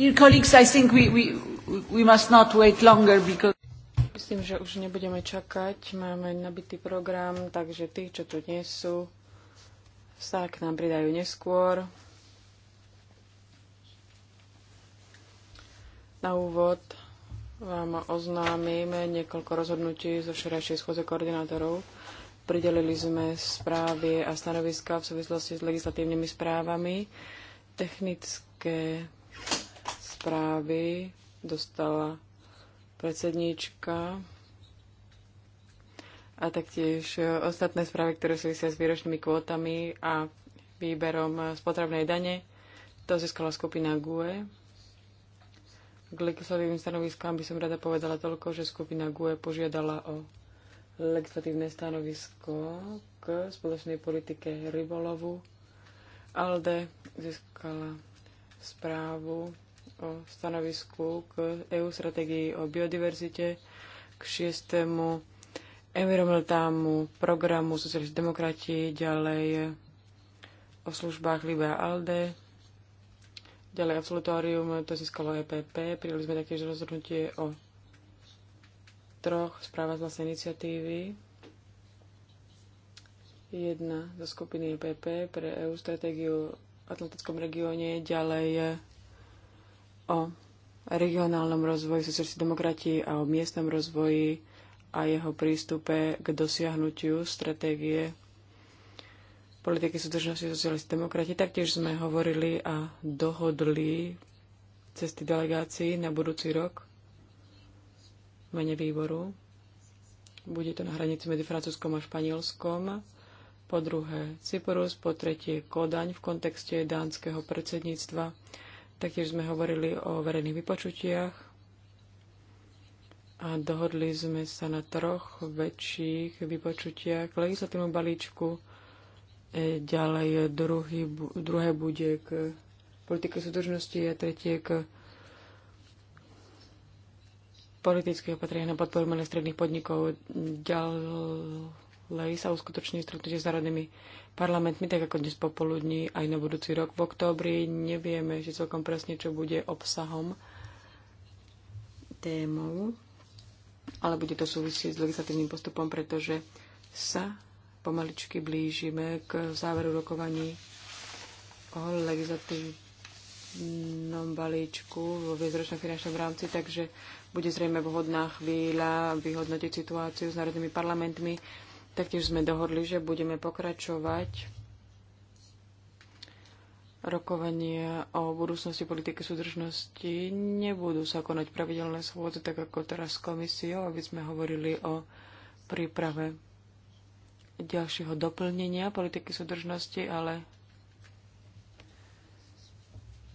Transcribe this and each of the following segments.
Dear colleagues, I think we, we, we must not wait longer because... Myslím, že už nebudeme čakať. Máme nabitý program, takže tí, čo tu nie sú, sa k nám pridajú neskôr. Na úvod vám oznámime niekoľko rozhodnutí zo širejšej schôze koordinátorov. Pridelili sme správy a stanoviska v súvislosti s legislatívnymi správami. Technické správy dostala predsednička a taktiež ostatné správy, ktoré súvisia s výročnými kvótami a výberom z potravnej dane. To získala skupina GUE. K legislatívnym stanoviskám by som rada povedala toľko, že skupina GUE požiadala o legislatívne stanovisko k spoločnej politike rybolovu. ALDE získala správu o stanovisku k EU strategii o biodiverzite, k šiestému environmentálnemu programu socialisti demokrati, ďalej o službách Libia Alde, ďalej absolutórium, to získalo EPP, prijali sme taktiež rozhodnutie o troch správach z vlastnej iniciatívy. Jedna zo skupiny EPP pre EU stratégiu v Atlantickom regióne, ďalej o regionálnom rozvoji sociálnych demokrati a o miestnom rozvoji a jeho prístupe k dosiahnutiu stratégie politiky súdržnosti sociálnych demokrati. Taktiež sme hovorili a dohodli cesty delegácií na budúci rok v mene výboru. Bude to na hranici medzi Francúzskom a Španielskom. Po druhé Cyprus, po tretie Kodaň v kontexte dánskeho predsedníctva Taktiež sme hovorili o verejných vypočutiach a dohodli sme sa na troch väčších vypočutiach k legislatívnu balíčku. E, ďalej druhý, druhé bude k politike súdržnosti a tretie k politických opatreniach na podporu malých stredných podnikov. Ďal, Lej sa uskutoční stretnutie s národnými parlamentmi, tak ako dnes popoludní, aj na budúci rok v októbri. Nevieme, že celkom presne, čo bude obsahom témou, ale bude to súvisieť s legislatívnym postupom, pretože sa pomaličky blížime k záveru rokovaní o legislatívnom balíčku vo viacročnom finančnom rámci, takže bude zrejme vhodná chvíľa vyhodnotiť situáciu s národnými parlamentmi Taktiež sme dohodli, že budeme pokračovať rokovania o budúcnosti politiky súdržnosti. Nebudú sa konať pravidelné schôdze, tak ako teraz s komisiou, aby sme hovorili o príprave ďalšieho doplnenia politiky súdržnosti, ale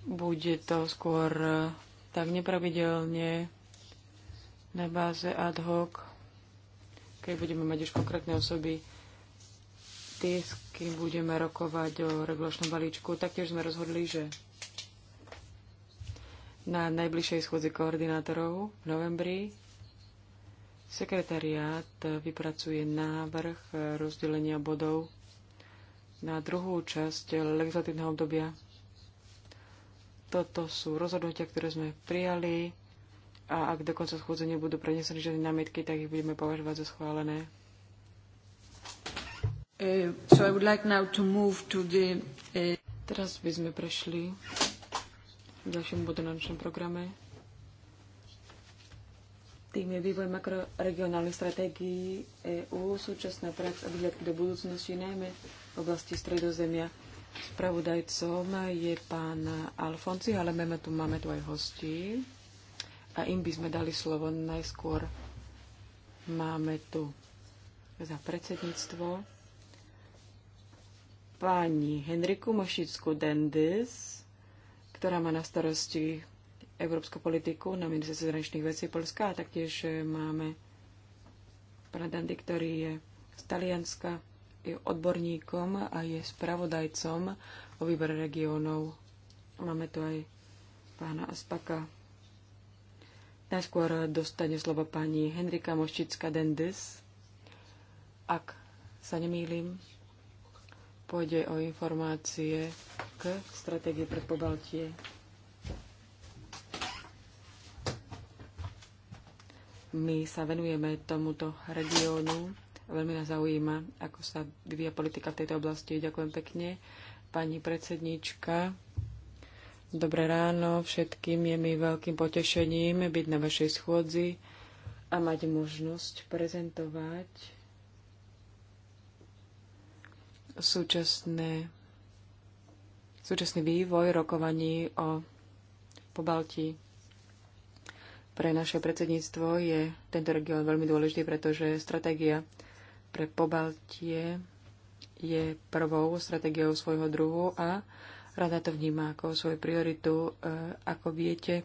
bude to skôr tak nepravidelne na báze ad hoc keď budeme mať už konkrétne osoby, tie, s kým budeme rokovať o regulačnom balíčku, taktiež sme rozhodli, že na najbližšej schôdzi koordinátorov v novembri sekretariát vypracuje návrh rozdelenia bodov na druhú časť legislatívneho obdobia. Toto sú rozhodnutia, ktoré sme prijali a ak do konca schôdze nebudú prenesené žiadne námietky, tak ich budeme považovať za schválené. Uh, so like to to the, uh... Teraz by sme prešli k ďalšiemu bodu na našom programe. Tým je vývoj makroregionálnej stratégii EÚ, súčasná prax a výhľad do budúcnosti, najmä v oblasti stredozemia. Spravodajcom je pán Alfonsi, ale máme tu, máme tu aj hosti a im by sme dali slovo najskôr. Máme tu za predsedníctvo pani Henriku Mošickú Dendis, ktorá má na starosti európsku politiku na ministerstve zahraničných vecí Polska a taktiež máme pana Dandy, ktorý je z Talianska, je odborníkom a je spravodajcom o výbere regiónov. Máme tu aj pána Aspaka Najskôr dostane slovo pani Henrika Moščická Dendes. Ak sa nemýlim, pôjde o informácie k stratégii pre Pobaltie. My sa venujeme tomuto regiónu. Veľmi nás zaujíma, ako sa vyvíja politika v tejto oblasti. Ďakujem pekne. Pani predsedníčka, Dobré ráno všetkým. Je mi veľkým potešením byť na vašej schôdzi a mať možnosť prezentovať súčasné, súčasný vývoj rokovaní o Pobalti. Pre naše predsedníctvo je tento región veľmi dôležitý, pretože stratégia pre Pobaltie je prvou stratégiou svojho druhu a Rada to vníma ako svoju prioritu. E, ako viete,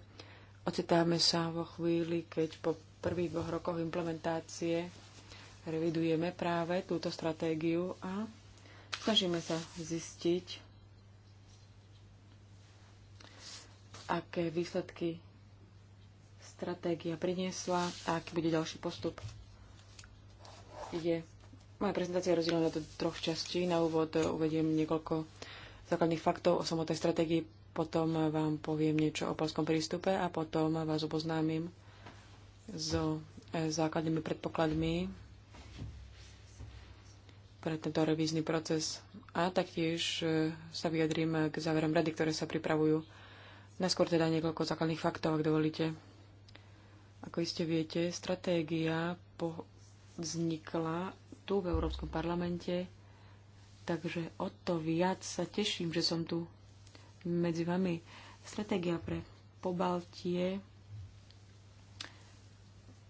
ocitáme sa vo chvíli, keď po prvých dvoch rokoch implementácie revidujeme práve túto stratégiu a snažíme sa zistiť, aké výsledky stratégia priniesla a aký bude ďalší postup. Ide. Moja prezentácia je rozdelená do troch častí. Na úvod uvediem niekoľko základných faktov o samotnej stratégii, potom vám poviem niečo o polskom prístupe a potom vás oboznámim so e, základnými predpokladmi pre tento revízny proces a taktiež e, sa vyjadrím k záverom rady, ktoré sa pripravujú. Najskôr teda niekoľko základných faktov, ak dovolíte. Ako iste viete, stratégia po vznikla tu v Európskom parlamente Takže o to viac sa teším, že som tu medzi vami. Stratégia pre Pobaltie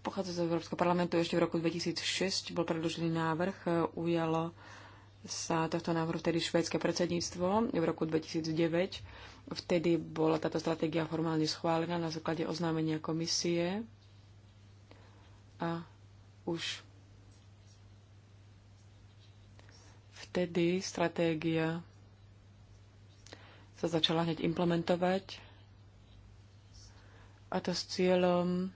pochádza z Európskeho parlamentu ešte v roku 2006. Bol predložený návrh, ujalo sa tohto návrhu vtedy švédske predsedníctvo v roku 2009. Vtedy bola táto stratégia formálne schválená na základe oznámenia komisie a už vtedy stratégia sa začala hneď implementovať a to s cieľom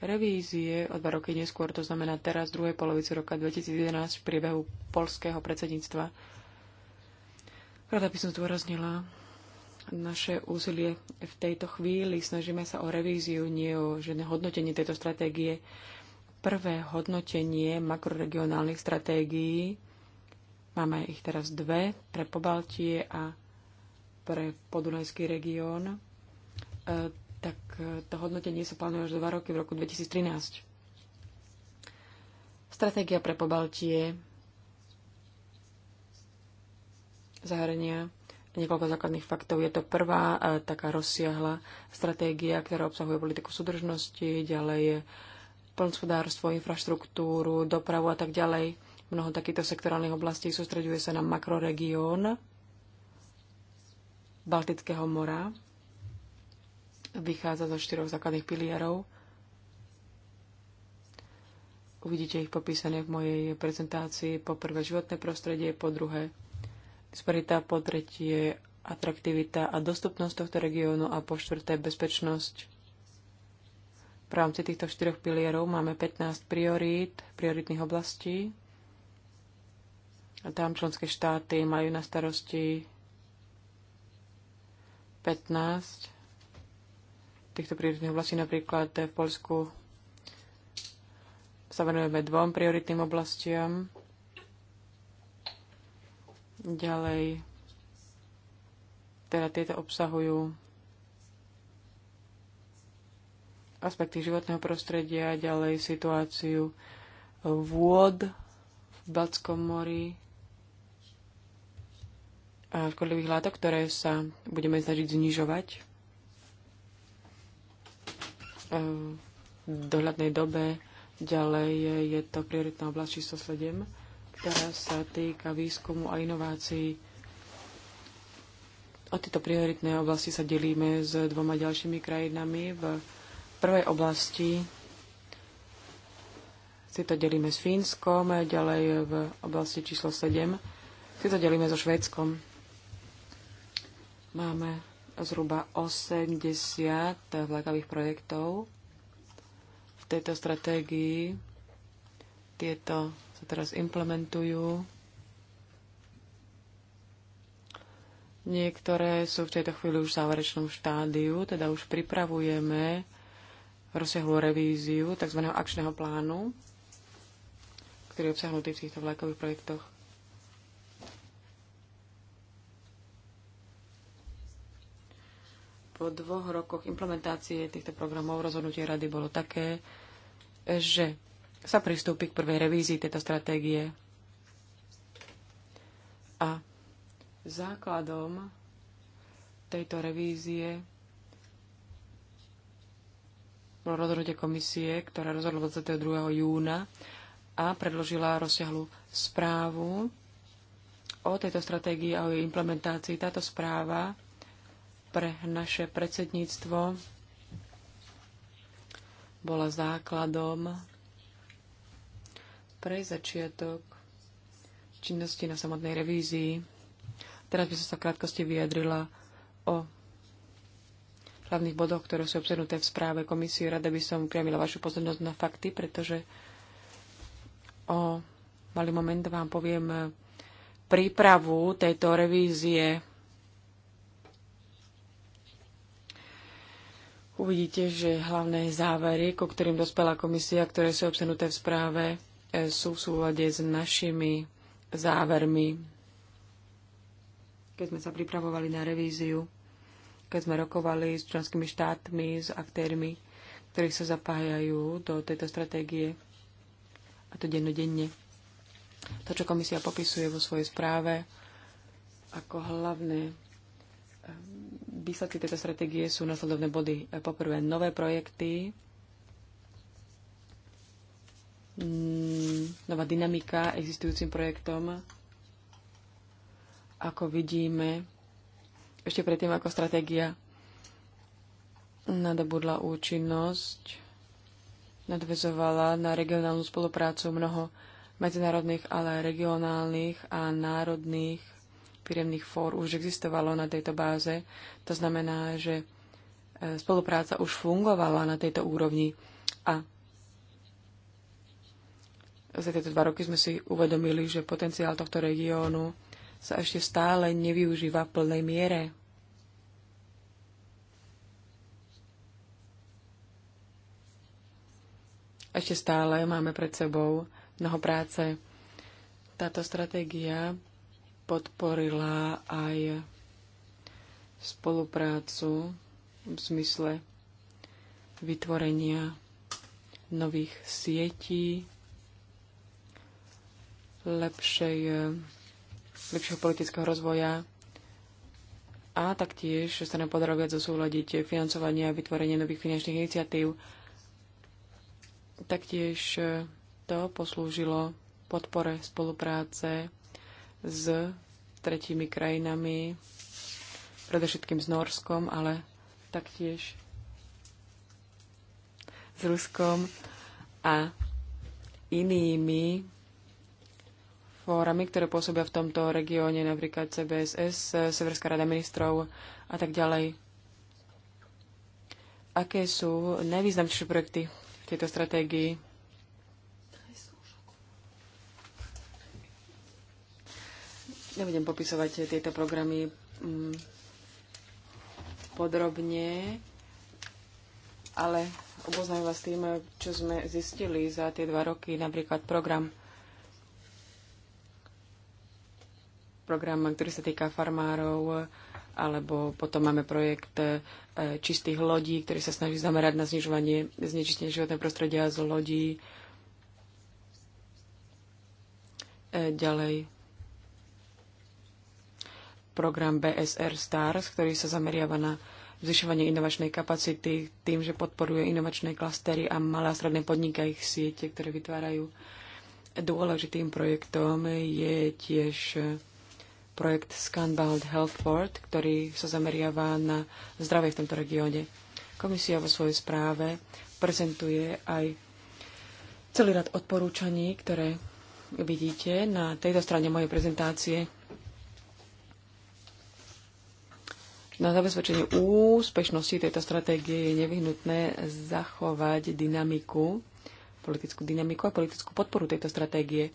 revízie o dva roky neskôr, to znamená teraz v druhej polovici roka 2011 v priebehu polského predsedníctva. Rada by som zdôraznila naše úsilie v tejto chvíli. Snažíme sa o revíziu, nie o žiadne hodnotenie tejto stratégie. Prvé hodnotenie makroregionálnych stratégií Máme ich teraz dve pre Pobaltie a pre Podunajský región. E, tak e, to hodnotenie sa plánuje až dva roky v roku 2013. Stratégia pre Pobaltie zahrania niekoľko základných faktov. Je to prvá e, taká rozsiahla stratégia, ktorá obsahuje politiku súdržnosti, ďalej plnospodárstvo, infraštruktúru, dopravu a tak ďalej mnoho takýchto sektorálnych oblastí sústreďuje sa na makroregión Baltického mora. Vychádza zo štyroch základných pilierov. Uvidíte ich popísané v mojej prezentácii. Po prvé životné prostredie, po druhé disparita, po tretie atraktivita a dostupnosť tohto regiónu a po štvrté bezpečnosť. V rámci týchto štyroch pilierov máme 15 priorít, prioritných oblastí. Tam členské štáty majú na starosti 15 týchto prioritných oblastí. Napríklad v Polsku sa venujeme dvom prioritným oblastiam. Ďalej, teda tieto obsahujú aspekty životného prostredia, ďalej situáciu vôd v Balckom mori, škodlivých látok, ktoré sa budeme snažiť znižovať e, v dohľadnej dobe. Ďalej je to prioritná oblasť číslo 7, ktorá sa týka výskumu a inovácií. O tieto prioritné oblasti sa delíme s dvoma ďalšími krajinami. V prvej oblasti si to delíme s Fínskom, ďalej v oblasti číslo 7 si to delíme so Švédskom. Máme zhruba 80 vlakových projektov v tejto stratégii. Tieto sa teraz implementujú. Niektoré sú v tejto chvíli už v záverečnom štádiu, teda už pripravujeme rozsiahlu revíziu tzv. akčného plánu, ktorý je obsahnutý v týchto vlakových projektoch. po dvoch rokoch implementácie týchto programov rozhodnutie rady bolo také, že sa pristúpi k prvej revízii tejto stratégie. A základom tejto revízie bolo rozhodnutie komisie, ktorá rozhodla 22. júna a predložila rozsiahlu správu o tejto stratégii a o jej implementácii. Táto správa pre naše predsedníctvo bola základom pre začiatok činnosti na samotnej revízii. Teraz by som sa v krátkosti vyjadrila o hlavných bodoch, ktoré sú obsednuté v správe komisie. Rada by som upriamila vašu pozornosť na fakty, pretože o malý moment vám poviem prípravu tejto revízie Uvidíte, že hlavné závery, ku ktorým dospela komisia, ktoré sú obsenuté v správe, e, sú v súlade s našimi závermi, keď sme sa pripravovali na revíziu, keď sme rokovali s členskými štátmi, s aktérmi, ktorí sa zapájajú do tejto stratégie a to dennodenne. To, čo komisia popisuje vo svojej správe ako hlavné výsledky tejto stratégie sú nasledovné body. E, poprvé, nové projekty, mm, nová dynamika existujúcim projektom. Ako vidíme, ešte predtým, ako stratégia nadobudla účinnosť, nadvezovala na regionálnu spoluprácu mnoho medzinárodných, ale aj regionálnych a národných firemných fór už existovalo na tejto báze. To znamená, že e, spolupráca už fungovala na tejto úrovni a za tieto dva roky sme si uvedomili, že potenciál tohto regiónu sa ešte stále nevyužíva v plnej miere. Ešte stále máme pred sebou mnoho práce. Táto stratégia podporila aj spoluprácu v zmysle vytvorenia nových sietí, lepšej, lepšieho politického rozvoja a taktiež sa nám podarilo viac zosúľadiť financovanie a vytvorenie nových finančných iniciatív. Taktiež to poslúžilo podpore spolupráce s tretími krajinami, predovšetkým s Norskom, ale taktiež s Ruskom a inými fórami, ktoré pôsobia v tomto regióne, napríklad CBSS, Severská rada ministrov a tak ďalej. Aké sú najvýznamnejšie projekty v tejto stratégii? Nebudem popisovať tieto programy mm, podrobne, ale oboznajú vás tým, čo sme zistili za tie dva roky, napríklad program program, ktorý sa týka farmárov, alebo potom máme projekt e, čistých lodí, ktorý sa snaží zamerať na znižovanie znečistenia životného prostredia z lodí. E, ďalej program BSR STARS, ktorý sa zameriava na zvyšovanie inovačnej kapacity tým, že podporuje inovačné klastery a malé a stredné podniky a ich siete, ktoré vytvárajú. Dôležitým projektom je tiež e, projekt Scanbound Health Board, ktorý sa zameriava na zdravie v tomto regióne. Komisia vo svojej správe prezentuje aj celý rad odporúčaní, ktoré vidíte na tejto strane mojej prezentácie Na zabezpečenie úspešnosti tejto stratégie je nevyhnutné zachovať dynamiku, politickú dynamiku a politickú podporu tejto stratégie.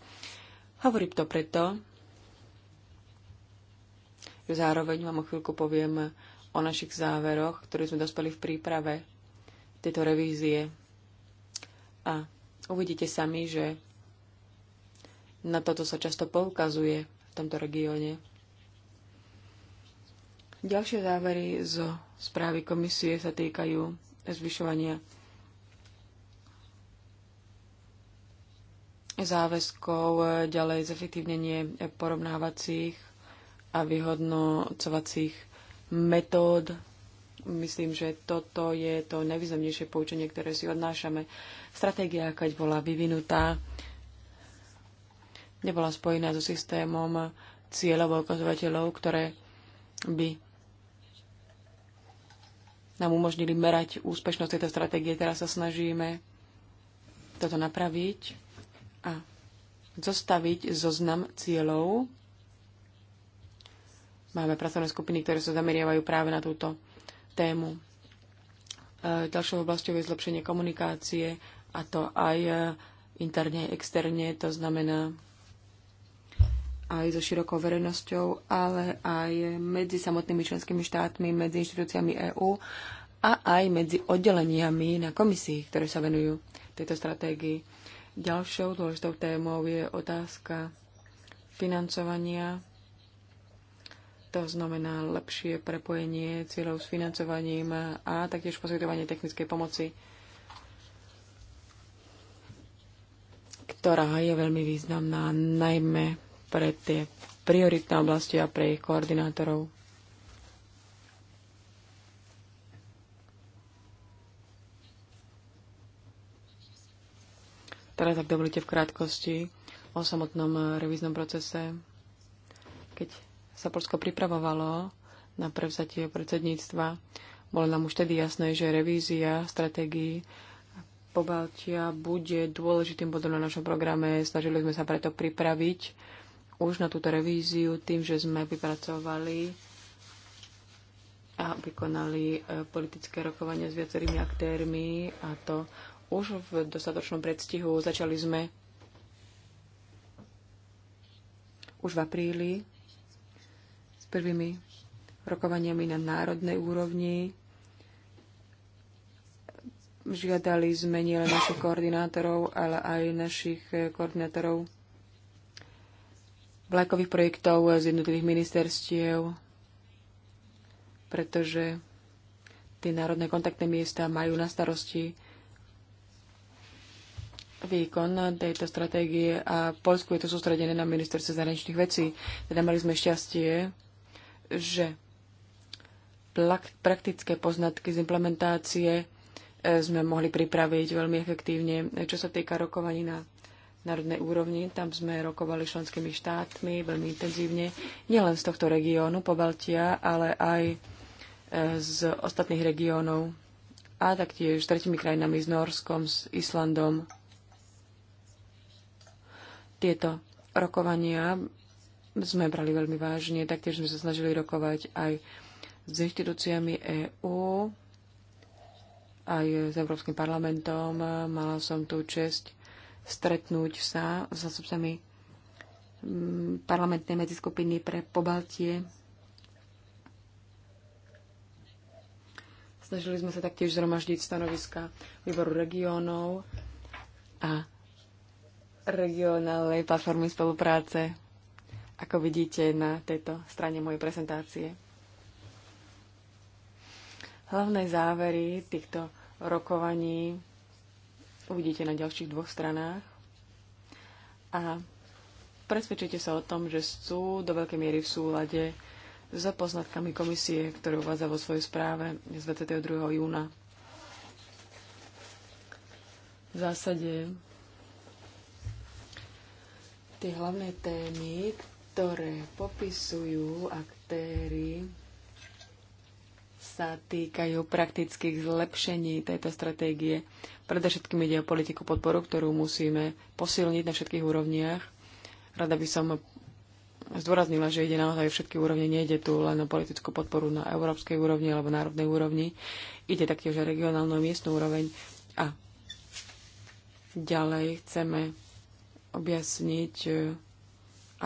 Hovorím to preto, že zároveň vám o chvíľku poviem o našich záveroch, ktoré sme dospeli v príprave tejto revízie. A uvidíte sami, že na toto sa často poukazuje v tomto regióne. Ďalšie závery zo správy komisie sa týkajú zvyšovania záväzkov, ďalej zefektívnenie porovnávacích a vyhodnocovacích metód. Myslím, že toto je to najvýznamnejšie poučenie, ktoré si odnášame. Stratégia, keď bola vyvinutá, nebola spojená so systémom cieľov a ukazovateľov, ktoré by nám umožnili merať úspešnosť tejto stratégie. Teraz sa snažíme toto napraviť a zostaviť zoznam cieľov. Máme pracovné skupiny, ktoré sa zameriavajú práve na túto tému. E, ďalšou oblasťou je zlepšenie komunikácie, a to aj e, interne, externe, to znamená aj so širokou verejnosťou, ale aj medzi samotnými členskými štátmi, medzi inštitúciami EÚ a aj medzi oddeleniami na komisii, ktoré sa venujú tejto stratégii. Ďalšou dôležitou témou je otázka financovania. To znamená lepšie prepojenie cieľov s financovaním a taktiež poskytovanie technickej pomoci, ktorá je veľmi významná, najmä pre tie prioritné oblasti a pre ich koordinátorov. Teraz, ak dovolíte v krátkosti o samotnom revíznom procese, keď sa Polsko pripravovalo na prevzatie predsedníctva, bolo nám už tedy jasné, že revízia stratégií Pobaltia bude dôležitým bodom na našom programe. Snažili sme sa preto pripraviť už na túto revíziu tým, že sme vypracovali a vykonali e, politické rokovania s viacerými aktérmi a to už v dostatočnom predstihu. Začali sme už v apríli s prvými rokovaniami na národnej úrovni. Žiadali sme nielen našich koordinátorov, ale aj našich e, koordinátorov vlakových projektov z jednotlivých ministerstiev, pretože tie národné kontaktné miesta majú na starosti výkon tejto stratégie a v Polsku je to sústredené na ministerstve zahraničných vecí. Teda mali sme šťastie, že praktické poznatky z implementácie eh, sme mohli pripraviť veľmi efektívne. Čo sa týka rokovaní na národnej úrovni. Tam sme rokovali členskými štátmi veľmi intenzívne, nielen z tohto regiónu Pobaltia, ale aj e, z ostatných regiónov a taktiež s tretimi krajinami, s Norskom, s Islandom. Tieto rokovania sme brali veľmi vážne, taktiež sme sa snažili rokovať aj s inštitúciami EÚ, aj s Európskym parlamentom. Mala som tú čest stretnúť sa s zástupcami mm, parlamentnej medziskupiny pre Pobaltie. Snažili sme sa taktiež zhromaždiť stanoviska výboru regiónov a regionálnej platformy spolupráce, ako vidíte na tejto strane mojej prezentácie. Hlavné závery týchto rokovaní uvidíte na ďalších dvoch stranách. A presvedčite sa o tom, že sú do veľkej miery v súlade s poznatkami komisie, ktoré uvádza vo svojej správe z 22. júna. V zásade tie hlavné témy, ktoré popisujú aktéry sa týkajú praktických zlepšení tejto stratégie. Predovšetkým ide o politiku podporu, ktorú musíme posilniť na všetkých úrovniach. Rada by som zdôraznila, že ide naozaj všetky úrovne, nejde tu len o politickú podporu na európskej úrovni alebo národnej úrovni, ide taktiež o regionálnu a miestnú úroveň. A ďalej chceme objasniť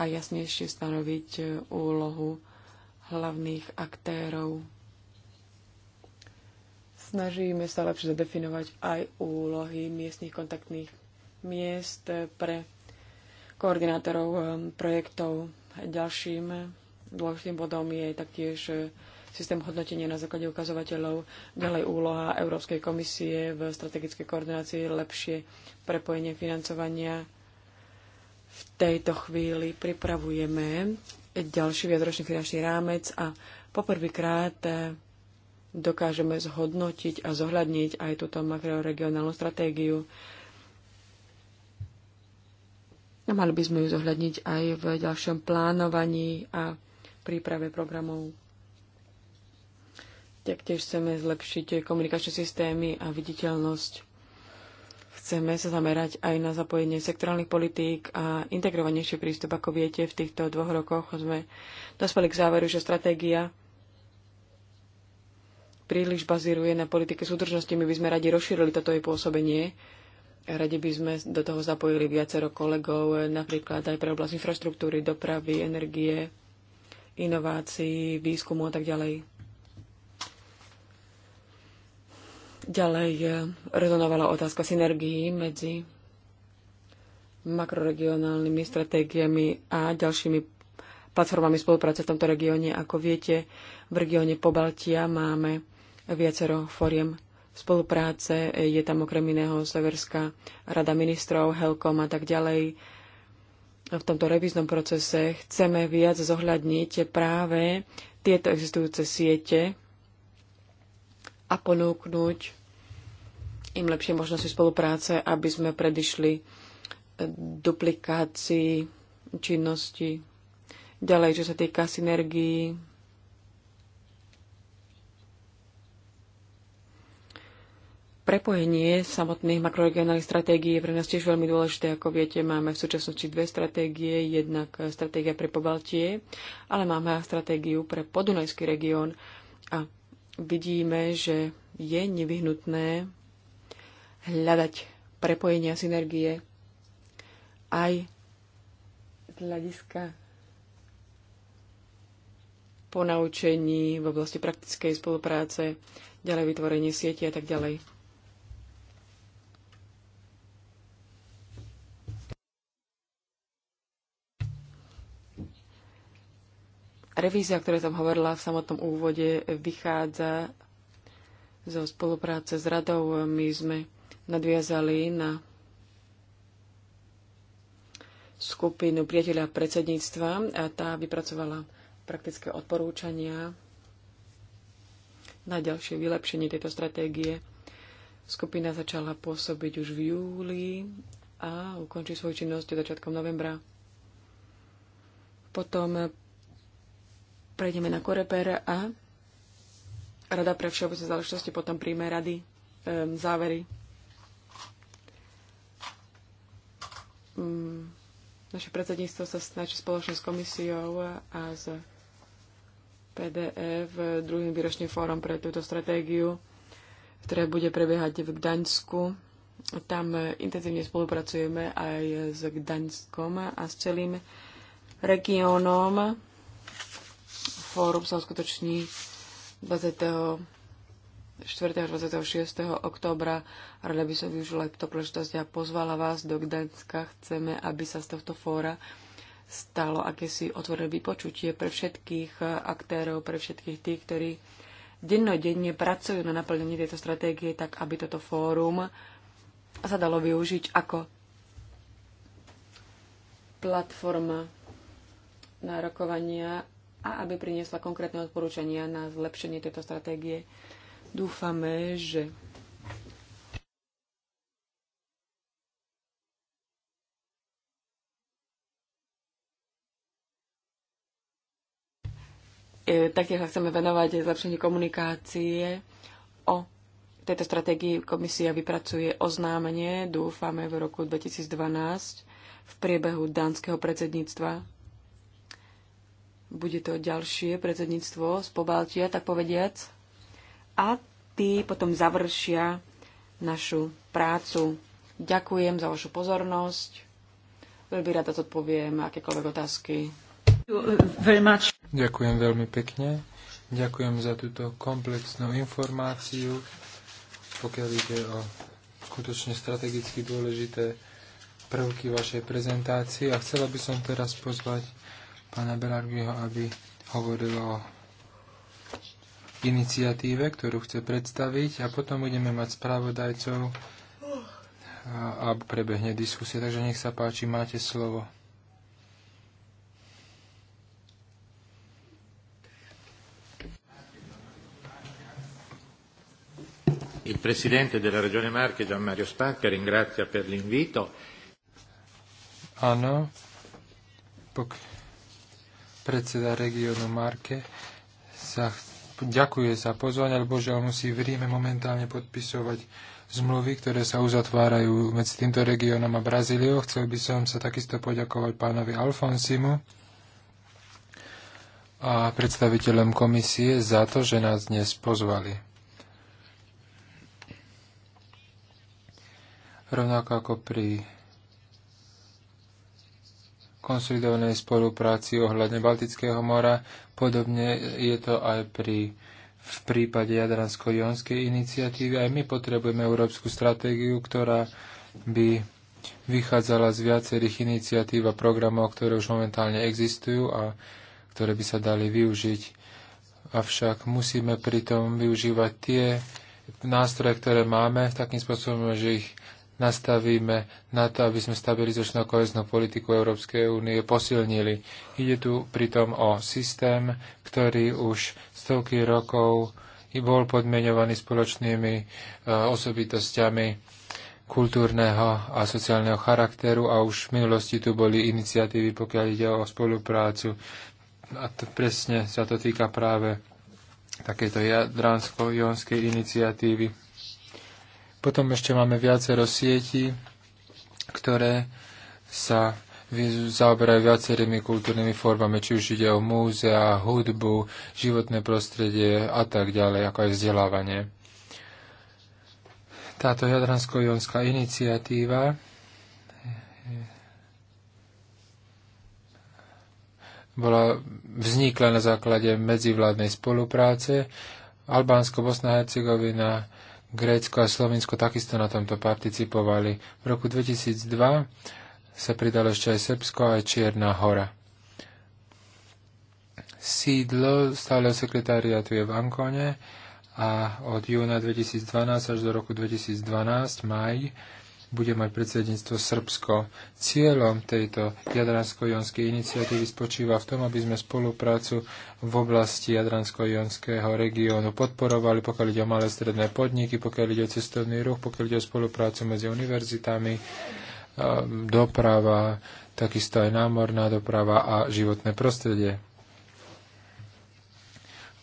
a jasnejšie stanoviť úlohu hlavných aktérov Snažíme sa lepšie zadefinovať aj úlohy miestnych kontaktných miest pre koordinátorov um, projektov. Ďalším dôležitým bodom je taktiež uh, systém hodnotenia na základe ukazovateľov, ďalej úloha Európskej komisie v strategickej koordinácii, lepšie prepojenie financovania. V tejto chvíli pripravujeme ďalší viadročný finančný rámec a poprvýkrát uh, dokážeme zhodnotiť a zohľadniť aj túto makroregionálnu stratégiu. mali by sme ju zohľadniť aj v ďalšom plánovaní a príprave programov. Taktiež chceme zlepšiť komunikačné systémy a viditeľnosť. Chceme sa zamerať aj na zapojenie sektorálnych politík a integrovanejší prístup. Ako viete, v týchto dvoch rokoch sme dospeli k záveru, že stratégia príliš bazíruje na politike súdržnosti. My by sme radi rozšírili toto jej pôsobenie. Radi by sme do toho zapojili viacero kolegov, napríklad aj pre oblasť infraštruktúry, dopravy, energie, inovácií, výskumu a tak ďalej. Ďalej eh, rezonovala otázka synergií medzi makroregionálnymi stratégiami a ďalšími platformami spolupráce v tomto regióne. Ako viete, v regióne Pobaltia máme viacero fóriem spolupráce. Je tam okrem iného Severská rada ministrov, Helkom a tak ďalej. V tomto revíznom procese chceme viac zohľadniť práve tieto existujúce siete a ponúknuť im lepšie možnosti spolupráce, aby sme predišli duplikácii činnosti. Ďalej, čo sa týka synergií prepojenie samotných makroregionálnych stratégií je pre nás tiež veľmi dôležité. Ako viete, máme v súčasnosti dve stratégie. Jednak stratégia pre Pobaltie, ale máme aj stratégiu pre Podunajský región. A vidíme, že je nevyhnutné hľadať prepojenia synergie aj z hľadiska ponaučení v oblasti praktickej spolupráce, ďalej vytvorenie sieti a tak ďalej. Revízia, ktorá som hovorila v samotnom úvode, vychádza zo spolupráce s radou. My sme nadviazali na skupinu priateľa predsedníctva a tá vypracovala praktické odporúčania na ďalšie vylepšenie tejto stratégie. Skupina začala pôsobiť už v júli a ukončí svoju činnosť začiatkom novembra. Potom prejdeme na Koreper a Rada pre všeobecné záležitosti potom príjme rady, um, závery. Um, naše predsedníctvo sa snaží spoločne s komisiou a s PDF, e druhým výročným fórom pre túto stratégiu, ktoré bude prebiehať v Gdaňsku. Tam e, intenzívne spolupracujeme aj s Gdaňskom a s celým regiónom fórum sa uskutoční 24. a 26. októbra. Rada by som využila túto príležitosť a pozvala vás do Gdaňska. Chceme, aby sa z tohto fóra stalo akési otvorené vypočutie pre všetkých aktérov, pre všetkých tých, ktorí dennodenne pracujú na naplnení tejto stratégie, tak aby toto fórum sa dalo využiť ako platforma na rokovania a aby priniesla konkrétne odporúčania na zlepšenie tejto stratégie. Dúfame, že e, taktiež sa chceme venovať zlepšenie komunikácie o tejto stratégii komisia vypracuje oznámenie, dúfame, v roku 2012 v priebehu dánskeho predsedníctva bude to ďalšie predsedníctvo z Pobaltia, tak povediac. A tí potom završia našu prácu. Ďakujem za vašu pozornosť. Veľmi rada zodpoviem akékoľvek otázky. Ďakujem veľmi pekne. Ďakujem za túto komplexnú informáciu, pokiaľ ide o skutočne strategicky dôležité prvky vašej prezentácie. A chcela by som teraz pozvať pána Belargyho, aby hovoril o iniciatíve, ktorú chce predstaviť a potom budeme mať spravodajcov a, a prebehne diskusia. Takže nech sa páči, máte slovo. Il presidente della Regione Marche, Gian Mario Spacca, ringrazia per l'invito. Ah no? pok- predseda regiónu Marke, sa ďakuje za pozvanie, ale božiaľ musí v Ríme momentálne podpisovať zmluvy, ktoré sa uzatvárajú medzi týmto regiónom a Brazíliou. Chcel by som sa takisto poďakovať pánovi Alfonsimu a predstaviteľom komisie za to, že nás dnes pozvali. Rovnako ako pri konsolidovanej spolupráci ohľadne Baltického mora. Podobne je to aj pri v prípade Jadransko-Jonskej iniciatívy. Aj my potrebujeme európsku stratégiu, ktorá by vychádzala z viacerých iniciatív a programov, ktoré už momentálne existujú a ktoré by sa dali využiť. Avšak musíme pritom využívať tie nástroje, ktoré máme, takým spôsobom, že ich nastavíme na to, aby sme stabilizačnú a koheznú politiku Európskej únie posilnili. Ide tu pritom o systém, ktorý už stovky rokov bol podmienovaný spoločnými e, osobitosťami kultúrneho a sociálneho charakteru a už v minulosti tu boli iniciatívy, pokiaľ ide o spoluprácu. A to presne sa to týka práve takéto jadransko-jonskej iniciatívy. Potom ešte máme viacero sietí, ktoré sa zaoberajú viacerými kultúrnymi formami, či už ide o múzea, hudbu, životné prostredie a tak ďalej, ako aj vzdelávanie. Táto jadransko-jonská iniciatíva bola, vznikla na základe medzivládnej spolupráce Albánsko, Bosna, Hercegovina, Grécko a Slovinsko takisto na tomto participovali. V roku 2002 sa pridalo ešte aj Srbsko aj Čierna hora. Sídlo stáleho sekretariatu je v Ankone a od júna 2012 až do roku 2012 maj bude mať predsedníctvo Srbsko. Cieľom tejto jadransko-jonskej iniciatívy spočíva v tom, aby sme spoluprácu v oblasti jadransko-jonského regiónu podporovali, pokiaľ ide o malé stredné podniky, pokiaľ ide o cestovný ruch, pokiaľ ide o spoluprácu medzi univerzitami, ehm, doprava, takisto aj námorná doprava a životné prostredie.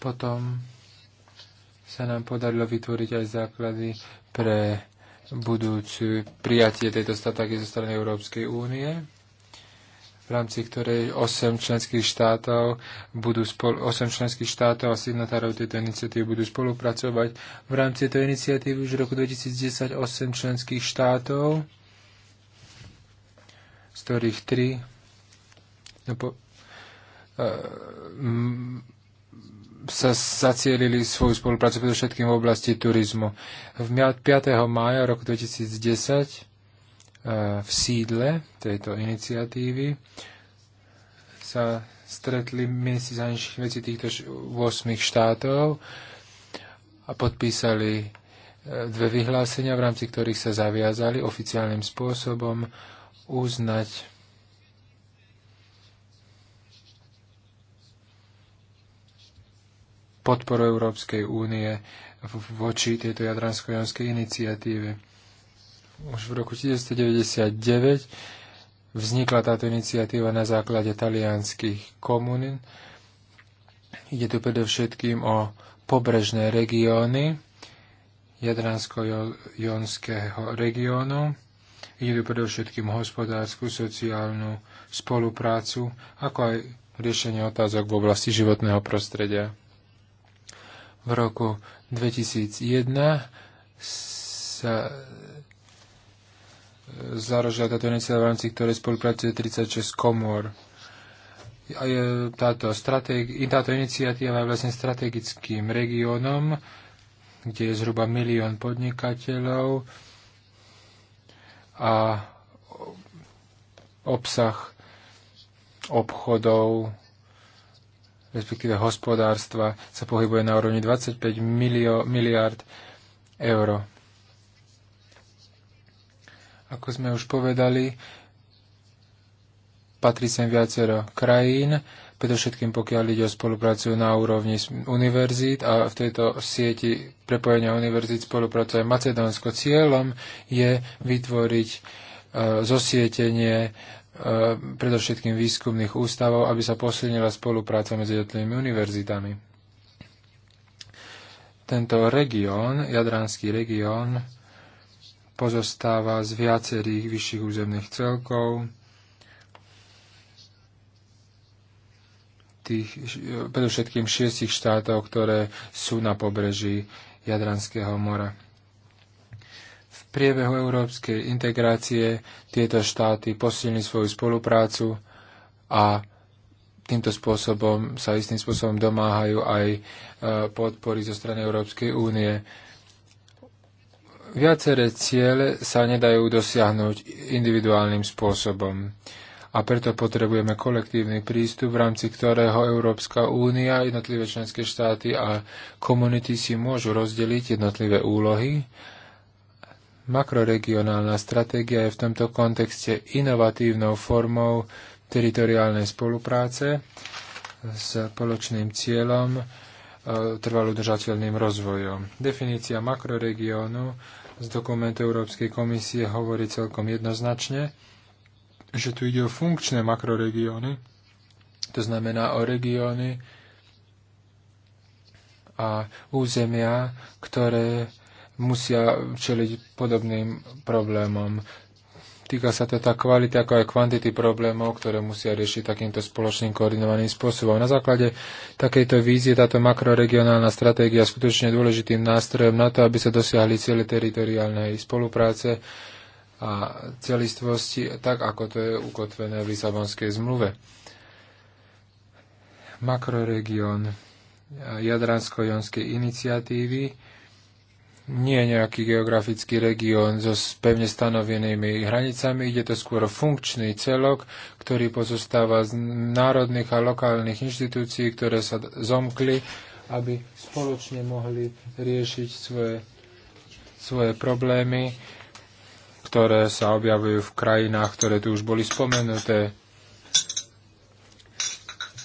Potom sa nám podarilo vytvoriť aj základy pre budúcu prijatie tejto stratégie zo strany Európskej únie, v rámci ktorej 8 členských štátov budú spol- 8 členských štátov a signatárov tejto iniciatívy budú spolupracovať. V rámci tejto iniciatívy už v roku 2010 8 členských štátov, z ktorých 3 no po, uh, m, sa zacielili svoju spoluprácu predovšetkým v oblasti turizmu. V 5. mája roku 2010 eh, v sídle tejto iniciatívy sa stretli ministri zahraničných vecí týchto 8 štátov a podpísali eh, dve vyhlásenia, v rámci ktorých sa zaviazali oficiálnym spôsobom uznať podporu Európskej únie voči tejto jadransko-jonskej iniciatíve. Už v roku 1999 vznikla táto iniciatíva na základe talianských komunín. Ide tu predovšetkým o pobrežné regióny jadransko-jonského regiónu. Ide tu predovšetkým hospodárskú, sociálnu spoluprácu, ako aj riešenie otázok v oblasti životného prostredia v roku 2001 sa e, založila táto iniciatíva, v rámci ktorej spolupracuje 36 komôr. Táto, táto iniciatíva je vlastne strategickým regiónom, kde je zhruba milión podnikateľov a obsah obchodov respektíve hospodárstva, sa pohybuje na úrovni 25 milio, miliard eur. Ako sme už povedali, patrí sem viacero krajín, predovšetkým pokiaľ ide o spoluprácu na úrovni univerzít a v tejto sieti prepojenia univerzít spolupracuje Macedónsko. Cieľom je vytvoriť e, zosietenie E, predovšetkým výskumných ústavov, aby sa posilnila spolupráca medzi jednotlivými univerzitami. Tento región, Jadranský región, pozostáva z viacerých vyšších územných celkov, tých, e, predovšetkým šiestich štátov, ktoré sú na pobreží Jadranského mora priebehu európskej integrácie tieto štáty posilní svoju spoluprácu a týmto spôsobom sa istým spôsobom domáhajú aj e, podpory zo strany Európskej únie. Viaceré ciele sa nedajú dosiahnuť individuálnym spôsobom a preto potrebujeme kolektívny prístup, v rámci ktorého Európska únia, jednotlivé členské štáty a komunity si môžu rozdeliť jednotlivé úlohy Makroregionálna stratégia je v tomto kontexte inovatívnou formou teritoriálnej spolupráce s poločným cieľom e, trvalo udržateľným rozvojom. Definícia makroregiónu z dokumentu Európskej komisie hovorí celkom jednoznačne, že tu ide o funkčné makroregióny, to znamená o regióny a územia, ktoré musia čeliť podobným problémom. Týka sa to tak kvality, ako aj kvantity problémov, ktoré musia riešiť takýmto spoločným koordinovaným spôsobom. Na základe takejto vízie táto makroregionálna stratégia skutočne dôležitým nástrojom na to, aby sa dosiahli ciele teritoriálnej spolupráce a celistvosti, tak ako to je ukotvené v Lisabonskej zmluve. Makroregión Jadransko-Jonskej iniciatívy nie nejaký geografický región so pevne stanovenými hranicami, ide to skôr funkčný celok, ktorý pozostáva z národných a lokálnych inštitúcií, ktoré sa zomkli, aby spoločne mohli riešiť svoje, svoje problémy, ktoré sa objavujú v krajinách, ktoré tu už boli spomenuté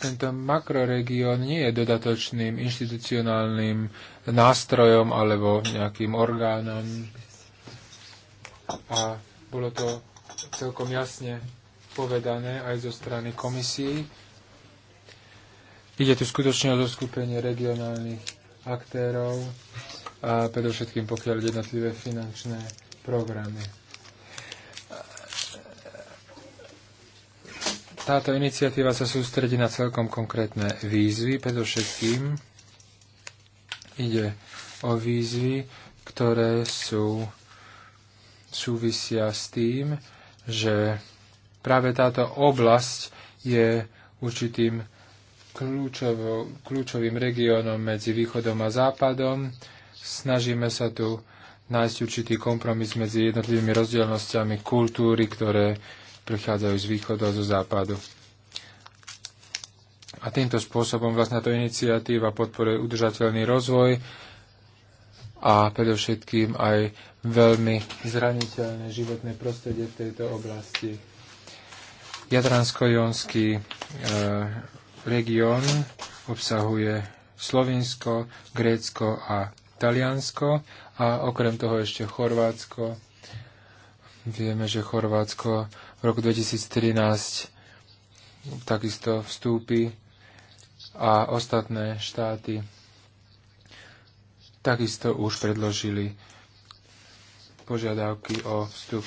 tento makroregión nie je dodatočným inštitucionálnym nástrojom alebo nejakým orgánom. A bolo to celkom jasne povedané aj zo strany komisií. Ide tu skutočne o zoskupenie regionálnych aktérov, a predovšetkým pokiaľ jednotlivé finančné programy. Táto iniciatíva sa sústredí na celkom konkrétne výzvy, predovšetkým Ide o výzvy, ktoré sú súvisia s tým, že práve táto oblasť je určitým kľúčovým regiónom medzi východom a západom. Snažíme sa tu nájsť určitý kompromis medzi jednotlivými rozdielnosťami kultúry, ktoré prichádzajú z východu a zo západu. A týmto spôsobom vlastne to iniciatíva podporuje udržateľný rozvoj a predovšetkým aj veľmi zraniteľné životné prostredie v tejto oblasti. Jadransko-jonský e, región obsahuje Slovinsko, Grécko a Taliansko a okrem toho ešte Chorvátsko. Vieme, že Chorvátsko v roku 2013 takisto vstúpi a ostatné štáty takisto už predložili požiadavky o vstup.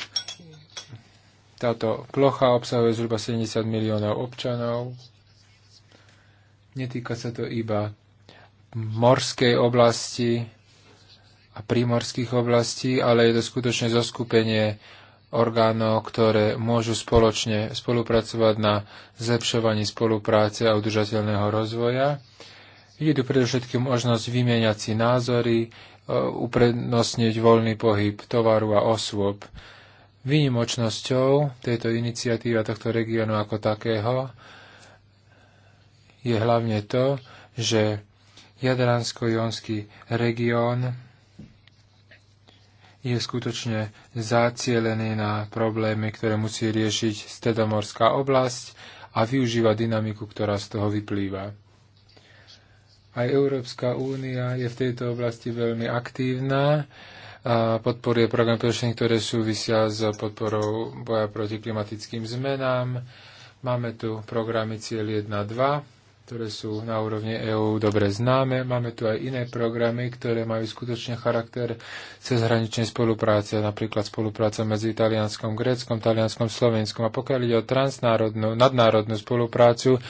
Táto plocha obsahuje zhruba 70 miliónov občanov. Netýka sa to iba morskej oblasti a prímorských oblastí, ale je to skutočne zoskupenie orgánov, ktoré môžu spoločne spolupracovať na zlepšovaní spolupráce a udržateľného rozvoja. Je tu predovšetkým možnosť vymieňať si názory, e, uprednostniť voľný pohyb tovaru a osôb. Výnimočnosťou tejto iniciatívy a tohto regiónu ako takého je hlavne to, že Jadransko-Jonský región je skutočne zacielený na problémy, ktoré musí riešiť stredomorská oblasť a využíva dynamiku, ktorá z toho vyplýva. Aj Európska únia je v tejto oblasti veľmi aktívna a podporuje program prešení, ktoré súvisia s podporou boja proti klimatickým zmenám. Máme tu programy Cieľ 1 2 ktoré sú na úrovni EÚ dobre známe. Máme tu aj iné programy, ktoré majú skutočne charakter cezhraničnej spolupráce, napríklad spolupráca medzi Talianskom, Gréckom, Talianskom, Slovenskom. A pokiaľ ide o transnárodnú, nadnárodnú spoluprácu,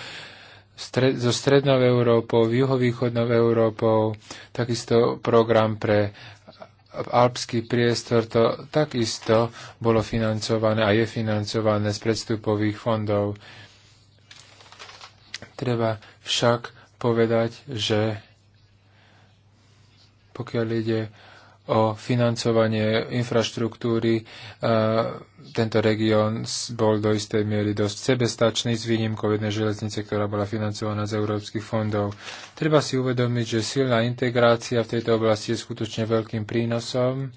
stre, so strednou Európou, juhovýchodnou Európou, takisto program pre alpský priestor, to takisto bolo financované a je financované z predstupových fondov. Treba však povedať, že pokiaľ ide o financovanie infraštruktúry. E, tento región bol do istej miery dosť sebestačný s výnimkou jednej železnice, ktorá bola financovaná z európskych fondov. Treba si uvedomiť, že silná integrácia v tejto oblasti je skutočne veľkým prínosom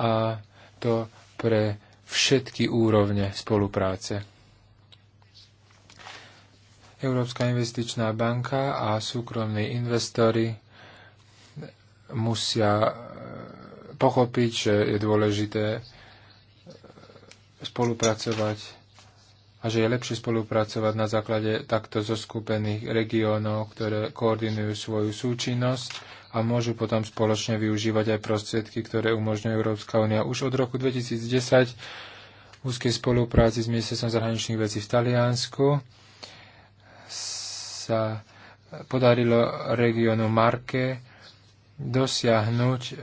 a to pre všetky úrovne spolupráce. Európska investičná banka a súkromní investori musia e, pochopiť, že je dôležité e, spolupracovať a že je lepšie spolupracovať na základe takto zoskupených regiónov, ktoré koordinujú svoju súčinnosť a môžu potom spoločne využívať aj prostriedky, ktoré umožňuje Európska únia. Už od roku 2010 v úzkej spolupráci s ministerstvom zahraničných vecí v Taliansku sa podarilo regiónu Marke dosiahnuť e,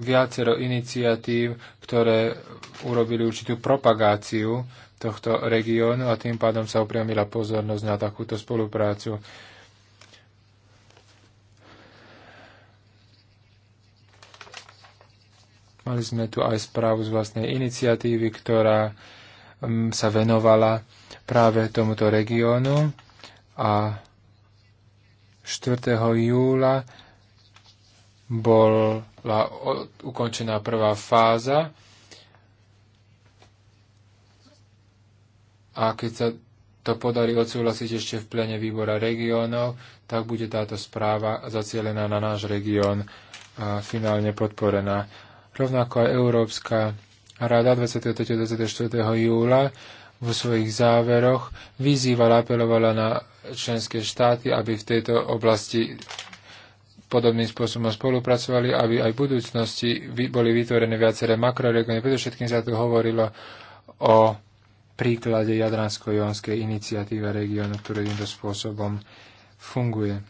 viacero iniciatív, ktoré urobili určitú propagáciu tohto regiónu a tým pádom sa upriamila pozornosť na takúto spoluprácu. Mali sme tu aj správu z vlastnej iniciatívy, ktorá mm, sa venovala práve tomuto regiónu a 4. júla bola ukončená prvá fáza a keď sa to podarí odsúhlasiť ešte v plene výbora regiónov, tak bude táto správa zacielená na náš región a finálne podporená. Rovnako aj Európska rada 23. 24. júla vo svojich záveroch vyzývala, apelovala na členské štáty, aby v tejto oblasti podobným spôsobom spolupracovali, aby aj v budúcnosti boli vytvorené viaceré Preto Predovšetkým sa tu hovorilo o príklade Jadransko-Jonskej iniciatíve regiónu, ktorý týmto spôsobom funguje.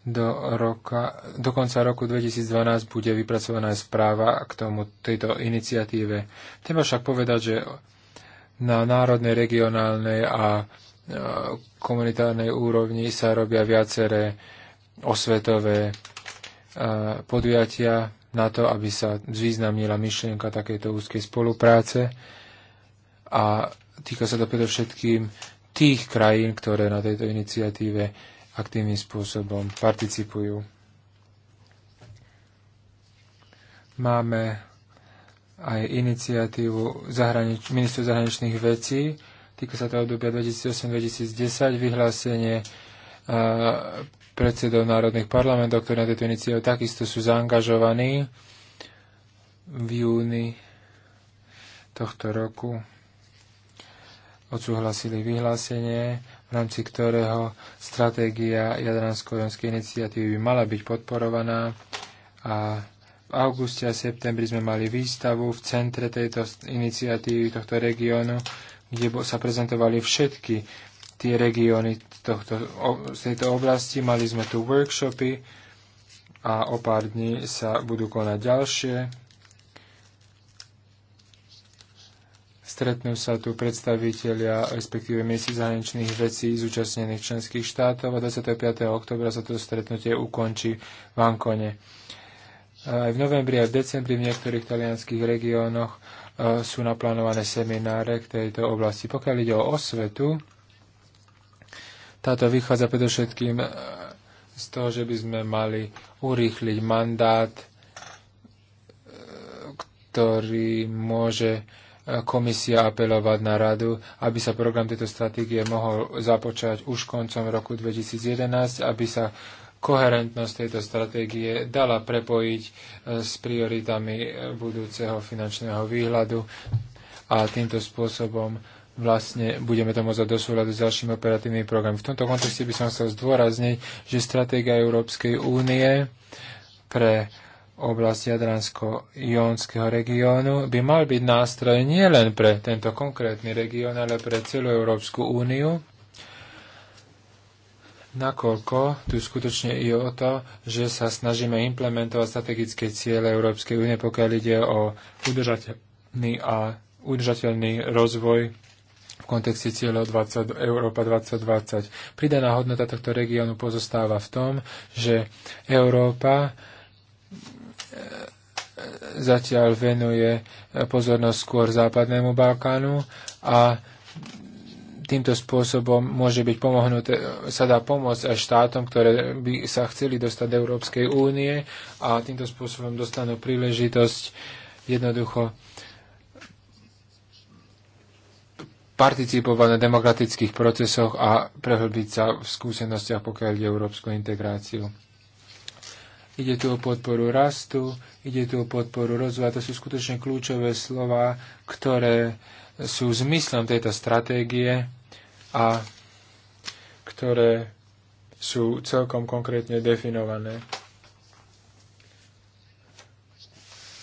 Do, roka, do konca roku 2012 bude vypracovaná správa k tomu, tejto iniciatíve. Treba však povedať, že na národnej, regionálnej a komunitárnej úrovni sa robia viaceré osvetové e, podujatia na to, aby sa zvýznamnila myšlienka takejto úzkej spolupráce a týka sa to predovšetkým tých krajín, ktoré na tejto iniciatíve aktívnym spôsobom participujú. Máme aj iniciatívu zahranič- ministru zahraničných vecí, týka sa to obdobia 2008-2010, vyhlásenie uh, predsedov národných parlamentov, ktorí na tejto iniciatívu takisto sú zaangažovaní v júni tohto roku. Odsúhlasili vyhlásenie, v rámci ktorého stratégia Jadransko-Jonskej iniciatívy by mala byť podporovaná a v auguste a septembri sme mali výstavu v centre tejto iniciatívy, tohto regiónu, kde sa prezentovali všetky tie regióny tohto, z tejto oblasti. Mali sme tu workshopy a o pár dní sa budú konať ďalšie. Stretnú sa tu predstavitelia, respektíve ministri zahraničných vecí zúčastnených členských štátov a 25. oktobra sa to stretnutie ukončí v Ankone. Aj v novembri a v decembri v niektorých talianských regiónoch e, sú naplánované semináre k tejto oblasti. Pokiaľ ide o osvetu, táto vychádza predovšetkým e, z toho, že by sme mali urýchliť mandát, e, ktorý môže komisia apelovať na radu, aby sa program tejto stratégie mohol započať už koncom roku 2011, aby sa koherentnosť tejto stratégie dala prepojiť e, s prioritami e, budúceho finančného výhľadu a týmto spôsobom vlastne budeme to môcť dosúľať s ďalším operatívnymi programmi. V tomto kontexte by som chcel zdôrazniť, že stratégia Európskej únie pre oblasť Jadransko-Jónskeho regiónu by mal byť nástroj nielen pre tento konkrétny región, ale pre celú Európsku úniu nakoľko tu skutočne je o to, že sa snažíme implementovať strategické ciele Európskej únie, pokiaľ ide o udržateľný a udržateľný rozvoj v kontexte cieľov 20, Európa 2020. Pridaná hodnota tohto regiónu pozostáva v tom, že Európa e, e, zatiaľ venuje pozornosť skôr západnému Balkánu a týmto spôsobom môže byť pomohnuté, e, sa dá pomôcť aj štátom, ktoré by sa chceli dostať do Európskej únie a týmto spôsobom dostanú príležitosť jednoducho participovať na demokratických procesoch a prehlbiť sa v skúsenostiach, pokiaľ ide európsku integráciu. Ide tu o podporu rastu, ide tu o podporu rozvoja. To sú skutočne kľúčové slova, ktoré sú zmyslom tejto stratégie a ktoré sú celkom konkrétne definované.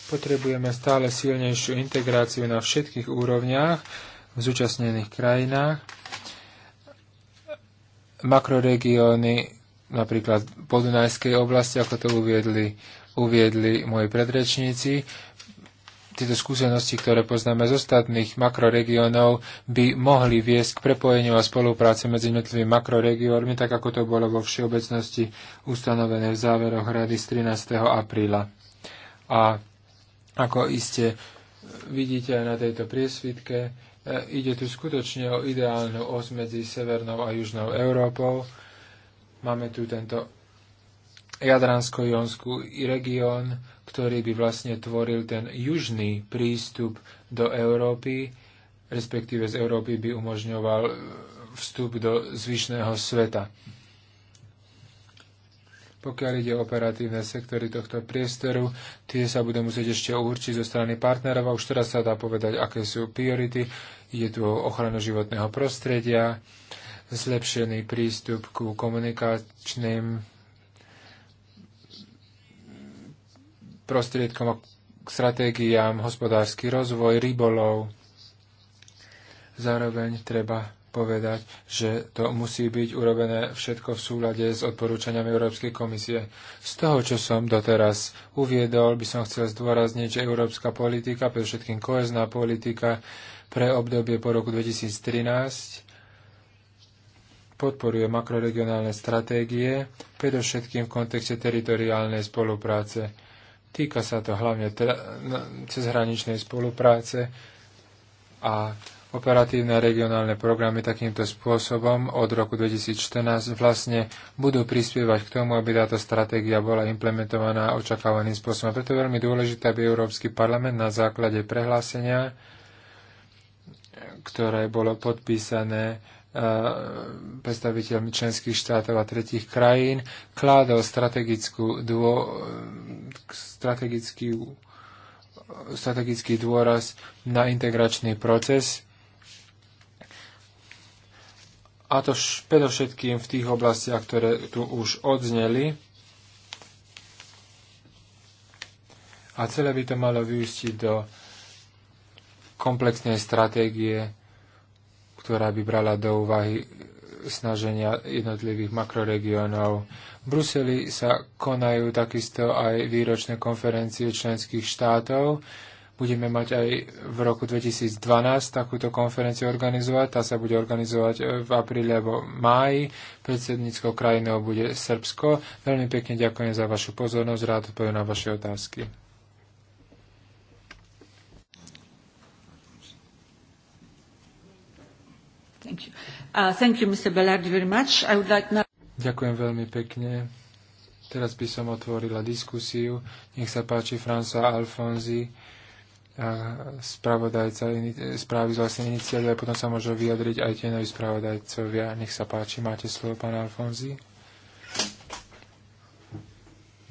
Potrebujeme stále silnejšiu integráciu na všetkých úrovniach v zúčastnených krajinách. Makroregióny napríklad podunajskej oblasti, ako to uviedli, uviedli moji predrečníci, tieto skúsenosti, ktoré poznáme z ostatných makroregiónov, by mohli viesť k prepojeniu a spolupráci medzi jednotlivými makroregiónmi, tak ako to bolo vo všeobecnosti ustanovené v záveroch rady z 13. apríla. A ako iste vidíte aj na tejto priesvitke, e, ide tu skutočne o ideálnu os medzi Severnou a Južnou Európou. Máme tu tento Jadransko-Jonskú región, ktorý by vlastne tvoril ten južný prístup do Európy, respektíve z Európy by umožňoval e, vstup do zvyšného sveta. Pokiaľ ide o operatívne sektory tohto priestoru, tie sa budú musieť ešte určiť zo strany partnerov a už teraz sa dá povedať, aké sú priority. Ide tu o ochranu životného prostredia, zlepšený prístup ku komunikačným prostriedkom k stratégiám, hospodársky rozvoj, rybolov. Zároveň treba povedať, že to musí byť urobené všetko v súlade s odporúčaniami Európskej komisie. Z toho, čo som doteraz uviedol, by som chcel zdôrazniť, že európska politika, predovšetkým kohezná politika pre obdobie po roku 2013, podporuje makroregionálne stratégie, predovšetkým v kontexte teritoriálnej spolupráce. Týka sa to hlavne cezhraničnej spolupráce a operatívne a regionálne programy takýmto spôsobom od roku 2014 vlastne budú prispievať k tomu, aby táto stratégia bola implementovaná očakávaným spôsobom. A preto je veľmi dôležité, aby Európsky parlament na základe prehlásenia, ktoré bolo podpísané e, predstaviteľmi členských štátov a tretich krajín, kládol strategickú dô, strategický, strategický dôraz na integračný proces a to predovšetkým v tých oblastiach, ktoré tu už odzneli. A celé by to malo vyústiť do komplexnej stratégie, ktorá by brala do úvahy snaženia jednotlivých makroregiónov. V Bruseli sa konajú takisto aj výročné konferencie členských štátov. Budeme mať aj v roku 2012 takúto konferenciu organizovať. Tá sa bude organizovať v apríli alebo máji. Predsedníckou krajinou bude Srbsko. Veľmi pekne ďakujem za vašu pozornosť. Rád odpoviem na vaše otázky. Thank you. Uh, thank you, Mr. very much. I would like now... Ďakujem veľmi pekne. Teraz by som otvorila diskusiu. Nech sa páči François Alfonzi, uh, spravodajca správy z vlastnej iniciatívy a potom sa môžu vyjadriť aj tie noví spravodajcovia. Nech sa páči, máte slovo, pán Alfonzi.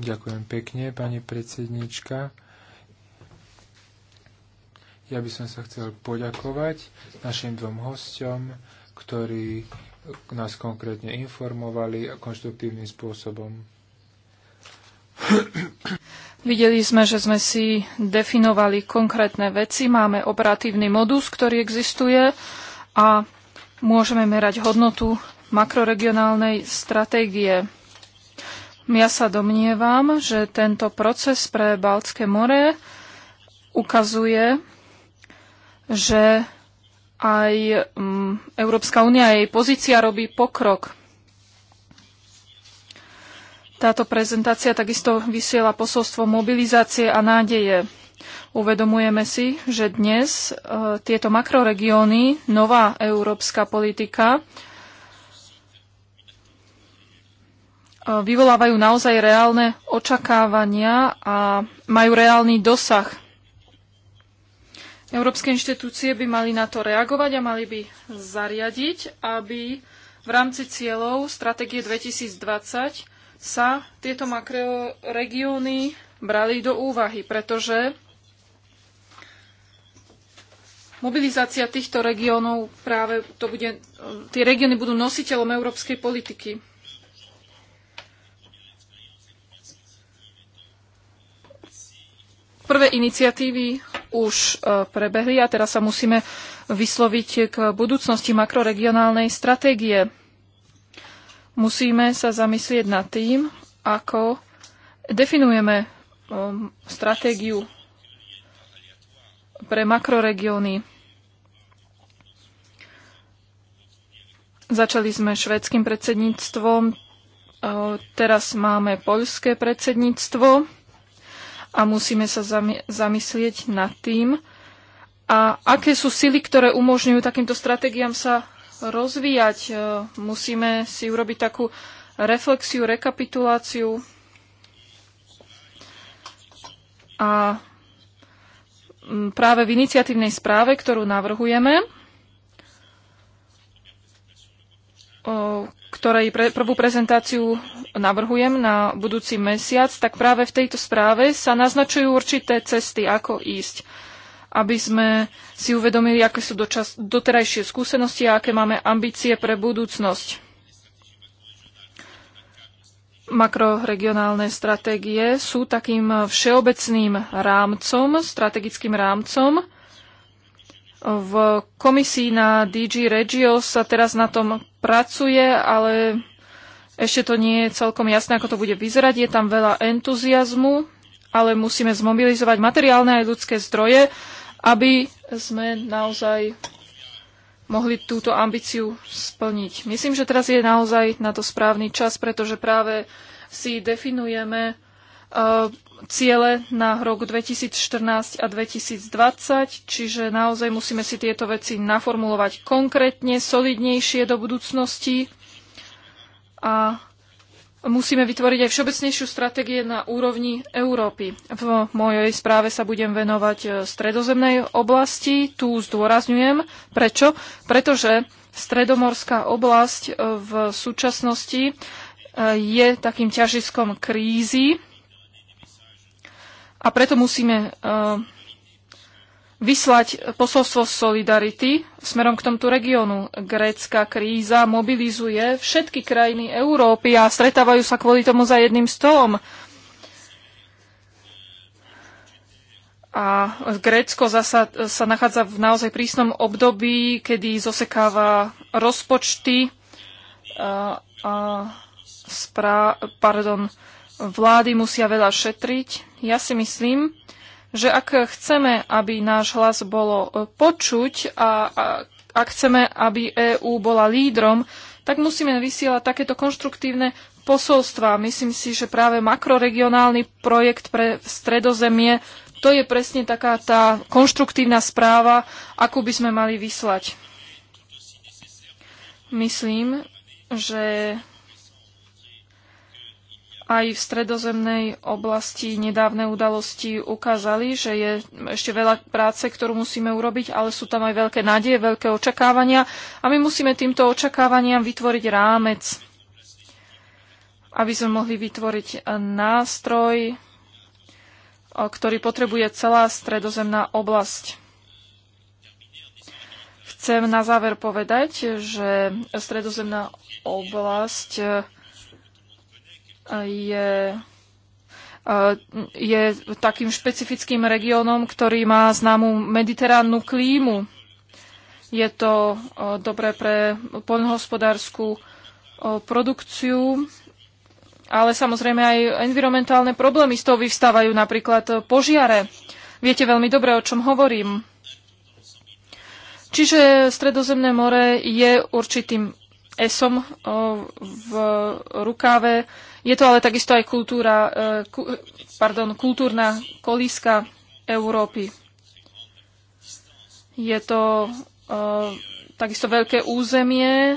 Ďakujem pekne, pani predsednička. Ja by som sa chcel poďakovať našim dvom hosťom ktorí nás konkrétne informovali a konštruktívnym spôsobom. Videli sme, že sme si definovali konkrétne veci, máme operatívny modus, ktorý existuje a môžeme merať hodnotu makroregionálnej stratégie. Ja sa domnievam, že tento proces pre Baltské more ukazuje, že aj um, Európska únia, jej pozícia robí pokrok. Táto prezentácia takisto vysiela posolstvo mobilizácie a nádeje. Uvedomujeme si, že dnes e, tieto makroregióny, nová európska politika, e, vyvolávajú naozaj reálne očakávania a majú reálny dosah Európske inštitúcie by mali na to reagovať a mali by zariadiť, aby v rámci cieľov stratégie 2020 sa tieto makroregióny brali do úvahy, pretože mobilizácia týchto regiónov práve to bude, tie regióny budú nositeľom európskej politiky. Prvé iniciatívy už e, prebehli a teraz sa musíme vysloviť k budúcnosti makroregionálnej stratégie. Musíme sa zamyslieť nad tým, ako definujeme e, stratégiu pre makroregióny. Začali sme švedským predsedníctvom, e, teraz máme poľské predsedníctvo a musíme sa zamyslieť nad tým, a aké sú sily, ktoré umožňujú takýmto stratégiám sa rozvíjať. E, musíme si urobiť takú reflexiu, rekapituláciu a práve v iniciatívnej správe, ktorú navrhujeme, ktorej pre, prvú prezentáciu navrhujem na budúci mesiac, tak práve v tejto správe sa naznačujú určité cesty, ako ísť, aby sme si uvedomili, aké sú dočas, doterajšie skúsenosti a aké máme ambície pre budúcnosť. Makroregionálne stratégie sú takým všeobecným rámcom, strategickým rámcom, v komisii na DG Regio sa teraz na tom pracuje, ale ešte to nie je celkom jasné, ako to bude vyzerať. Je tam veľa entuziasmu, ale musíme zmobilizovať materiálne aj ľudské zdroje, aby sme naozaj mohli túto ambíciu splniť. Myslím, že teraz je naozaj na to správny čas, pretože práve si definujeme E, ciele na rok 2014 a 2020, čiže naozaj musíme si tieto veci naformulovať konkrétne, solidnejšie do budúcnosti a musíme vytvoriť aj všeobecnejšiu stratégie na úrovni Európy. V mojej správe sa budem venovať e, stredozemnej oblasti. Tu zdôrazňujem. Prečo? Pretože stredomorská oblasť e, v súčasnosti je takým ťažiskom krízy, a preto musíme uh, vyslať posolstvo solidarity smerom k tomto regiónu. Grécka kríza mobilizuje všetky krajiny Európy a stretávajú sa kvôli tomu za jedným stolom. A Grécko zasa, sa nachádza v naozaj prísnom období, kedy zosekáva rozpočty a, e, a spra, pardon, vlády musia veľa šetriť. Ja si myslím, že ak chceme, aby náš hlas bolo e, počuť a, ak chceme, aby EÚ bola lídrom, tak musíme vysielať takéto konštruktívne posolstva. Myslím si, že práve makroregionálny projekt pre stredozemie, to je presne taká tá konštruktívna správa, akú by sme mali vyslať. Myslím, že aj v stredozemnej oblasti nedávne udalosti ukázali, že je ešte veľa práce, ktorú musíme urobiť, ale sú tam aj veľké nádeje, veľké očakávania a my musíme týmto očakávaniam vytvoriť rámec, aby sme mohli vytvoriť nástroj, ktorý potrebuje celá stredozemná oblasť. Chcem na záver povedať, že stredozemná oblasť je eh, je takým špecifickým regiónom, ktorý má známu mediteránnu klímu. Je to eh, dobré pre poľnohospodárskú eh, produkciu, ale samozrejme aj environmentálne problémy z toho vyvstávajú, napríklad požiare. Viete veľmi dobre, o čom hovorím. Čiže Stredozemné more je určitým esom v rukáve je to ale takisto aj kultúra, e, ku, pardon, kultúrna kolíska Európy. Je to uh, takisto veľké územie e,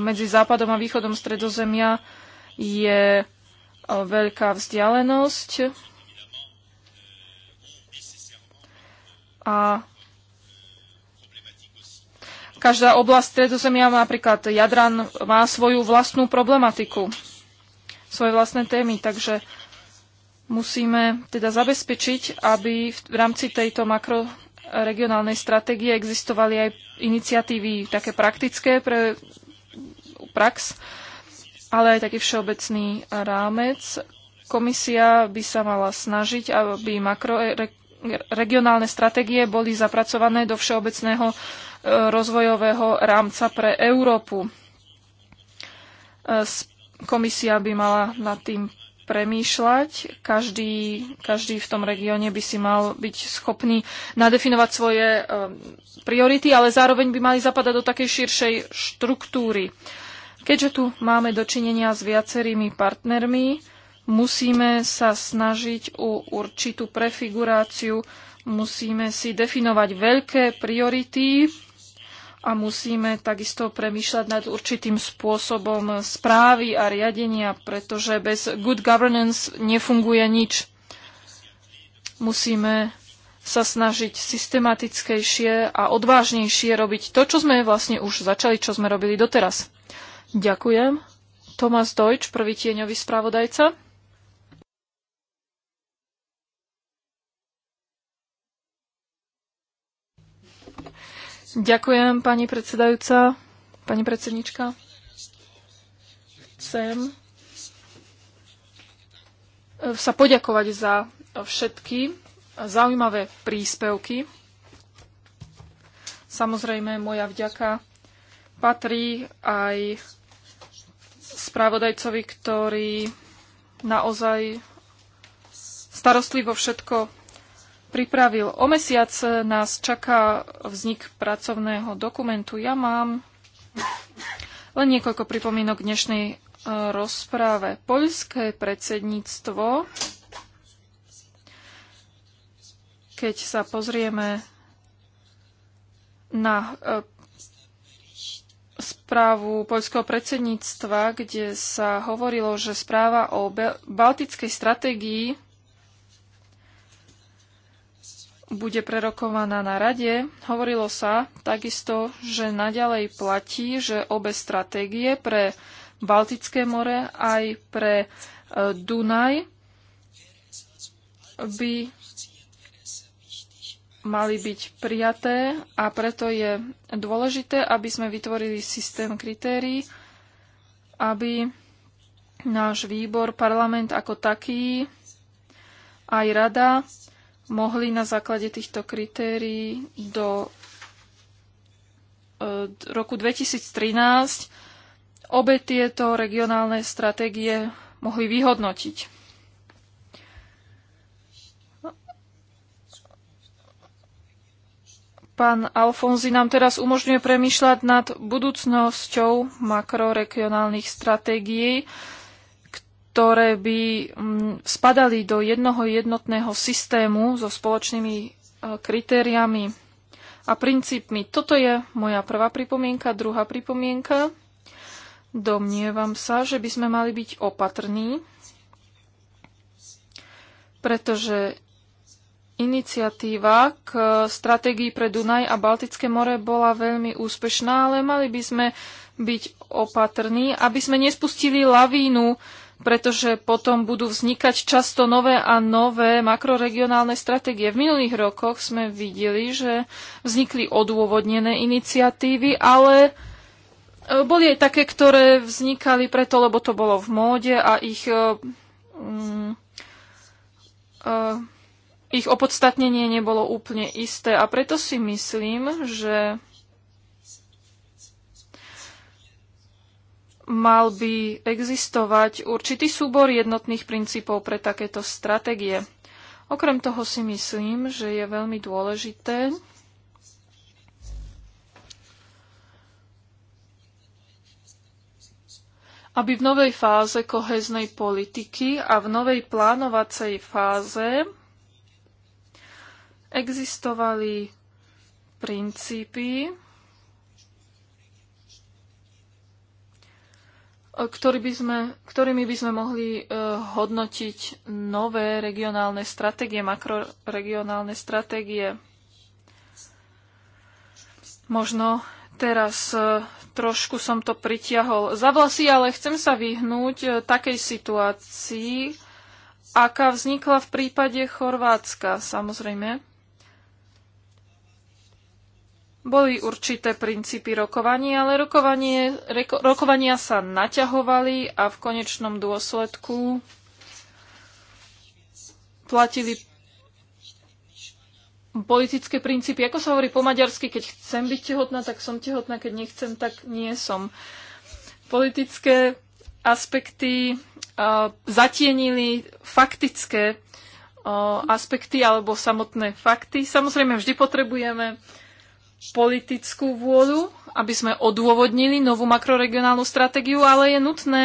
medzi západom a východom stredozemia je veľká vzdialenosť a každá oblasť stredozemia napríklad Jadran má svoju vlastnú problematiku svoje vlastné témy. Takže musíme teda zabezpečiť, aby v rámci tejto makroregionálnej stratégie existovali aj iniciatívy také praktické pre prax, ale aj taký všeobecný rámec. Komisia by sa mala snažiť, aby makroregionálne stratégie boli zapracované do všeobecného e, rozvojového rámca pre Európu. Z e, Komisia by mala nad tým premýšľať. Každý, každý v tom regióne by si mal byť schopný nadefinovať svoje eh, priority, ale zároveň by mali zapadať do takej širšej štruktúry. Keďže tu máme dočinenia s viacerými partnermi, musíme sa snažiť o určitú prefiguráciu, musíme si definovať veľké priority, a musíme takisto premýšľať nad určitým spôsobom správy a riadenia, pretože bez good governance nefunguje nič. Musíme sa snažiť systematickejšie a odvážnejšie robiť to, čo sme vlastne už začali, čo sme robili doteraz. Ďakujem. Thomas Deutsch, prvý tieňový spravodajca. Ďakujem, pani predsedajúca, pani predsednička. Chcem e, sa poďakovať za všetky zaujímavé príspevky. Samozrejme, moja vďaka patrí aj spravodajcovi, ktorý naozaj starostlivo všetko pripravil. O mesiac nás čaká vznik pracovného dokumentu. Ja mám len niekoľko pripomínok dnešnej e, rozpráve. Poľské predsedníctvo, keď sa pozrieme na e, správu poľského predsedníctva, kde sa hovorilo, že správa o baltickej stratégii bude prerokovaná na rade. Hovorilo sa takisto, že naďalej platí, že obe stratégie pre Baltické more aj pre e, Dunaj by mali byť prijaté a preto je dôležité, aby sme vytvorili systém kritérií, aby náš výbor, parlament ako taký, aj rada mohli na základe týchto kritérií do e, roku 2013 obe tieto regionálne stratégie mohli vyhodnotiť. Pán Alfonzi nám teraz umožňuje premýšľať nad budúcnosťou makroregionálnych stratégií ktoré by mm, spadali do jednoho jednotného systému so spoločnými e, kritériami a princípmi. Toto je moja prvá pripomienka. Druhá pripomienka. Domnievam sa, že by sme mali byť opatrní, pretože iniciatíva k stratégii pre Dunaj a Baltické more bola veľmi úspešná, ale mali by sme byť opatrní, aby sme nespustili lavínu pretože potom budú vznikať často nové a nové makroregionálne stratégie. V minulých rokoch sme videli, že vznikli odôvodnené iniciatívy, ale e, boli aj také, ktoré vznikali preto, lebo to bolo v móde a ich, e, mm, e, ich opodstatnenie nebolo úplne isté. A preto si myslím, že mal by existovať určitý súbor jednotných princípov pre takéto stratégie. Okrem toho si myslím, že je veľmi dôležité aby v novej fáze koheznej politiky a v novej plánovacej fáze existovali princípy, ktorý by sme, ktorými by sme mohli e, hodnotiť nové regionálne stratégie, makroregionálne stratégie. Možno teraz e, trošku som to pritiahol za vlasy, ale chcem sa vyhnúť e, takej situácii, aká vznikla v prípade Chorvátska, samozrejme. Boli určité princípy rokovania, ale rokovanie, reko, rokovania sa naťahovali a v konečnom dôsledku platili politické princípy. Ako sa hovorí po maďarsky, keď chcem byť tehotná, tak som tehotná, keď nechcem, tak nie som. Politické aspekty uh, zatienili faktické aspekty alebo samotné fakty. Samozrejme, vždy potrebujeme politickú vôľu, aby sme odôvodnili novú makroregionálnu stratégiu, ale je nutné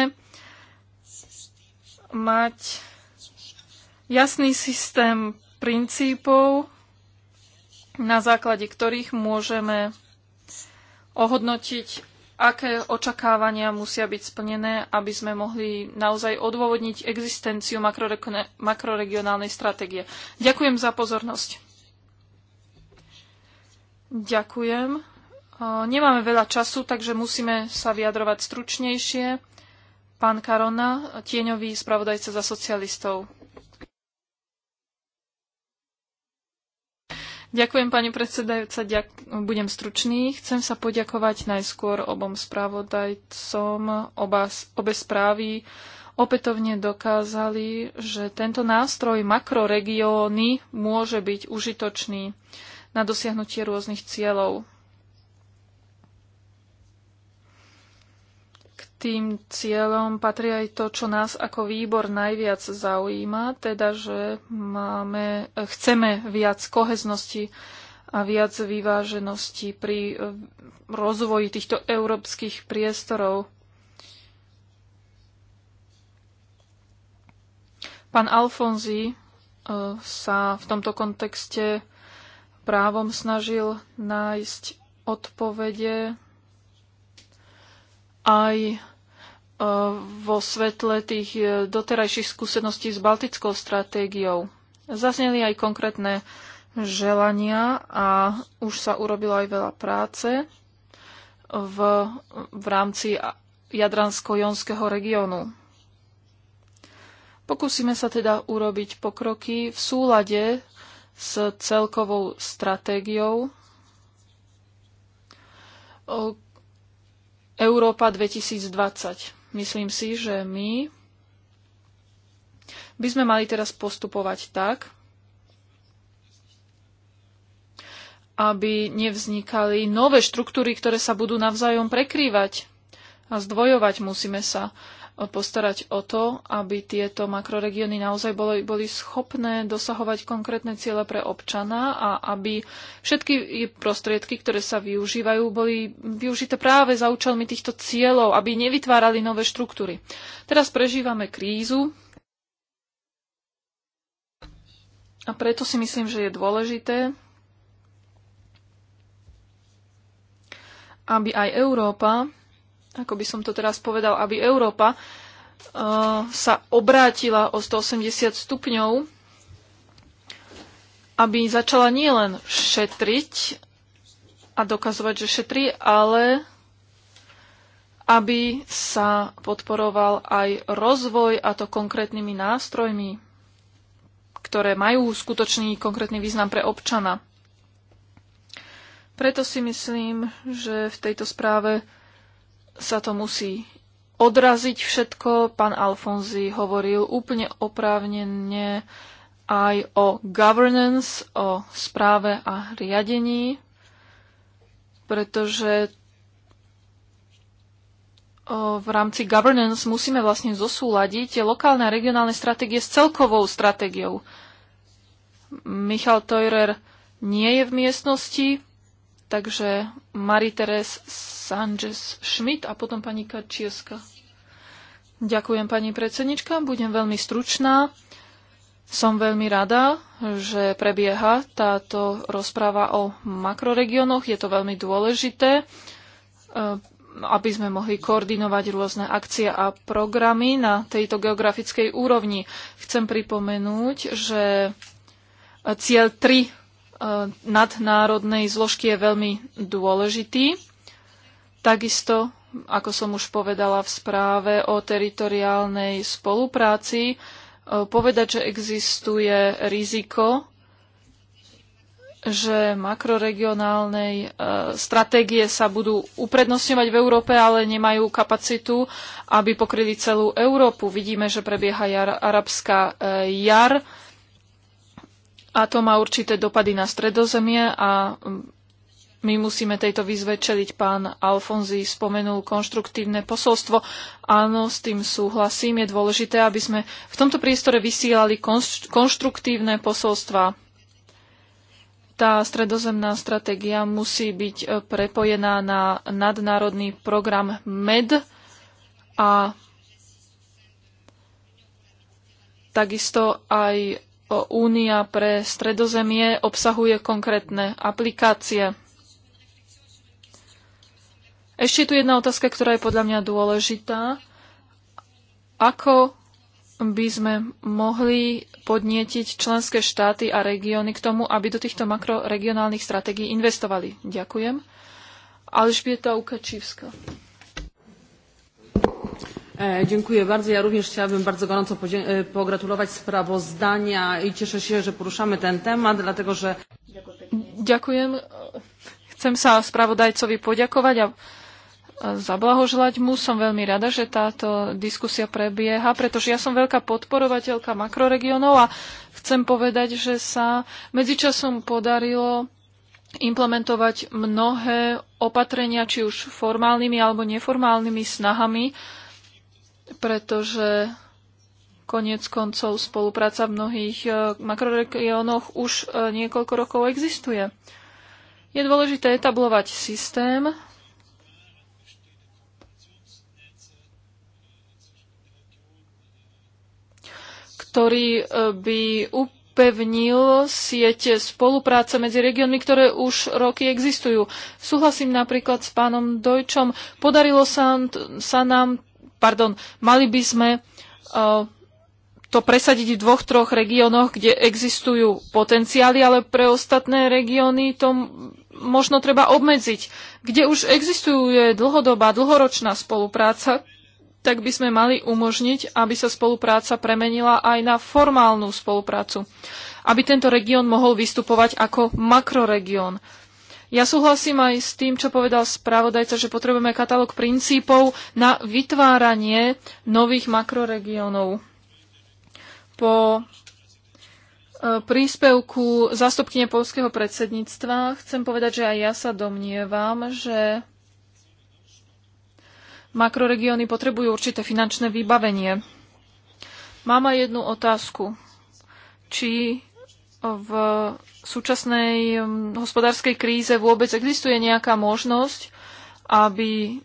mať jasný systém princípov, na základe ktorých môžeme ohodnotiť, aké očakávania musia byť splnené, aby sme mohli naozaj odôvodniť existenciu makroregionálnej stratégie. Ďakujem za pozornosť. Ďakujem. Nemáme veľa času, takže musíme sa vyjadrovať stručnejšie. Pán Karona, tieňový spravodajca za socialistov. Ďakujem, pani predsedajúca, ďak- budem stručný. Chcem sa poďakovať najskôr obom spravodajcom. Oba, obe správy opätovne dokázali, že tento nástroj makroregióny môže byť užitočný na dosiahnutie rôznych cieľov. K tým cieľom patrí aj to, čo nás ako výbor najviac zaujíma, teda že máme, chceme viac koheznosti a viac vyváženosti pri eh, rozvoji týchto európskych priestorov. Pán Alfonzi eh, sa v tomto kontexte právom snažil nájsť odpovede aj e, vo svetle tých e, doterajších skúseností s baltickou stratégiou. Zazneli aj konkrétne želania a už sa urobilo aj veľa práce v, v rámci Jadransko-Jonského regiónu. Pokúsime sa teda urobiť pokroky v súlade s celkovou stratégiou Európa 2020. Myslím si, že my by sme mali teraz postupovať tak, aby nevznikali nové štruktúry, ktoré sa budú navzájom prekrývať a zdvojovať musíme sa postarať o to, aby tieto makroregióny naozaj boli, boli schopné dosahovať konkrétne ciele pre občana a aby všetky prostriedky, ktoré sa využívajú, boli využité práve za účelmi týchto cieľov, aby nevytvárali nové štruktúry. Teraz prežívame krízu a preto si myslím, že je dôležité, aby aj Európa ako by som to teraz povedal, aby Európa uh, sa obrátila o 180 stupňov, aby začala nielen šetriť a dokazovať, že šetrí, ale aby sa podporoval aj rozvoj a to konkrétnymi nástrojmi, ktoré majú skutočný konkrétny význam pre občana. Preto si myslím, že v tejto správe sa to musí odraziť všetko. Pán Alfonzi hovoril úplne oprávnene aj o governance, o správe a riadení, pretože v rámci governance musíme vlastne zosúľadiť lokálne a regionálne stratégie s celkovou stratégiou. Michal Teurer nie je v miestnosti, Takže marie Teres Sanchez-Schmidt a potom pani Kačierska. Ďakujem, pani predsednička. Budem veľmi stručná. Som veľmi rada, že prebieha táto rozpráva o makroregiónoch. Je to veľmi dôležité, e, aby sme mohli koordinovať rôzne akcie a programy na tejto geografickej úrovni. Chcem pripomenúť, že cieľ 3 E, nadnárodnej zložky je veľmi dôležitý. Takisto, ako som už povedala v správe o teritoriálnej spolupráci, e, povedať, že existuje riziko, že makroregionálnej e, stratégie sa budú uprednostňovať v Európe, ale nemajú kapacitu, aby pokryli celú Európu. Vidíme, že prebieha jar, arabská jar. A to má určité dopady na stredozemie a mm, my musíme tejto výzve čeliť. Pán Alfonzi spomenul konštruktívne posolstvo. Áno, s tým súhlasím. Je dôležité, aby sme v tomto priestore vysielali konštruktívne posolstva. Tá stredozemná stratégia musí byť e, prepojená na nadnárodný program MED a takisto aj Únia pre stredozemie obsahuje konkrétne aplikácie. Ešte tu jedna otázka, ktorá je podľa mňa dôležitá. Ako by sme mohli podnietiť členské štáty a regióny k tomu, aby do týchto makroregionálnych stratégií investovali? Ďakujem. Alžbieta Ukačívska. E, dziękuję bardzo. Ja również chciałabym bardzo gorąco e, pogratulować sprawozdania i cieszę się, że poruszamy ten temat, dlatego że... Ďakujem. Chcem sa spravodajcovi poďakovať a zablahoželať mu. Som veľmi rada, že táto diskusia prebieha, pretože ja som veľká podporovateľka makroregionov a chcem povedať, že sa medzičasom podarilo implementovať mnohé opatrenia, či už formálnymi alebo neformálnymi snahami pretože koniec koncov spolupráca v mnohých e, makroregiónoch už e, niekoľko rokov existuje. Je dôležité etablovať systém, ktorý e, by upevnil siete spolupráce medzi regiónmi, ktoré už roky existujú. Súhlasím napríklad s pánom Dojčom. Podarilo sa, sa nám pardon, mali by sme e, to presadiť v dvoch, troch regiónoch, kde existujú potenciály, ale pre ostatné regióny to možno treba obmedziť. Kde už existuje dlhodobá, dlhoročná spolupráca, tak by sme mali umožniť, aby sa spolupráca premenila aj na formálnu spoluprácu. Aby tento región mohol vystupovať ako makroregión. Ja súhlasím aj s tým, čo povedal spravodajca, že potrebujeme katalóg princípov na vytváranie nových makroregiónov. Po e, príspevku zástupkyne polského predsedníctva chcem povedať, že aj ja sa domnievam, že makroregióny potrebujú určité finančné vybavenie. Mám aj jednu otázku. Či v súčasnej mm, hospodárskej kríze vôbec existuje nejaká možnosť, aby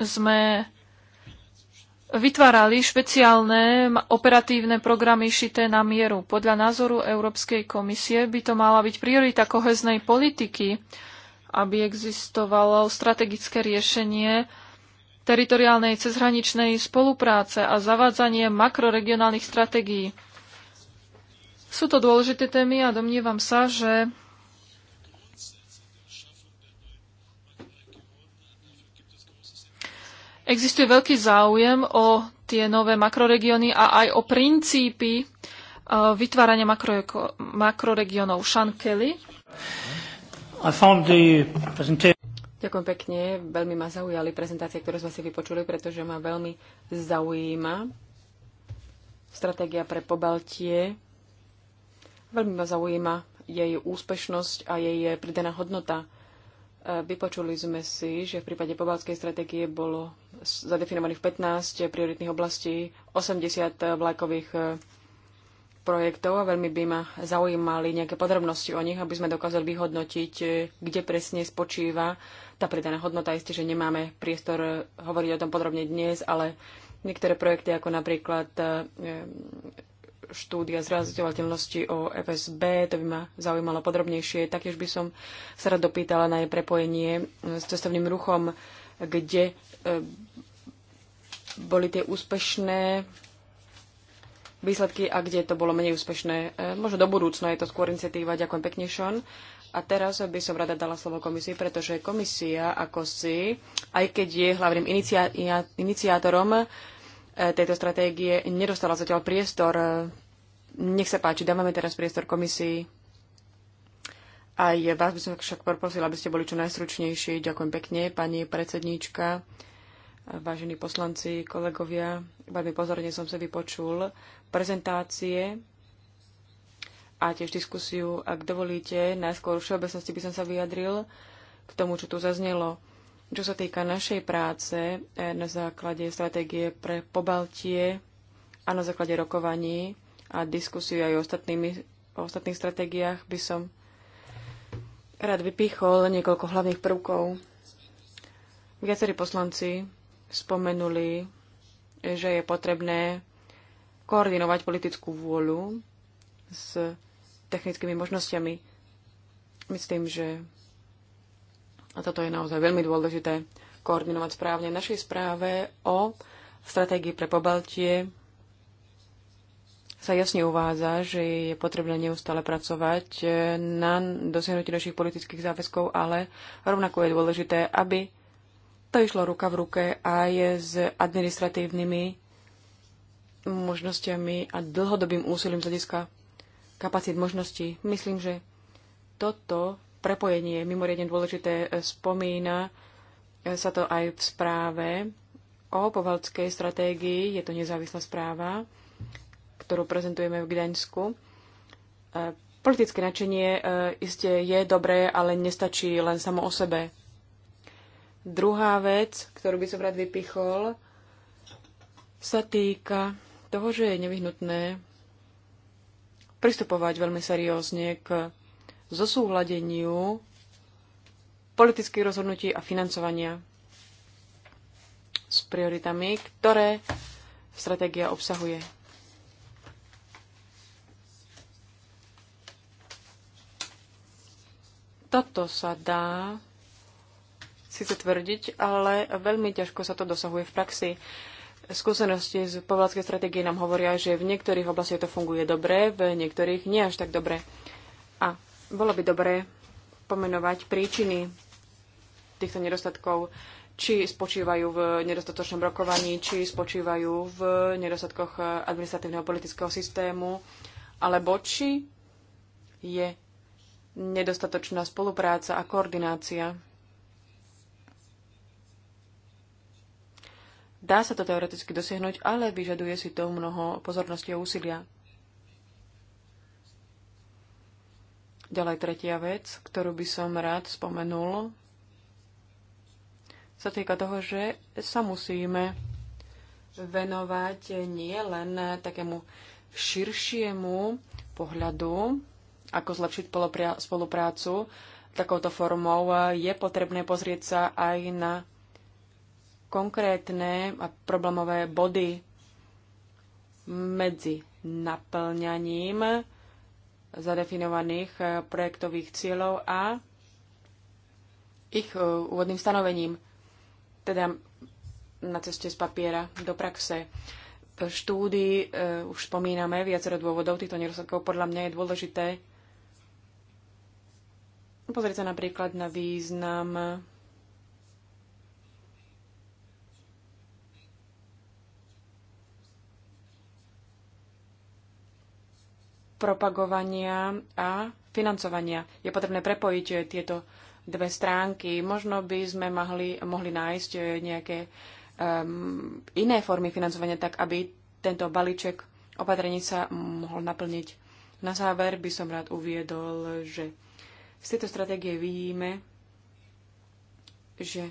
sme vytvárali špeciálne operatívne programy šité na mieru. Podľa názoru Európskej komisie by to mala byť priorita koheznej politiky, aby existovalo strategické riešenie teritoriálnej cezhraničnej spolupráce a zavádzanie makroregionálnych stratégií. Sú to dôležité témy a domnievam sa, že existuje veľký záujem o tie nové makroregióny a aj o princípy e, vytvárania makro, makroregiónov. Sean Kelly. Ďakujem pekne. Veľmi ma zaujali prezentácie, ktoré sme si vypočuli, pretože ma veľmi zaujíma stratégia pre Pobaltie Veľmi ma zaujíma jej úspešnosť a jej pridaná hodnota. E, vypočuli sme si, že v prípade pobalskej stratégie bolo zadefinovaných 15 prioritných oblastí, 80 vlajkových e, projektov a veľmi by ma zaujímali nejaké podrobnosti o nich, aby sme dokázali vyhodnotiť, e, kde presne spočíva tá pridaná hodnota. Isté, že nemáme priestor hovoriť o tom podrobne dnes, ale niektoré projekty, ako napríklad štúdia zrealizovateľnosti o FSB, to by ma zaujímalo podrobnejšie. Taktiež by som sa rád dopýtala na jej prepojenie e, s cestovným ruchom, kde e, boli tie úspešné výsledky a kde to bolo menej úspešné. E, možno do budúcna je to skôr iniciatíva. Ďakujem pekne, Sean. A teraz by som rada dala slovo komisii, pretože komisia ako si, aj keď je hlavným iniciátorom, tejto stratégie nedostala zatiaľ priestor. Nech sa páči, dávame teraz priestor komisii. Aj vás by som však poprosila, aby ste boli čo najstručnejší. Ďakujem pekne, pani predsedníčka, vážení poslanci, kolegovia. Veľmi pozorne som sa vypočul prezentácie a tiež diskusiu. Ak dovolíte, najskôr v všeobecnosti by som sa vyjadril k tomu, čo tu zaznelo. Čo sa týka našej práce eh, na základe stratégie pre pobaltie a na základe rokovaní a diskusiu aj o, ostatnými, o ostatných stratégiách by som rád vypichol niekoľko hlavných prvkov. Viacerí poslanci spomenuli, že je potrebné koordinovať politickú vôľu s technickými možnosťami. Myslím, že a toto je naozaj veľmi dôležité, koordinovať správne našej správe o stratégii pre Pobaltie sa jasne uvádza, že je potrebné neustále pracovať na dosiahnutí našich politických záväzkov, ale rovnako je dôležité, aby to išlo ruka v ruke aj s administratívnymi možnosťami a dlhodobým úsilím z hľadiska kapacít možností. Myslím, že toto prepojenie je mimoriadne dôležité. Spomína sa to aj v správe o povalskej stratégii. Je to nezávislá správa, ktorú prezentujeme v Gdaňsku. E, politické načenie e, iste je dobré, ale nestačí len samo o sebe. Druhá vec, ktorú by som rád vypichol, sa týka toho, že je nevyhnutné pristupovať veľmi seriózne k zosúhľadeniu politických rozhodnutí a financovania s prioritami, ktoré stratégia obsahuje. Toto sa dá síce tvrdiť, ale veľmi ťažko sa to dosahuje v praxi. Skúsenosti z povládskej stratégie nám hovoria, že v niektorých oblastiach to funguje dobre, v niektorých nie až tak dobre. A bolo by dobré pomenovať príčiny týchto nedostatkov, či spočívajú v nedostatočnom rokovaní, či spočívajú v nedostatkoch administratívneho politického systému, alebo či je nedostatočná spolupráca a koordinácia. Dá sa to teoreticky dosiahnuť, ale vyžaduje si to mnoho pozornosti a úsilia. Ďalej tretia vec, ktorú by som rád spomenul, sa týka toho, že sa musíme venovať nie len takému širšiemu pohľadu, ako zlepšiť spoluprácu takouto formou, je potrebné pozrieť sa aj na konkrétne a problémové body medzi naplňaním zadefinovaných eh, projektových cieľov a ich eh, úvodným stanovením, teda na ceste z papiera do praxe. V štúdii eh, už spomíname viacero dôvodov týchto nedostatkov. Podľa mňa je dôležité pozrieť sa napríklad na význam propagovania a financovania. Je potrebné prepojiť tieto dve stránky. Možno by sme mohli, mohli nájsť nejaké um, iné formy financovania, tak aby tento balíček opatrení sa mohol naplniť. Na záver by som rád uviedol, že z tejto stratégie vidíme, že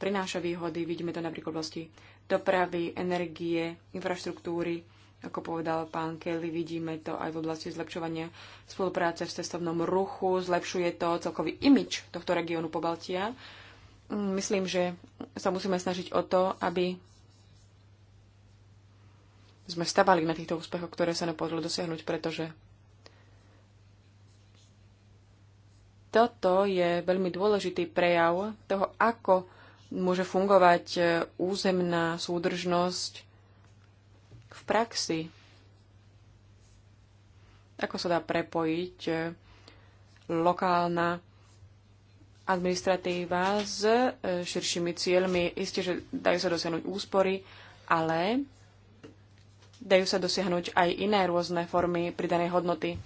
prináša výhody. Vidíme to napríklad v oblasti dopravy, energie, infraštruktúry, ako povedal pán Kelly, vidíme to aj v oblasti zlepšovania spolupráce v cestovnom ruchu. Zlepšuje to celkový imič tohto regiónu Pobaltia. Myslím, že sa musíme snažiť o to, aby sme stavali na týchto úspechoch, ktoré sa nám dosiahnuť, pretože toto je veľmi dôležitý prejav toho, ako môže fungovať územná súdržnosť v praxi. Ako sa dá prepojiť e, lokálna administratíva s e, širšími cieľmi. Isté, že dajú sa dosiahnuť úspory, ale dajú sa dosiahnuť aj iné rôzne formy pridanej hodnoty.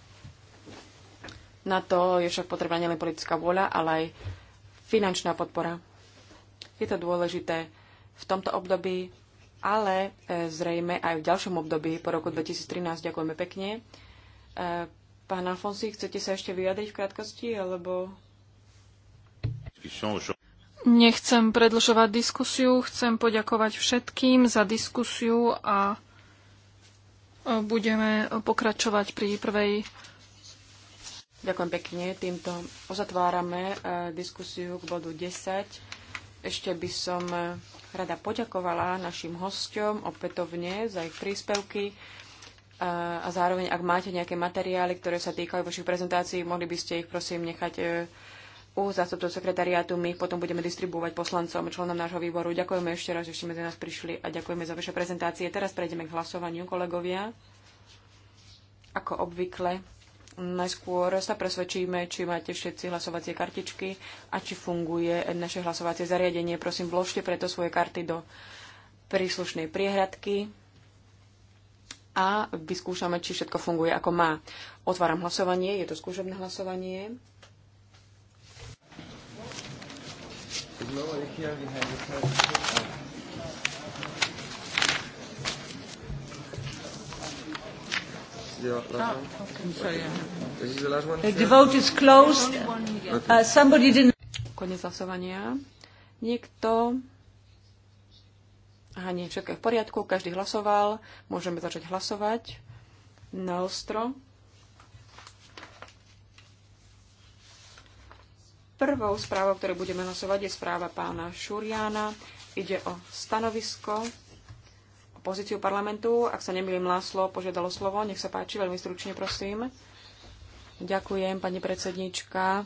Na to je však potrebná nielen politická vôľa, ale aj finančná podpora. Je to dôležité v tomto období ale e, zrejme aj v ďalšom období po roku 2013. Ďakujeme pekne. E, pán Alfonsi, chcete sa ešte vyjadriť v krátkosti, alebo... Nechcem predlžovať diskusiu, chcem poďakovať všetkým za diskusiu a e, budeme pokračovať pri prvej. Ďakujem pekne. Týmto uzatvárame diskusiu k bodu 10. Ešte by som e, rada poďakovala našim hosťom opätovne za ich príspevky e, a zároveň, ak máte nejaké materiály, ktoré sa týkajú vašich prezentácií, mohli by ste ich prosím nechať e, u zástupcov sekretariátu. My ich potom budeme distribuovať poslancom, členom nášho výboru. Ďakujeme ešte raz, že ste medzi nás prišli a ďakujeme za vaše prezentácie. Teraz prejdeme k hlasovaniu, kolegovia. Ako obvykle, Najskôr sa presvedčíme, či máte všetci hlasovacie kartičky a či funguje naše hlasovacie zariadenie. Prosím, vložte preto svoje karty do príslušnej priehradky a vyskúšame, či všetko funguje ako má. Otváram hlasovanie, je to skúšobné hlasovanie. No, Ah, uh, the vote is closed. Uh, somebody didn't... Konec hlasovania. Niekto... Aha, nie, všetko je v poriadku, každý hlasoval. Môžeme začať hlasovať na ostro. Prvou správou, ktoré budeme hlasovať, je správa pána Šuriana. Ide o stanovisko pozíciu parlamentu. Ak sa nemýlim, Láslo požiadalo slovo. Nech sa páči, veľmi stručne prosím. Ďakujem, pani predsednička.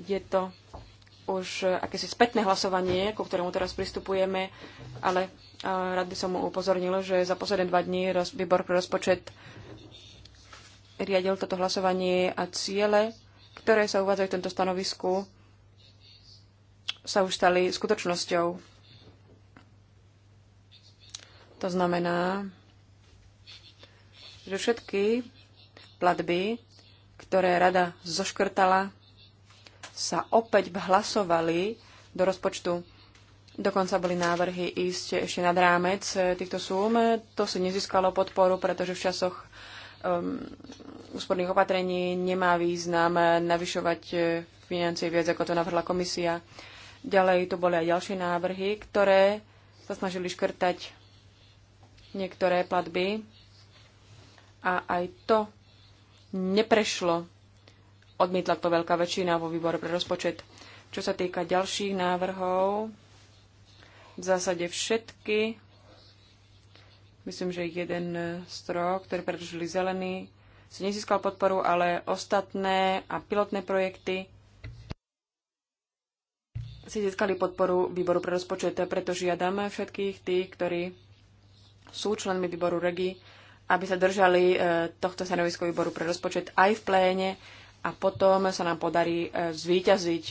Je to už akési spätné hlasovanie, ku ktorému teraz pristupujeme, ale eh, rád by som mu upozornil, že za posledné dva dní výbor pre rozpočet riadil toto hlasovanie a ciele, ktoré sa uvádzajú v tomto stanovisku, sa už stali skutočnosťou to znamená, že všetky platby, ktoré rada zoškrtala, sa opäť hlasovali do rozpočtu. Dokonca boli návrhy ísť ešte nad rámec eh, týchto súm. To si nezískalo podporu, pretože v časoch um, úsporných opatrení nemá význam navyšovať eh, financie viac, ako to navrhla komisia. Ďalej tu boli aj ďalšie návrhy, ktoré sa snažili škrtať niektoré platby a aj to neprešlo. Odmietla to veľká väčšina vo výbore pre rozpočet. Čo sa týka ďalších návrhov, v zásade všetky, myslím, že jeden z troch, ktoré predložili si nezískal podporu, ale ostatné a pilotné projekty si získali podporu výboru pre rozpočet. Preto žiadame všetkých tých, ktorí sú členmi výboru REGI, aby sa držali e, tohto stanovisko výboru pre rozpočet aj v pléne a potom sa nám podarí e, zvíťaziť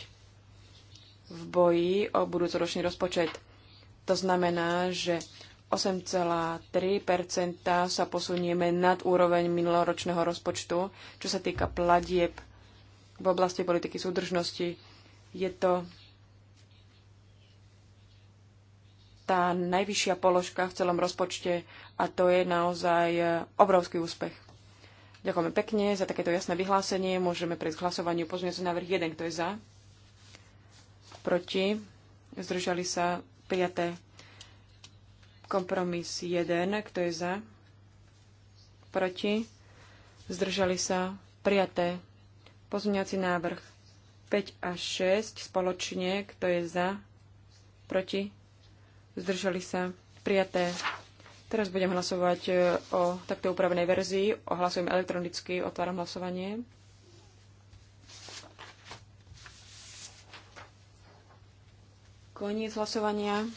v boji o budúcoročný rozpočet. To znamená, že 8,3 sa posunieme nad úroveň minuloročného rozpočtu, čo sa týka platieb v oblasti politiky súdržnosti. Je to tá najvyššia položka v celom rozpočte a to je naozaj e, obrovský úspech. Ďakujeme pekne za takéto jasné vyhlásenie. Môžeme prejsť k hlasovaniu. sa návrh 1. Kto je za? Proti? Zdržali sa prijaté. Kompromis 1. Kto je za? Proti? Zdržali sa prijaté. Pozmeňovací návrh 5 a 6 spoločne. Kto je za? Proti? zdržali sa, prijaté. Teraz budem hlasovať e, o takto upravenej verzii. Ohlasujem elektronicky, otváram hlasovanie. Koniec hlasovania.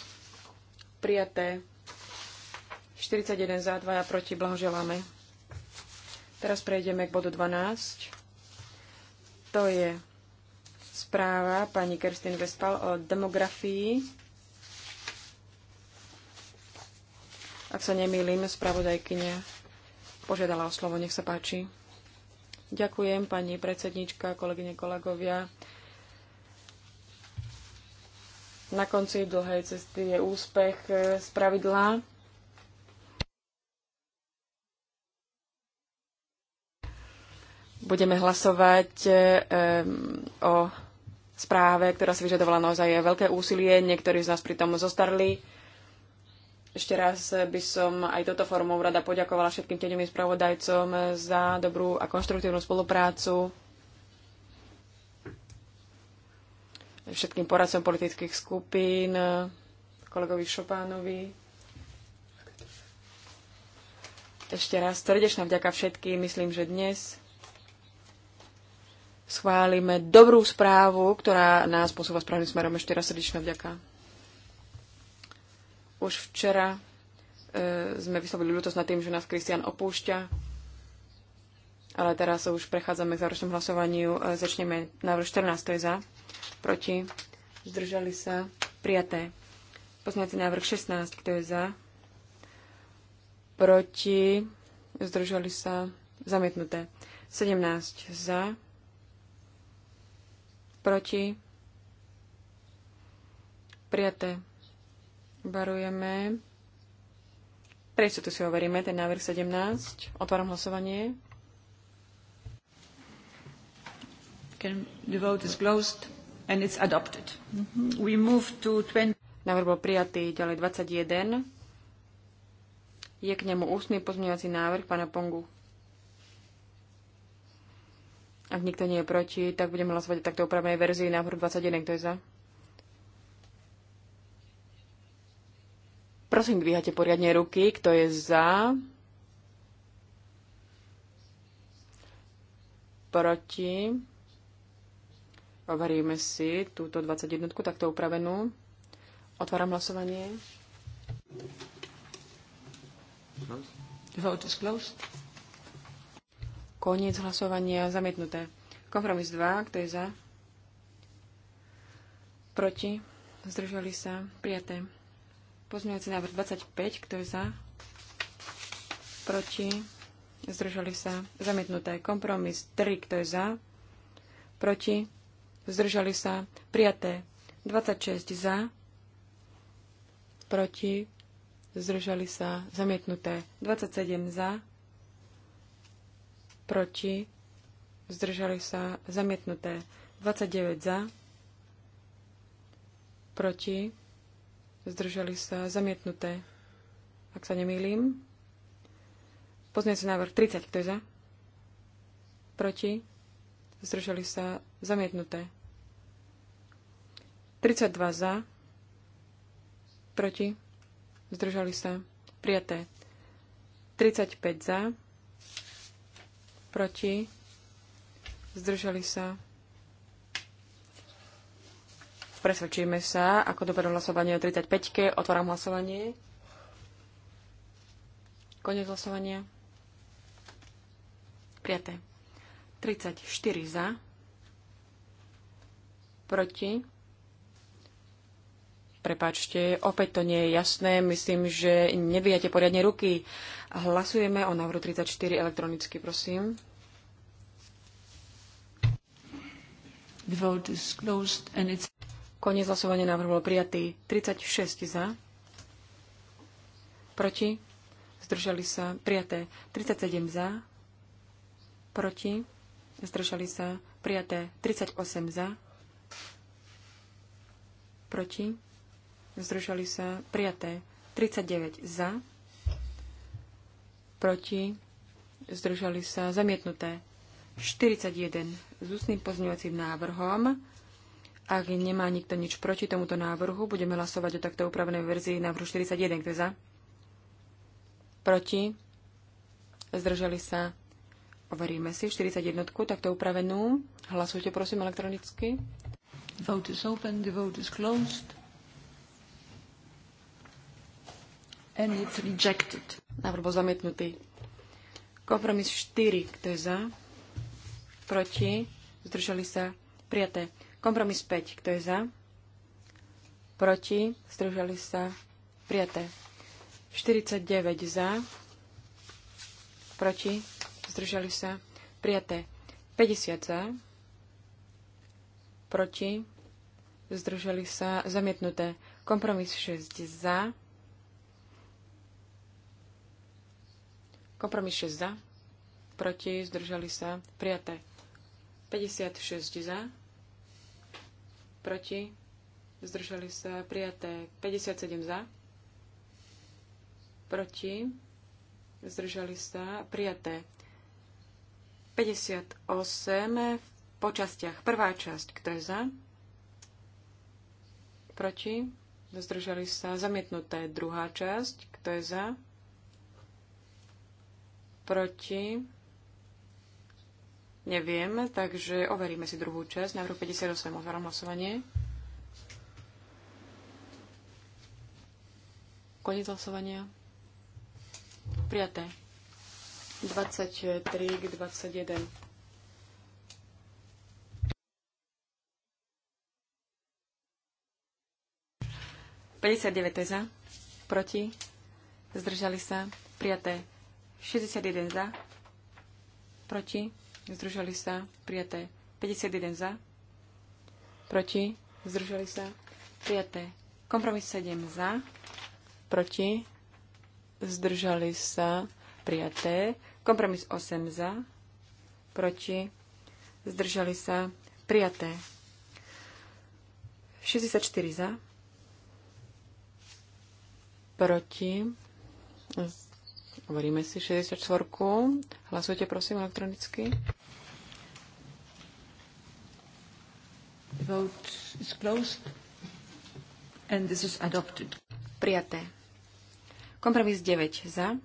Prijaté. 41 za, 2 proti. Blahoželáme. Teraz prejdeme k bodu 12. To je správa pani Kerstin Vespal o demografii Ak sa nemýlim, spravodajkyne požiadala o slovo. Nech sa páči. Ďakujem, pani predsednička, kolegyne, kolegovia. Na konci dlhej cesty je úspech e, z pravidla. Budeme hlasovať e, o správe, ktorá si vyžadovala naozaj veľké úsilie. Niektorí z nás pritom zostarli. Ešte raz by som aj toto formou rada poďakovala všetkým tieňovým spravodajcom za dobrú a konštruktívnu spoluprácu. Všetkým poradcom politických skupín, kolegovi Šopánovi. Ešte raz srdečná vďaka všetkým. Myslím, že dnes schválime dobrú správu, ktorá nás posúva správnym smerom. Ešte raz srdečná vďaka. Už včera e, sme vyslovili ľútosť nad tým, že nás Kristian opúšťa, ale teraz už prechádzame k záročnom hlasovaniu. E, začneme návrh 14, to je za, proti, zdržali sa, prijaté. Poznáte návrh 16, kto je za, proti, zdržali sa, zamietnuté. 17 za, proti, prijaté. Barujeme. Prečo tu si overíme ten návrh 17? Otváram hlasovanie. The vote is closed and it's adopted. Mm-hmm. We move to 20... Návrh bol prijatý ďalej 21. Je k nemu ústny pozmeňovací návrh pána Pongu. Ak nikto nie je proti, tak budeme hlasovať takto upravenej verzii návrhu 21. Kto je za? Prosím, dvíhate poriadne ruky. Kto je za? Proti? Overíme si túto 21 takto upravenú. Otváram hlasovanie. Vote is closed. Koniec hlasovania zamietnuté. Kompromis 2, kto je za? Proti? Zdržali sa? Prijaté. Pozmeňujúci návrh 25, kto je za? Proti? Zdržali sa? Zamietnuté. Kompromis 3, kto je za? Proti? Zdržali sa? Prijaté. 26 za? Proti? Zdržali sa? Zamietnuté. 27 za? Proti? Zdržali sa? Zamietnuté. 29 za? Proti? zdržali sa zamietnuté, ak sa nemýlim. Pozmeňujúci návrh 30, kto je za? Proti? Zdržali sa zamietnuté. 32 za, proti, zdržali sa, prijaté. 35 za, proti, zdržali sa, Presvedčíme sa, ako dopadlo hlasovanie o 35 Otváram hlasovanie. Konec hlasovania. Prijaté. 34 za. Proti. Prepačte, opäť to nie je jasné. Myslím, že nevíjate poriadne ruky. Hlasujeme o návrhu 34 elektronicky, prosím. The vote is closed and it's... Koniec hlasovania návrh bol prijatý 36 za, proti, zdržali sa prijaté 37 za, proti, zdržali sa prijaté 38 za, proti, zdržali sa prijaté 39 za, proti, zdržali sa zamietnuté 41 s ústnym pozňovacím návrhom ak nemá nikto nič proti tomuto návrhu, budeme hlasovať o takto upravenej verzii návrhu 41. Kto je za? Proti? Zdržali sa? Overíme si 41. Takto upravenú. Hlasujte prosím elektronicky. Vote is open, the vote is closed. And it's rejected. Návrh bol zamietnutý. Kompromis 4. Kto je za? Proti? Zdržali sa? Prijaté. Kompromis 5. Kto je za? Proti? Združali sa? Prijaté. 49 za. Proti? Združali sa? Prijaté. 50 za. Proti? Združali sa? Zamietnuté. Kompromis 6 za. Kompromis 6 za. Proti? Združali sa? Prijaté. 56 za proti, zdržali sa prijaté 57 za, proti, zdržali sa prijaté 58 v počastiach. Prvá časť, kto je za, proti, zdržali sa zamietnuté druhá časť, kto je za, proti, Neviem, takže overíme si druhú časť. Návrh 58 otváram hlasovanie. Koniec hlasovania. Prijaté. 23 k 21. za, proti, zdržali sa, prijaté. 61 za, proti, zdržali sa, prijaté. 51 za, proti, zdržali sa, prijaté. Kompromis 7 za, proti, zdržali sa, prijaté. Kompromis 8 za, proti, zdržali sa, prijaté. 64 za, proti, hovoríme si 64. Hlasujte prosím elektronicky. vote is closed. And this is adopted. Prijaté. Kompromis 9 za.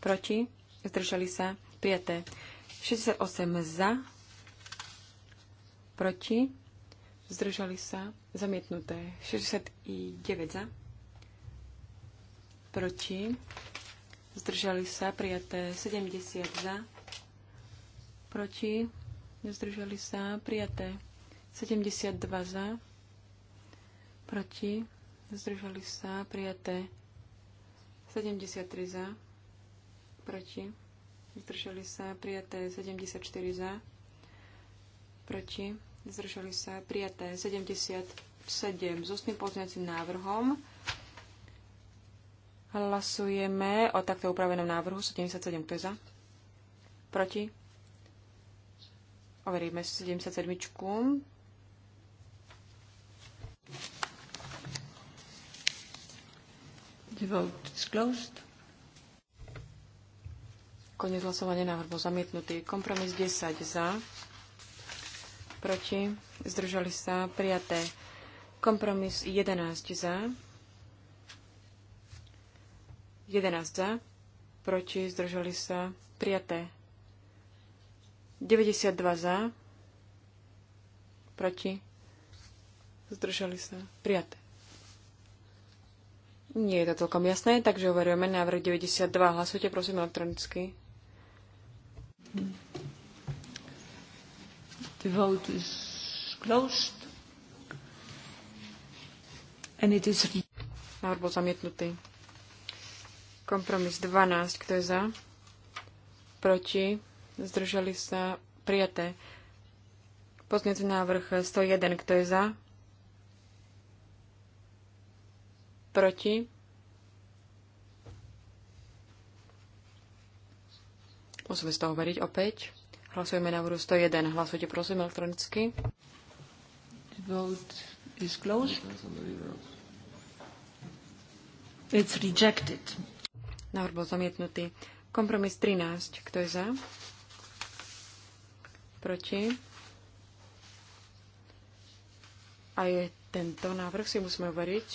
Proti. Zdržali sa. Prijaté. 68 za. Proti. Zdržali sa. Zamietnuté. 69 za. Proti. Zdržali sa. Prijaté. 70 za. Proti. Zdržali sa. Prijaté. 72 za, proti, zdržali sa, prijaté. 73 za, proti, zdržali sa, prijaté. 74 za, proti, zdržali sa, prijaté. 77 s ústnym pozňacím návrhom. Hlasujeme o takto upravenom návrhu 77, kto je za? Proti? Overíme 77. vote is closed. Konec hlasovania návrh bol zamietnutý. Kompromis 10 za, proti, zdržali sa, prijaté. Kompromis 11 za, 11 za, proti, zdržali sa, prijaté. 92 za, proti, zdržali sa, prijaté. Nie je to celkom jasné, takže overujeme návrh 92. Hlasujte prosím elektronicky. The vote is closed. And it is... Návrh bol zamietnutý. Kompromis 12. Kto je za? Proti? Zdržali sa? Prijaté. Poznec návrh 101. Kto je za? Proti? Musíme z toho veriť opäť. Hlasujeme na úru 101. Hlasujte prosím elektronicky. The vote is closed. It's rejected. Návrh bol zamietnutý. Kompromis 13. Kto je za? Proti? A je tento návrh si musíme overiť.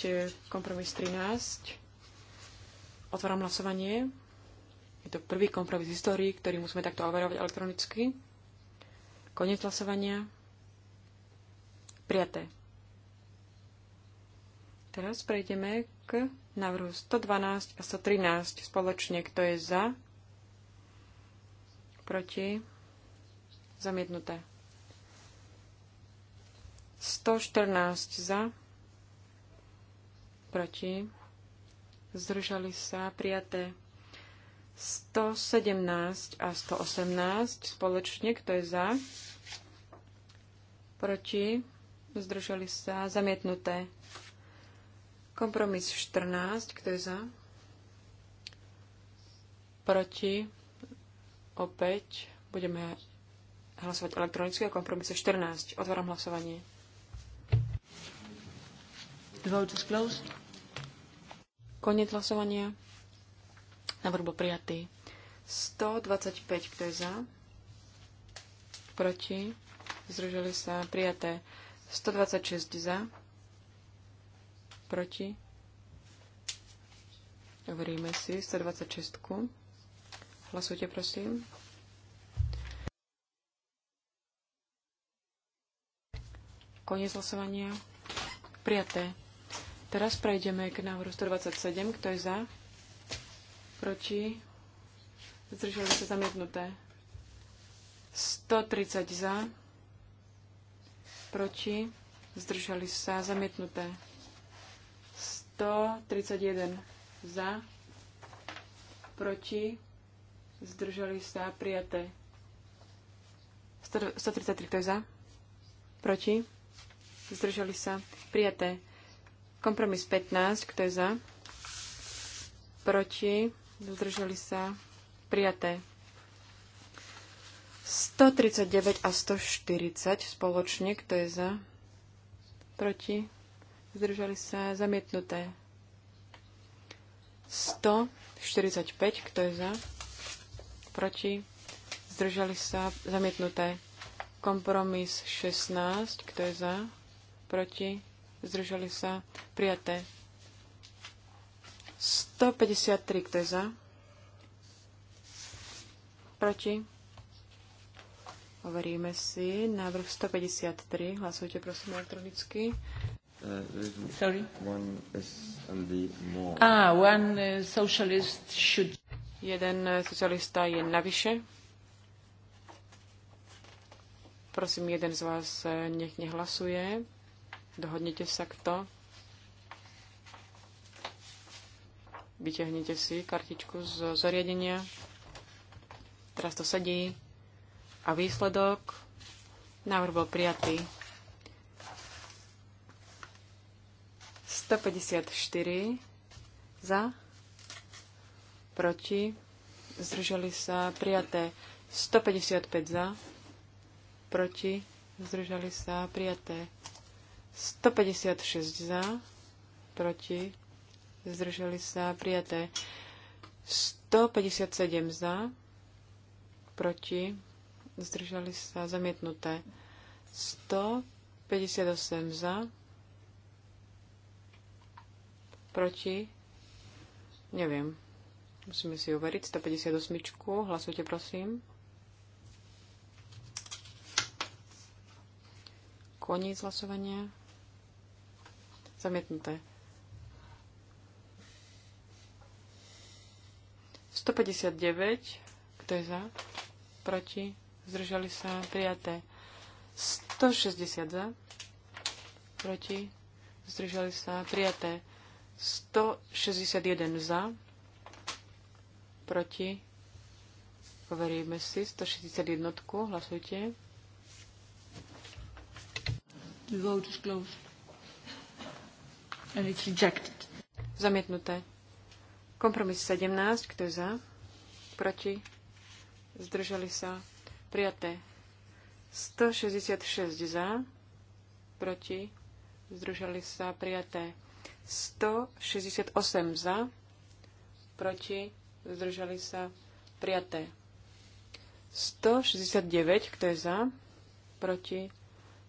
Kompromis 13. Otváram hlasovanie. Je to prvý kompromis v histórii, ktorý musíme takto overovať elektronicky. Koniec hlasovania. Prijaté. Teraz prejdeme k návrhu 112 a 113 spoločne. Kto je za? Proti? Zamietnuté. 114 za, proti, zdržali sa prijaté 117 a 118 spoločne, kto je za, proti, zdržali sa zamietnuté. Kompromis 14, kto je za, proti, opäť budeme hlasovať elektronicky o kompromise 14. Otváram hlasovanie. The vote is closed. Konec hlasovania. Návrh bol prijatý. 125, kto je za? Proti? Zdržali sa prijaté. 126 za? Proti? Overíme si 126. Hlasujte, prosím. Koniec hlasovania. Prijaté. Teraz prejdeme k návrhu 127. Kto je za? Proti? Zdržali sa zamietnuté. 130 za. Proti? Zdržali sa zamietnuté. 131 za. Proti? Zdržali sa prijaté. 133 kto je za? Proti? Zdržali sa prijaté. Kompromis 15, kto je za? Proti? Zdržali sa? Prijaté. 139 a 140 spoločne, kto je za? Proti? Zdržali sa? Zamietnuté. 145, kto je za? Proti? Zdržali sa? Zamietnuté. Kompromis 16, kto je za? Proti? zdržali sa, prijaté. 153, kto je za? Proti? Overíme si. Návrh 153. Hlasujte prosím elektronicky. Uh, Sorry? One more. Ah, one uh, socialist should... Jeden uh, socialista je navyše. Prosím, jeden z vás uh, nech nehlasuje. Dohodnete sa kto? Vyťahnite si kartičku z zariadenia. Teraz to sedí. A výsledok? Návrh bol prijatý. 154 za, proti, zdržali sa prijaté 155 za, proti, zdržali sa prijaté 156 za, proti, zdržali sa, prijaté. 157 za, proti, zdržali sa, zamietnuté. 158 za, proti, neviem, musíme si uveriť, 158, hlasujte prosím. Koniec hlasovania. Zamietnuté. 159. Kto je za? Proti? Zdržali sa? Prijaté. 160 za. Proti? Zdržali sa? Prijaté. 161 za. Proti? Poveríme si. 161. Hlasujte. The vote is closed. And it's rejected. Zamietnuté. Kompromis 17, kto je za? Proti? Zdržali sa? Prijaté. 166 za, proti, zdržali sa prijaté. 168 za, proti, zdržali sa prijaté. 169, kto je za, proti,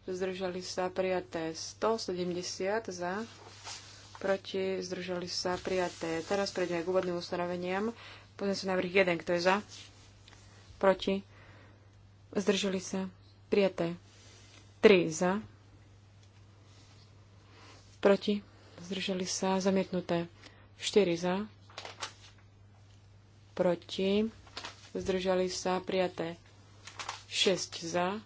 zdržali sa prijaté. 170 za, proti, zdržali sa, prijaté. Teraz prejdeme k úvodným ustanoveniam. Pozrieme sa návrh 1, kto je za, proti, zdržali sa, prijaté. 3 za, proti, zdržali sa, zamietnuté. 4 za, proti, zdržali sa, prijaté. 6 za,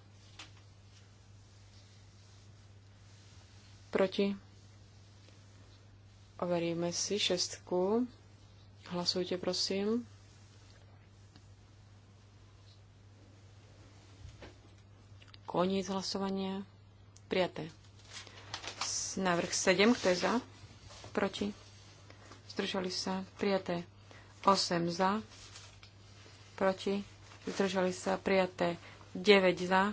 proti, Overíme si šestku. Hlasujte, prosím. Koniec hlasovania. Prijaté. Návrh 7, kto je za? Proti? Zdržali sa. Prijaté. 8 za. Proti? Zdržali sa. Prijaté. 9 za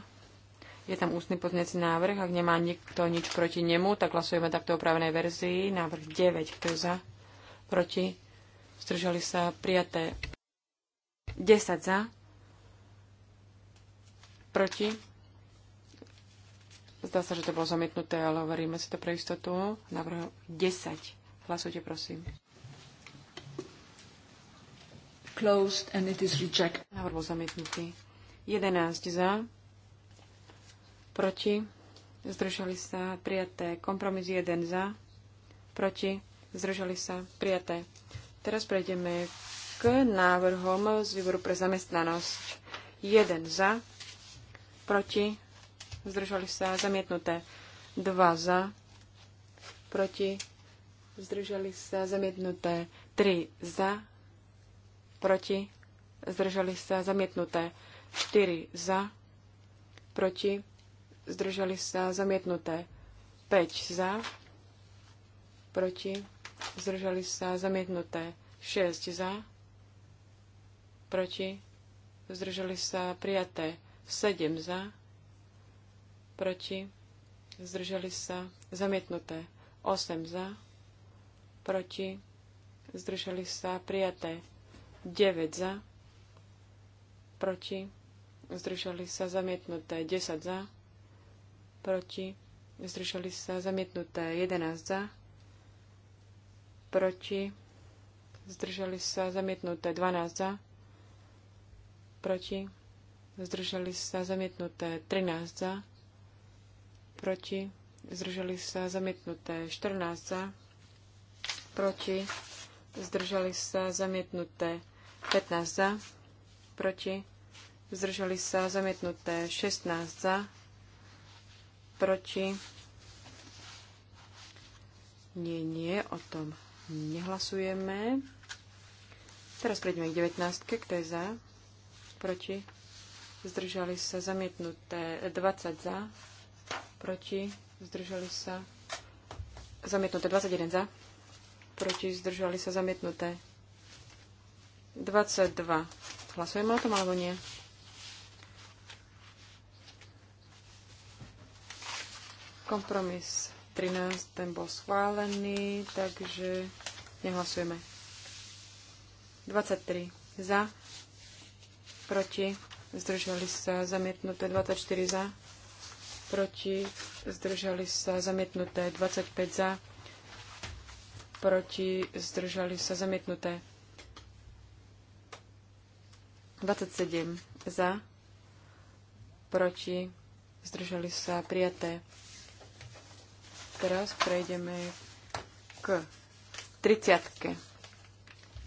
je tam ústny pozmeňací návrh. Ak nemá nikto nič proti nemu, tak hlasujeme takto opravenej verzii. Návrh 9. Kto je za? Proti? Zdržali sa prijaté 10 za. Proti? Zdá sa, že to bolo zamietnuté, ale overíme si to pre istotu. Návrh 10. Hlasujte, prosím. Closed and it is rejected. Návrh bol zamietnutý. 11 za proti, zdržali sa prijaté. Kompromis 1 za, proti, zdržali sa prijaté. Teraz prejdeme k návrhom z výboru pre zamestnanosť. 1 za, proti, zdržali sa zamietnuté. 2 za, proti, zdržali sa zamietnuté. 3 za, proti, zdržali sa zamietnuté. 4 za, proti, zdržali sa zamietnuté. 5 za, proti, zdržali sa zamietnuté. 6 za, proti, zdržali sa prijaté. 7 za, proti, zdržali sa zamietnuté. 8 za, proti, zdržali sa prijaté. 9 za, proti, zdržali sa zamietnuté. 10 za, proti, zdržali sa zamietnuté 11 za, proti, zdržali sa zamietnuté 12 za, proti, zdržali sa zamietnuté 13 za, proti, zdržali sa zamietnuté 14 za, proti, zdržali sa zamietnuté 15 za, proti, zdržali sa zamietnuté 16 za, Proti? Nie, nie, o tom nehlasujeme. Teraz prejdeme k 19. Kto je za? Proti? Zdržali sa zamietnuté 20 za. Proti? Zdržali sa zamietnuté 21 za. Proti? Zdržali sa zamietnuté 22. Hlasujeme o tom alebo nie? Kompromis 13, ten bol schválený, takže nehlasujeme. 23 za, proti, zdržali sa zamietnuté 24 za, proti, zdržali sa zamietnuté 25 za, proti, zdržali sa zamietnuté 27 za, proti, zdržali sa prijaté Teraz prejdeme k 30.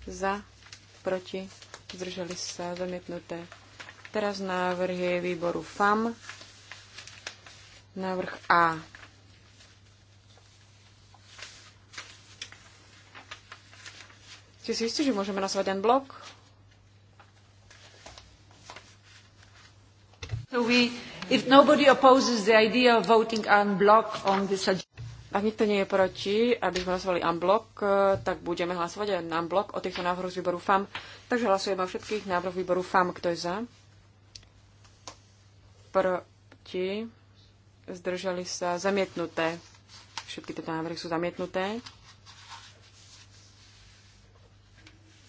Za, proti, zdržali sa, zamietnuté. Teraz návrh je výboru FAM. Návrh A. Ste si istí, že môžeme nasvať ten blok? So we, if nobody opposes the idea of voting on block on this ak nikto nie je proti, aby sme hlasovali unblock, eh, tak budeme hlasovať aj unblock o týchto návrhoch z výboru FAM. Takže hlasujeme o všetkých návrhoch výboru FAM. Kto je za? Proti? Zdržali sa? Zamietnuté. Všetky tieto návrhy sú zamietnuté.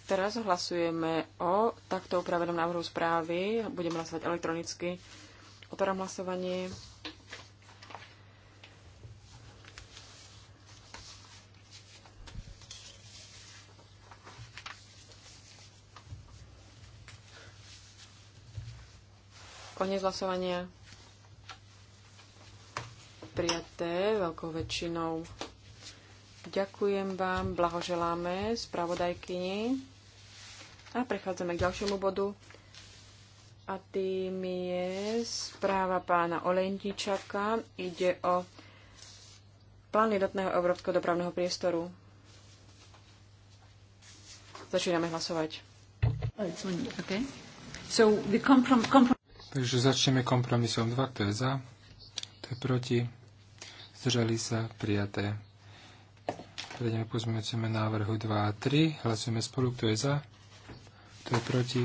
Teraz hlasujeme o takto upravenom návrhu správy. Budeme hlasovať elektronicky. Otváram hlasovanie. Koniec hlasovania. Prijaté veľkou väčšinou. Ďakujem vám, blahoželáme spravodajkyni. A prechádzame k ďalšiemu bodu. A tým je správa pána Olendičaka. Ide o plán jednotného európskeho dopravného priestoru. Začíname hlasovať. Oh, okay. So the comprom- comprom- Takže začneme kompromisom 2, kto je za, kto je proti, zdržali sa, prijaté. Prejdeme pozmeňujúceme návrhu 2 a 3. Hlasujeme spolu, kto je za, kto je proti.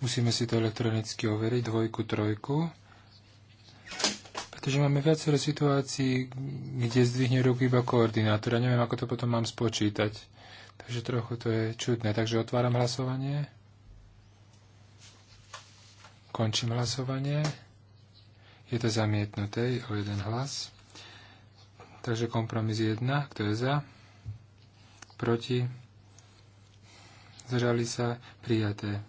Musíme si to elektronicky overiť, dvojku, trojku. Pretože máme viacero situácií, kde zdvihne ruku iba koordinátora. Neviem, ako to potom mám spočítať. Takže trochu to je čudné. Takže otváram hlasovanie. Končím hlasovanie. Je to zamietnuté o jeden hlas. Takže kompromis 1. Kto je za? Proti? Zdržali sa? Prijaté.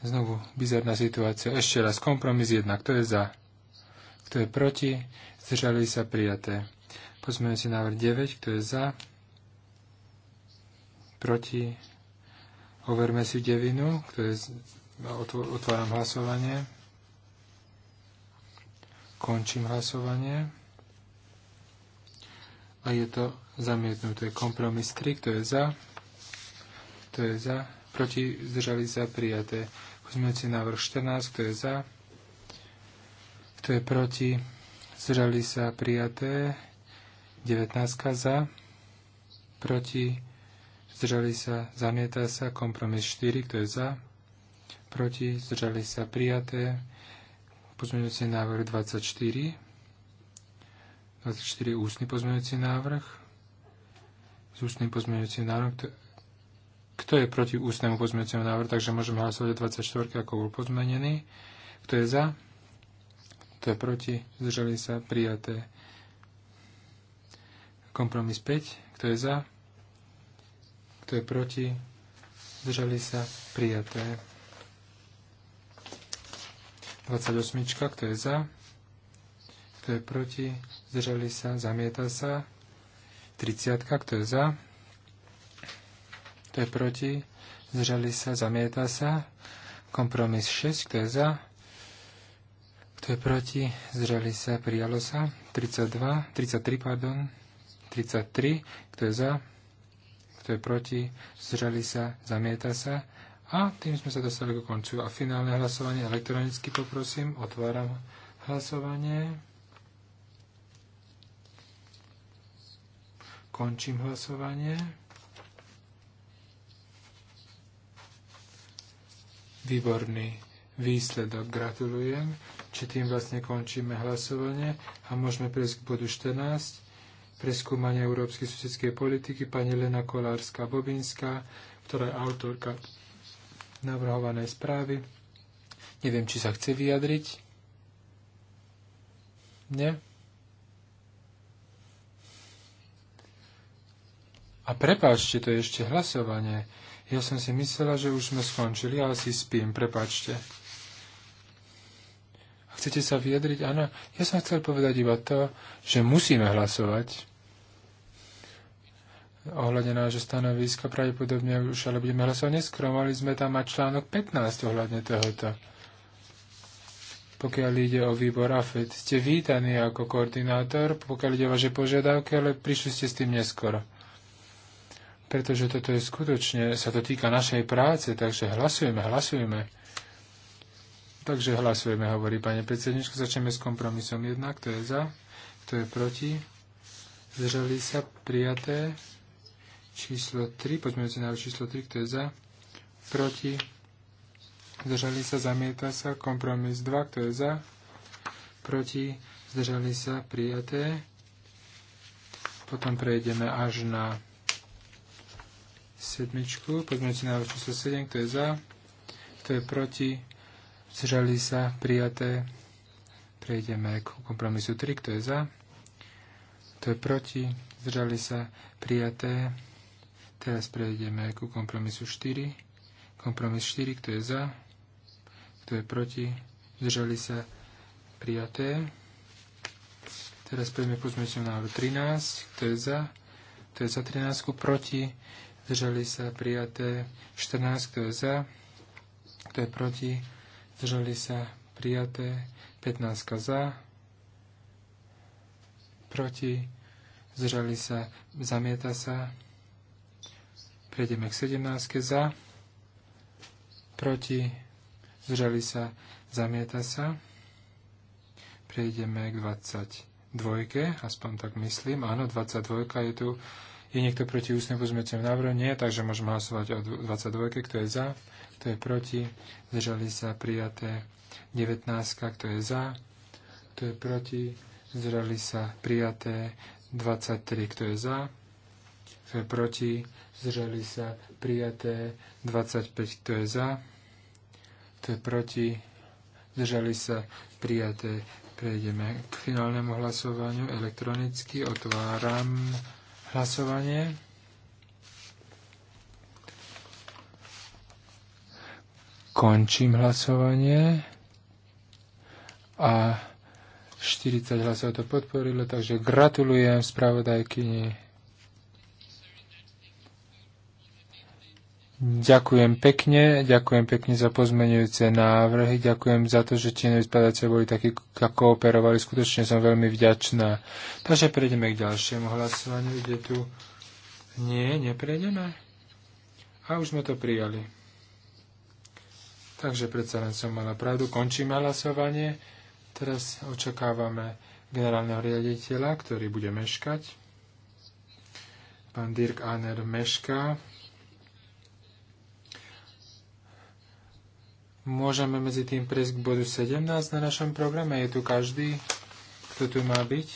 Znovu bizarná situácia. Ešte raz. Kompromis 1. Kto je za? Kto je proti? Zdržali sa? Prijaté. Pozmeme si návrh 9. Kto je za? Proti? Overme si devinu. Kto je No, otváram hlasovanie. Končím hlasovanie. A je to zamietnuté. Kompromis 3, kto je za? Kto je za? Proti zdržali sa prijaté. Pozmeňujúci návrh 14, kto je za? Kto je proti? Zdržali sa prijaté. 19 za. Proti? Zdržali sa, zamieta sa. Kompromis 4, kto je za? proti, zdržali sa prijaté. Pozmeňujúci návrh 24. 24 ústny pozmeňujúci návrh. S ústnym pozmeňujúcim návrhom. Kto, je proti ústnemu pozmeňujúcemu návrhu? Takže môžeme hlasovať o 24, ako bol pozmenený. Kto je za? Kto je proti? Zdržali sa prijaté. Kompromis 5. Kto je za? Kto je proti? Zdržali sa prijaté. 28. Kto je za? Kto je proti? Zdržali sa? Zamieta sa? 30. Kto je za? Kto je proti? Zdržali sa? Zamieta sa? Kompromis 6. Kto je za? Kto je proti? Zdržali sa? Prijalo sa? 32. 33, pardon. 33. Kto je za? Kto je proti? Zdržali sa? Zamieta sa? A tým sme sa dostali k koncu. A finálne hlasovanie elektronicky poprosím. Otváram hlasovanie. Končím hlasovanie. Výborný výsledok. Gratulujem. Či tým vlastne končíme hlasovanie a môžeme prejsť k bodu 14. Preskúmanie európskej susedskej politiky pani Lena Kolárska-Bobinská, ktorá je autorka Navrhované správy. Neviem, či sa chce vyjadriť. Nie? A prepáčte, to je ešte hlasovanie. Ja som si myslela, že už sme skončili, ale si spím, prepáčte. A chcete sa vyjadriť? Áno, ja som chcel povedať iba to, že musíme hlasovať ohľadne nášho stanoviska, pravdepodobne už ale budeme hlasovať neskoro, mali sme tam mať článok 15 ohľadne tohoto. Pokiaľ ide o výbor AFED, ste vítaní ako koordinátor, pokiaľ ide o vaše požiadavky, ale prišli ste s tým neskoro. Pretože toto je skutočne, sa to týka našej práce, takže hlasujeme, hlasujeme. Takže hlasujeme, hovorí pani predsednička. Začneme s kompromisom 1. Kto je za? Kto je proti? Zdržali sa? Prijaté? číslo 3, si návrh číslo 3, kto je za, proti, zdržali sa, zamieta sa, kompromis 2, kto je za, proti, zdržali sa, prijaté. Potom prejdeme až na sedmičku, si návrh číslo 7, kto je za, kto je proti, zdržali sa, prijaté. Prejdeme k kompromisu 3, kto je za, kto je proti, zdržali sa, prijaté. Teraz prejdeme ku kompromisu 4. Kompromis 4, kto je za, kto je proti, zdržali sa prijaté. Teraz prejdeme pozmeňujúcom návrhu 13, kto je za, kto je za 13, proti, zdržali sa prijaté. 14, kto je za, kto je proti, zdržali sa prijaté. 15 za, proti, zdržali sa, zamieta sa. Prejdeme k 17. Za. Proti. Zdržali sa. Zamieta sa. Prejdeme k 22. Aspoň tak myslím. Áno, 22. je tu. Je niekto proti ústnym pozmeňujúcim návrhu? Nie, takže môžeme hlasovať o 22. Kto je za? Kto je proti? Zdržali sa prijaté. 19. Kto je za? Kto je proti? Zdržali sa prijaté. 23. Kto je za? kto je proti, zdržali sa prijaté 25, kto je za, kto je proti, zdržali sa prijaté. Prejdeme k finálnemu hlasovaniu elektronicky. Otváram hlasovanie. Končím hlasovanie a 40 hlasov to podporilo, takže gratulujem spravodajkyni. Ďakujem pekne, ďakujem pekne za pozmenujúce návrhy, ďakujem za to, že tie nevyspadáce boli takí, ako operovali. skutočne som veľmi vďačná. Takže prejdeme k ďalšiemu hlasovaniu, ide tu... Nie, neprejdeme. A už sme to prijali. Takže predsa len som mala pravdu, končíme hlasovanie. Teraz očakávame generálneho riaditeľa, ktorý bude meškať. Pán Dirk Aner Meška. Môžeme medzi tým prejsť k bodu 17 na našom programe. Je tu každý, kto tu má byť.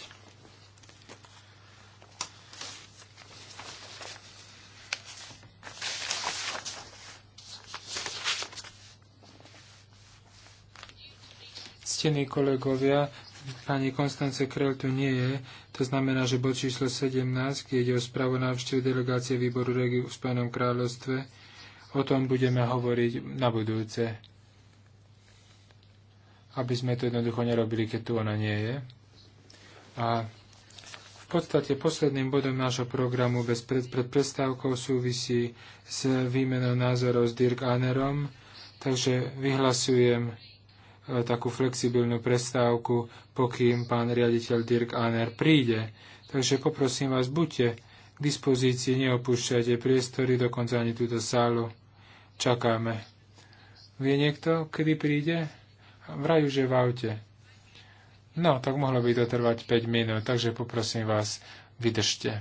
Ctení kolegovia, pani Konstance Krel tu nie je, to znamená, že bod číslo 17, kde ide o správu návštevy delegácie výboru regi v Spojenom kráľovstve, o tom budeme hovoriť na budúce aby sme to jednoducho nerobili, keď tu ona nie je. A v podstate posledným bodom nášho programu bez pred, pred prestávkou súvisí s výmenou názorov s Dirk Anerom, takže vyhlasujem e, takú flexibilnú prestávku, pokým pán riaditeľ Dirk Aner príde. Takže poprosím vás, buďte k dispozícii, neopúšťajte priestory, dokonca ani túto sálu. Čakáme. Vie niekto, kedy príde? Vraj už je v aute. No, tak mohlo by to trvať 5 minút, takže poprosím vás, vydržte.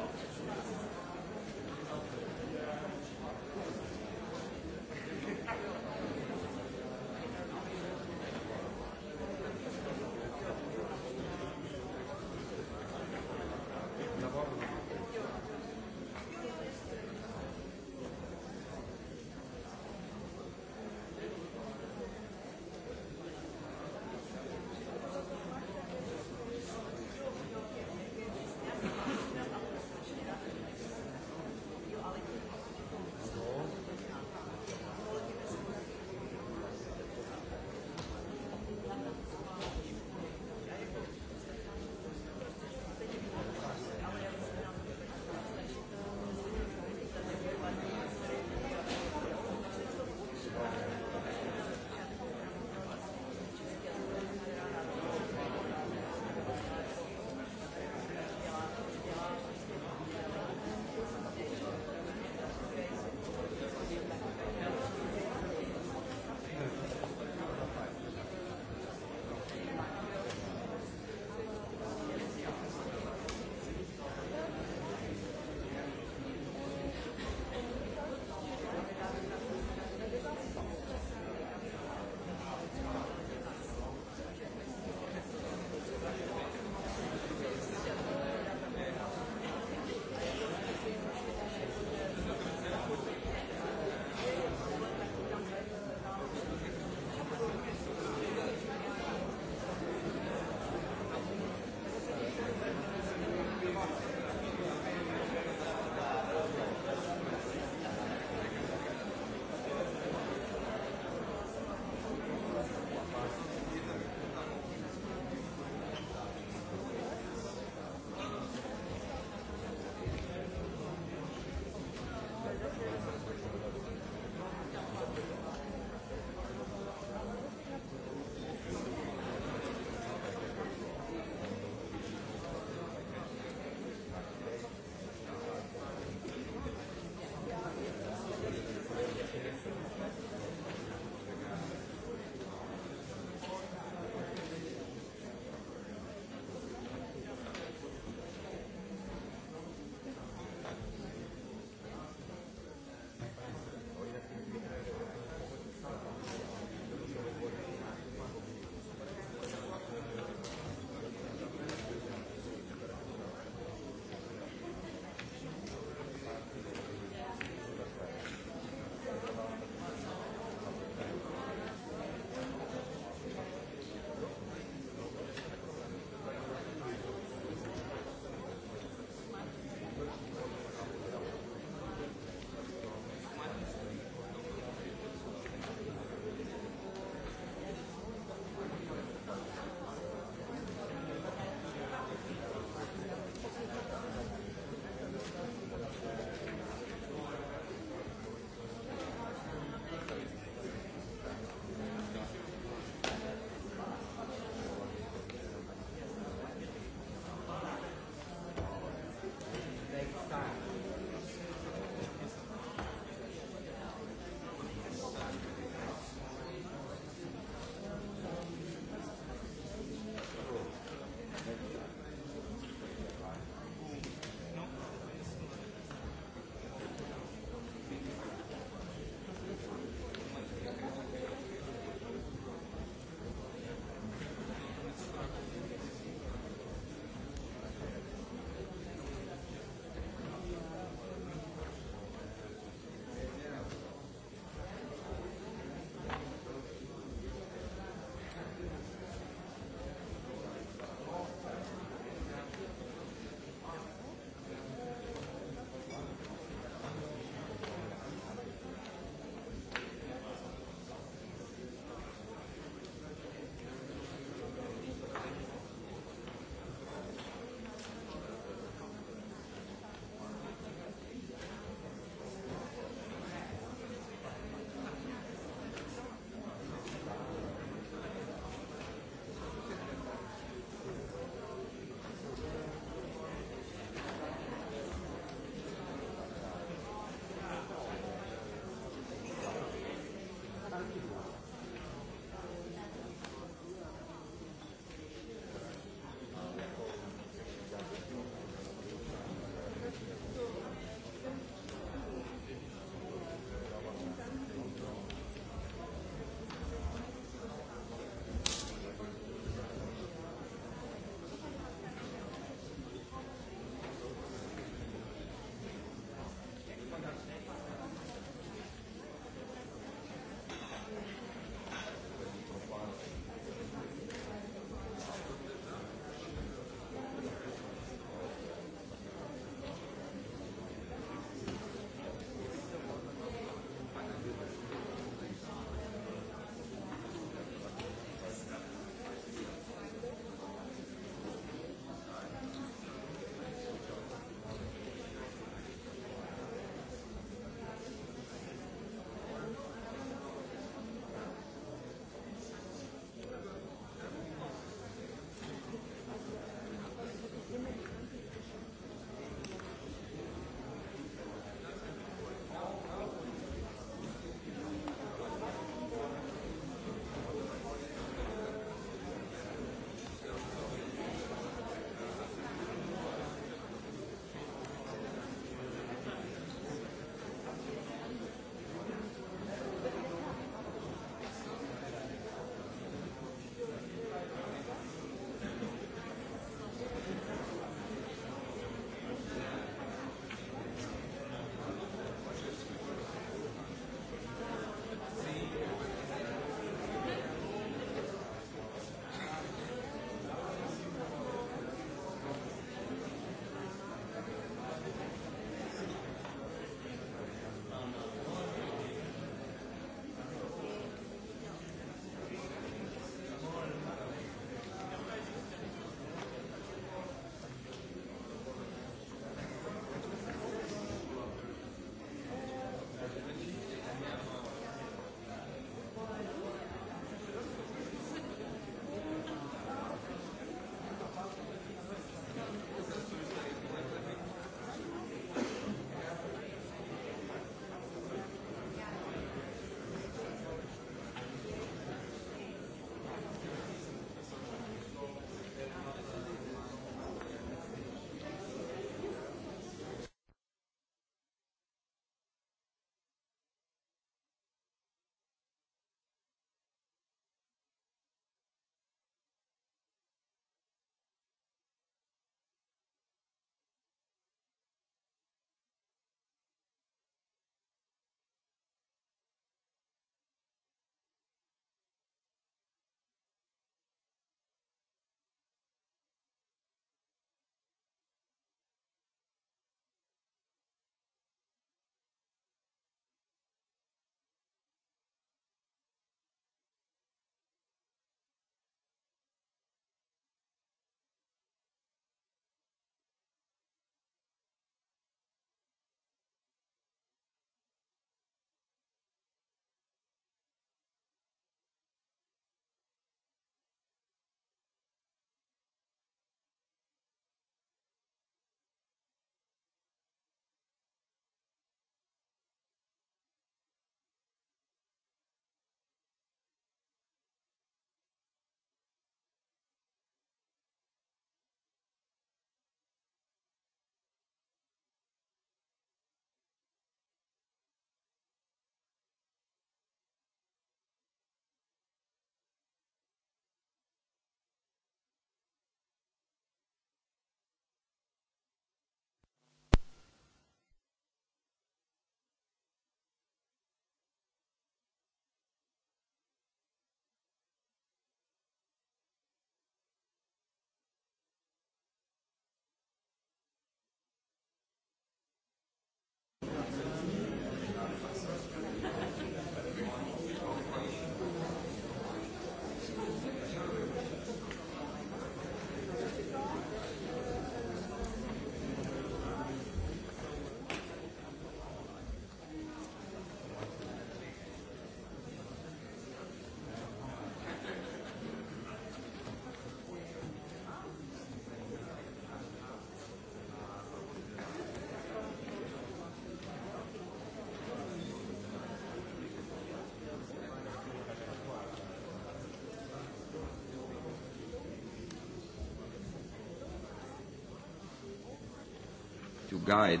to guide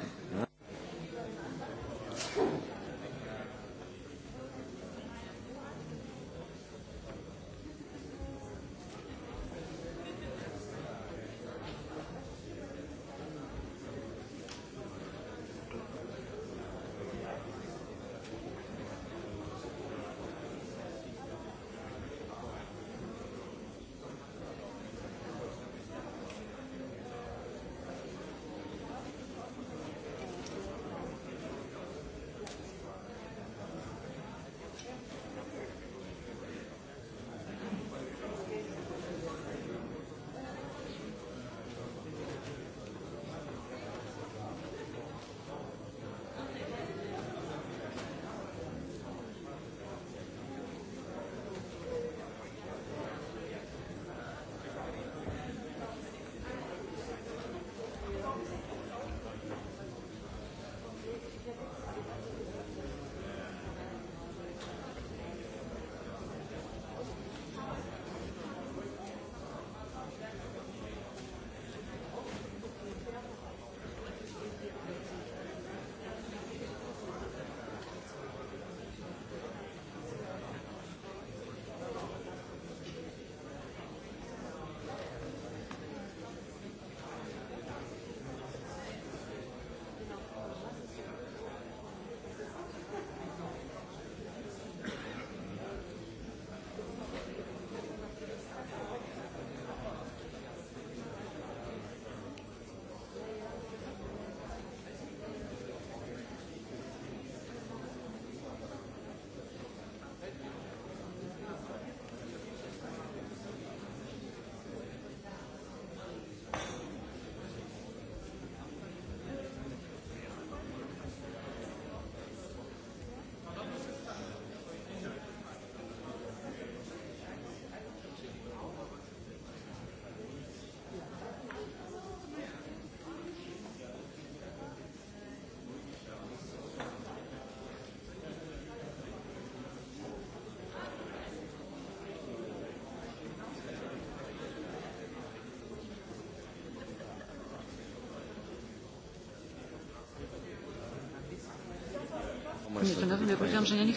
Niestety, ja powiedziałam, że ja nie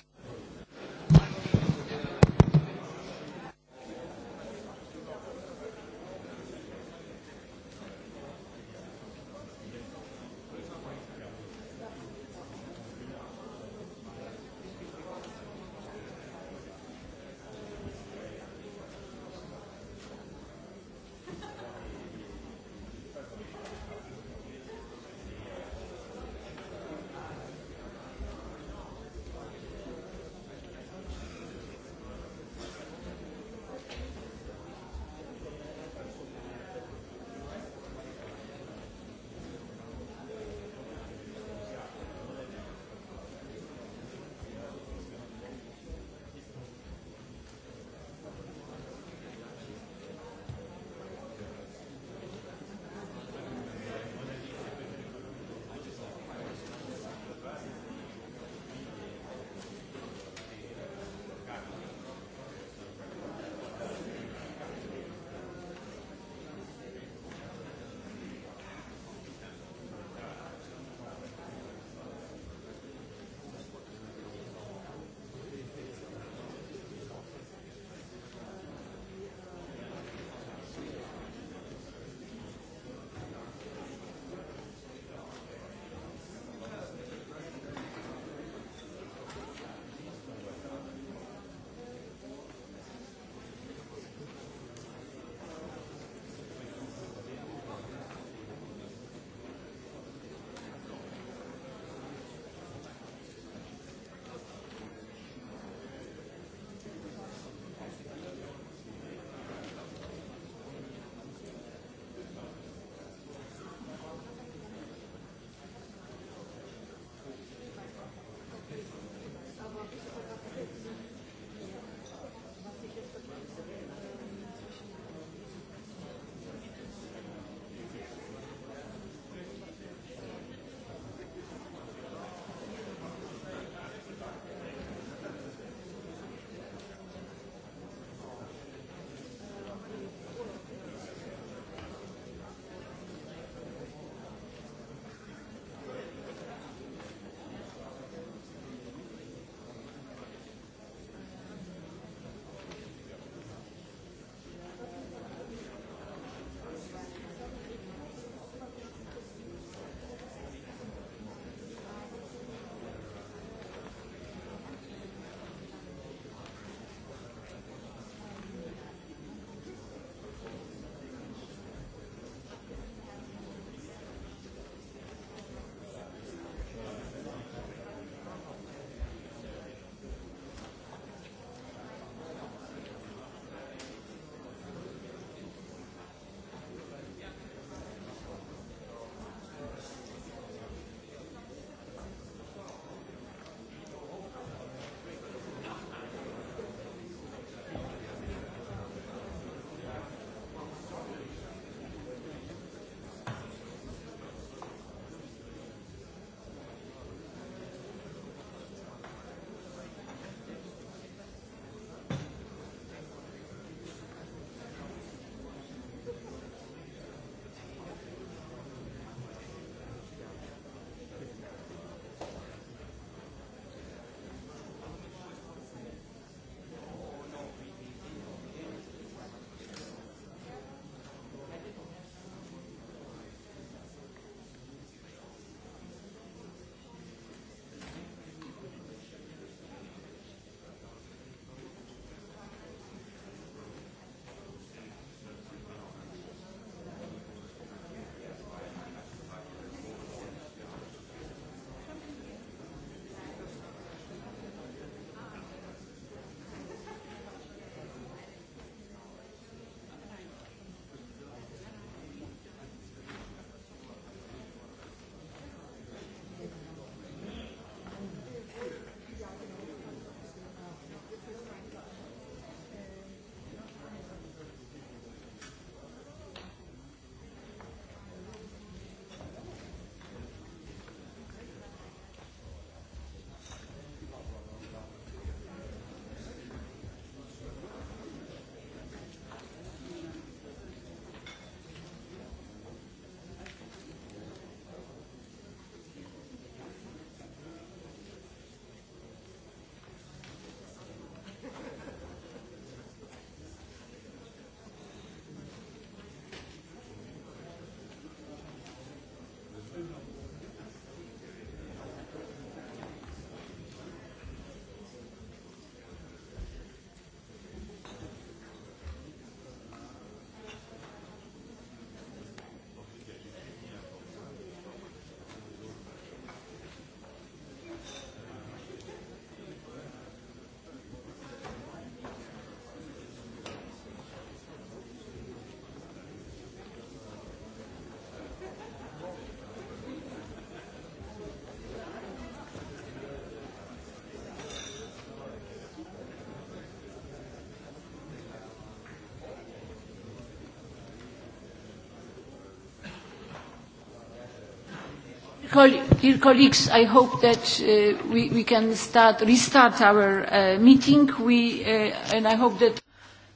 Dear colleagues, I hope that uh, we, we can start, restart our uh, meeting. We, uh, and I hope that...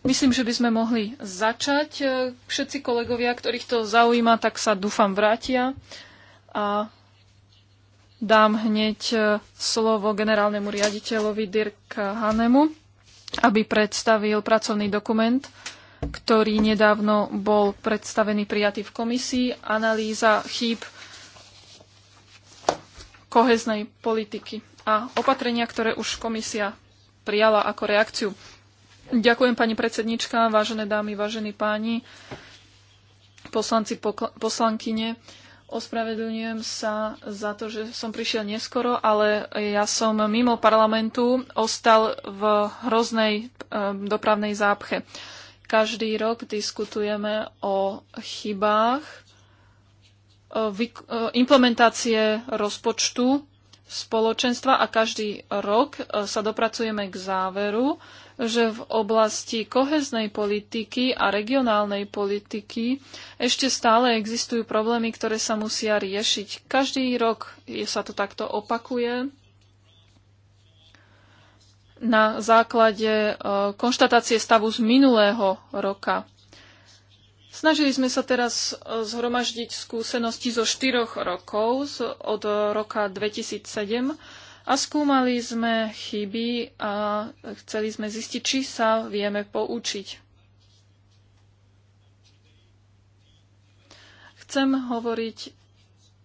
Myslím, že by sme mohli začať. E, všetci kolegovia, ktorých to zaujíma, tak sa dúfam vrátia. A dám hneď e, slovo generálnemu riaditeľovi Dirk Hanemu, aby predstavil pracovný dokument, ktorý nedávno bol predstavený prijatý v komisii, analýza chýb koheznej politiky a opatrenia, ktoré už komisia prijala ako reakciu. Ďakujem pani predsednička, vážené dámy, vážení páni, poslanci, poslankyne. Ospravedlňujem sa za to, že som prišiel neskoro, ale ja som mimo parlamentu ostal v hroznej dopravnej zápche. Každý rok diskutujeme o chybách E, e, implementácie rozpočtu spoločenstva a každý rok e, sa dopracujeme k záveru, že v oblasti koheznej politiky a regionálnej politiky ešte stále existujú problémy, ktoré sa musia riešiť. Každý rok sa to takto opakuje na základe konštatácie stavu z minulého roka. Snažili sme sa teraz e, zhromaždiť skúsenosti zo štyroch rokov, od roka 2007, a skúmali sme chyby a chceli sme zistiť, či sa vieme poučiť. Chcem hovoriť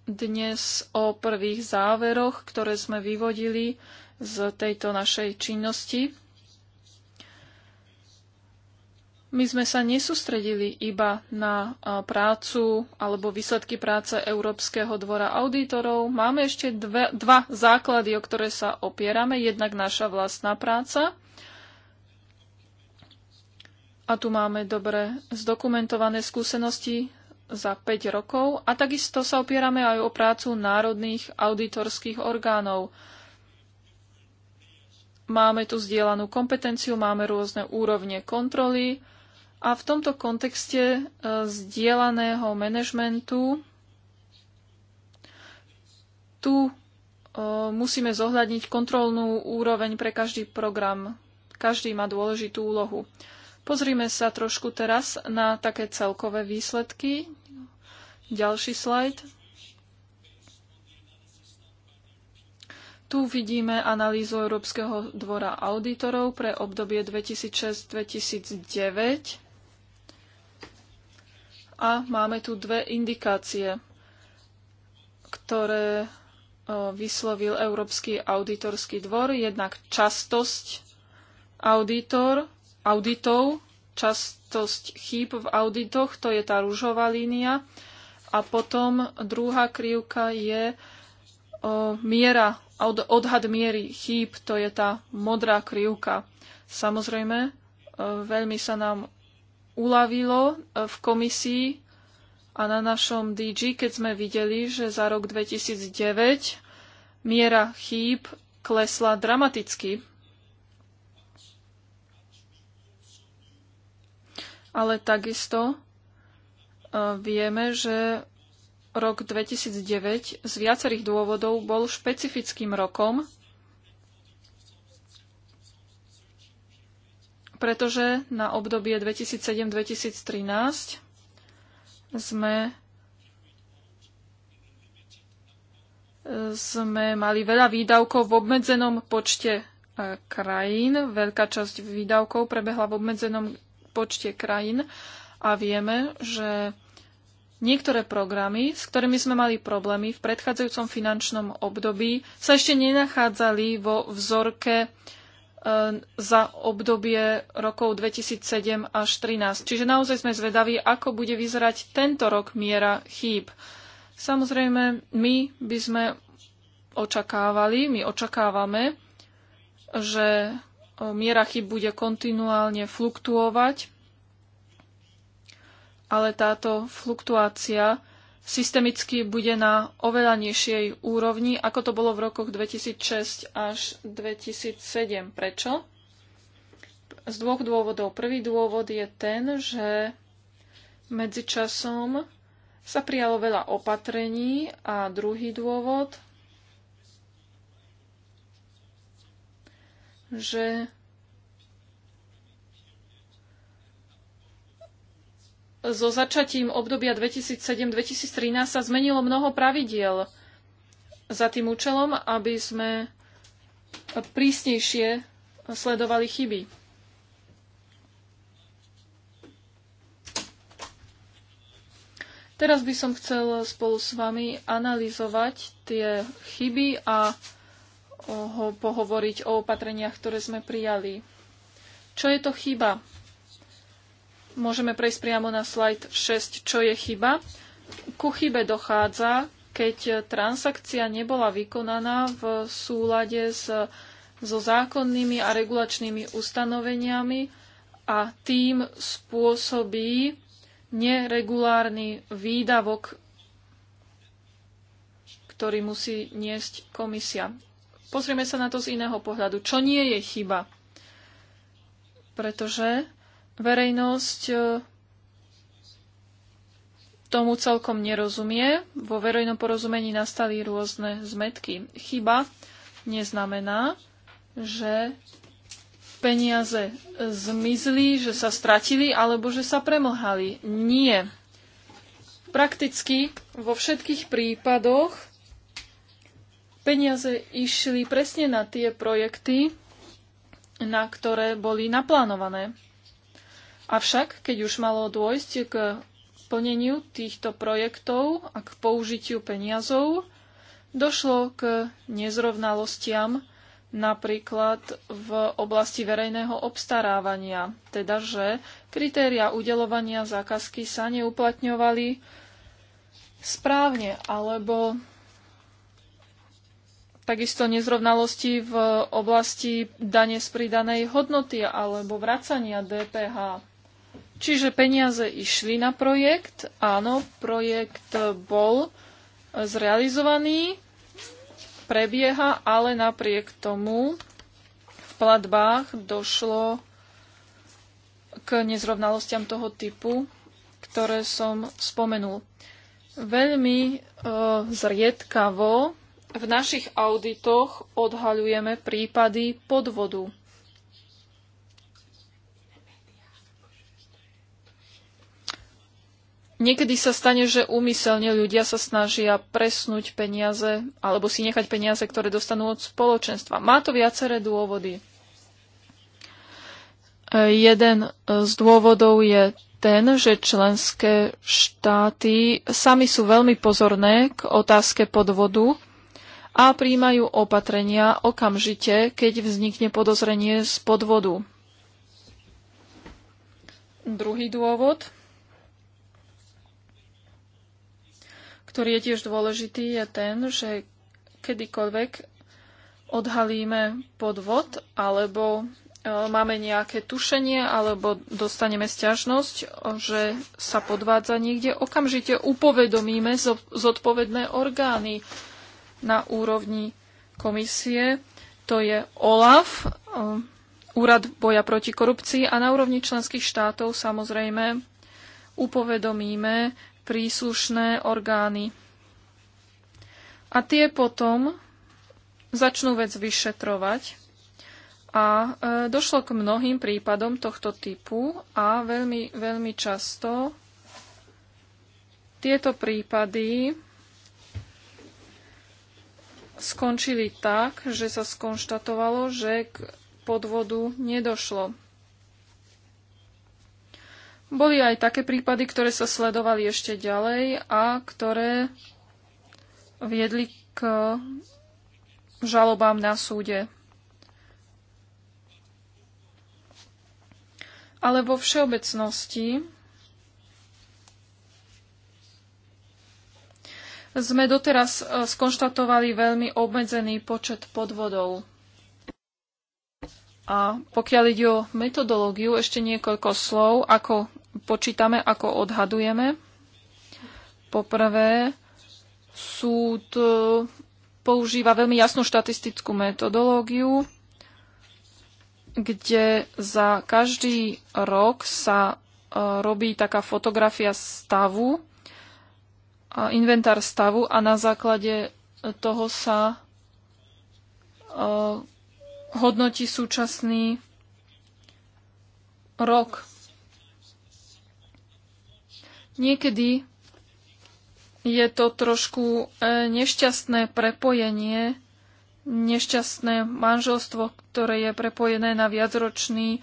dnes o prvých záveroch, ktoré sme vyvodili z tejto našej činnosti My sme sa nesústredili iba na prácu alebo výsledky práce Európskeho dvora auditorov. Máme ešte dve, dva základy, o ktoré sa opierame. Jednak naša vlastná práca. A tu máme dobre zdokumentované skúsenosti za 5 rokov. A takisto sa opierame aj o prácu národných auditorských orgánov máme tu zdieľanú kompetenciu, máme rôzne úrovne kontroly a v tomto kontexte e, zdieľaného manažmentu tu e, musíme zohľadniť kontrolnú úroveň pre každý program. Každý má dôležitú úlohu. Pozrime sa trošku teraz na také celkové výsledky. Ďalší slajd. Tu vidíme analýzu Európskeho dvora auditorov pre obdobie 2006-2009. A máme tu dve indikácie, ktoré e, vyslovil Európsky auditorský dvor. Jednak častosť auditor, auditov, častosť chýb v auditoch, to je tá rúžová línia. A potom druhá krivka je o, e, miera, od, odhad miery chýb, to je tá modrá krivka. Samozrejme, e, veľmi sa nám uľavilo e, v komisii a na našom DG, keď sme videli, že za rok 2009 miera chýb klesla dramaticky. Ale takisto e, vieme, že rok 2009 z viacerých dôvodov bol špecifickým rokom pretože na obdobie 2007-2013 sme sme mali veľa výdavkov v obmedzenom počte e, krajín. Veľká časť výdavkov prebehla v obmedzenom počte krajín a vieme, že niektoré programy, s ktorými sme mali problémy v predchádzajúcom finančnom období, sa ešte nenachádzali vo vzorke E, za obdobie rokov 2007 až 2013. Čiže naozaj sme zvedaví, ako bude vyzerať tento rok miera chýb. Samozrejme, my by sme očakávali, my očakávame, že e, miera chyb bude kontinuálne fluktuovať, ale táto fluktuácia systemicky bude na oveľa nižšej úrovni, ako to bolo v rokoch 2006 až 2007. Prečo? Z dvoch dôvodov. Prvý dôvod je ten, že medzičasom sa prijalo veľa opatrení a druhý dôvod, že so začatím obdobia 2007-2013 sa zmenilo mnoho pravidiel za tým účelom, aby sme prísnejšie sledovali chyby. Teraz by som chcel spolu s vami analyzovať tie chyby a pohovoriť o opatreniach, ktoré sme prijali. Čo je to chyba? Môžeme prejsť priamo na slajd 6, čo je chyba. Ku chybe dochádza, keď transakcia nebola vykonaná v súlade s, so zákonnými a regulačnými ustanoveniami a tým spôsobí neregulárny výdavok, ktorý musí niesť komisia. Pozrieme sa na to z iného pohľadu. Čo nie je chyba? Pretože Verejnosť e, tomu celkom nerozumie. Vo verejnom porozumení nastali rôzne zmetky. Chyba neznamená, že peniaze zmizli, že sa stratili alebo že sa premlhali. Nie. Prakticky vo všetkých prípadoch peniaze išli presne na tie projekty, na ktoré boli naplánované. Avšak, keď už malo dôjsť k plneniu týchto projektov a k použitiu peniazov, došlo k nezrovnalostiam napríklad v oblasti verejného obstarávania, teda že kritéria udelovania zákazky sa neuplatňovali správne, alebo takisto nezrovnalosti v oblasti dane z pridanej hodnoty alebo vracania DPH. Čiže peniaze išli na projekt. Áno, projekt bol zrealizovaný, prebieha, ale napriek tomu v platbách došlo k nezrovnalostiam toho typu, ktoré som spomenul. Veľmi e, zriedkavo v našich auditoch odhaľujeme prípady podvodu. Niekedy sa stane, že úmyselne ľudia sa snažia presnúť peniaze alebo si nechať peniaze, ktoré dostanú od spoločenstva. Má to viaceré dôvody. Jeden z dôvodov je ten, že členské štáty sami sú veľmi pozorné k otázke podvodu a príjmajú opatrenia okamžite, keď vznikne podozrenie z podvodu. Druhý dôvod ktorý je tiež dôležitý, je ten, že kedykoľvek odhalíme podvod alebo e, máme nejaké tušenie alebo dostaneme sťažnosť, že sa podvádza niekde, okamžite upovedomíme zodpovedné orgány na úrovni komisie. To je OLAF, e, Úrad boja proti korupcii a na úrovni členských štátov samozrejme upovedomíme príslušné orgány. A tie potom začnú vec vyšetrovať. A e, došlo k mnohým prípadom tohto typu a veľmi, veľmi často tieto prípady skončili tak, že sa skonštatovalo, že k podvodu nedošlo. Boli aj také prípady, ktoré sa sledovali ešte ďalej a ktoré viedli k žalobám na súde. Ale vo všeobecnosti sme doteraz e, skonštatovali veľmi obmedzený počet podvodov. A pokiaľ ide o metodológiu, ešte niekoľko slov, ako počítame, ako odhadujeme. Poprvé, súd e, používa veľmi jasnú štatistickú metodológiu, kde za každý rok sa e, robí taká fotografia stavu, inventár stavu a na základe toho sa e, hodnotí súčasný rok. Niekedy je to trošku e, nešťastné prepojenie, nešťastné manželstvo, ktoré je prepojené na viacročný e,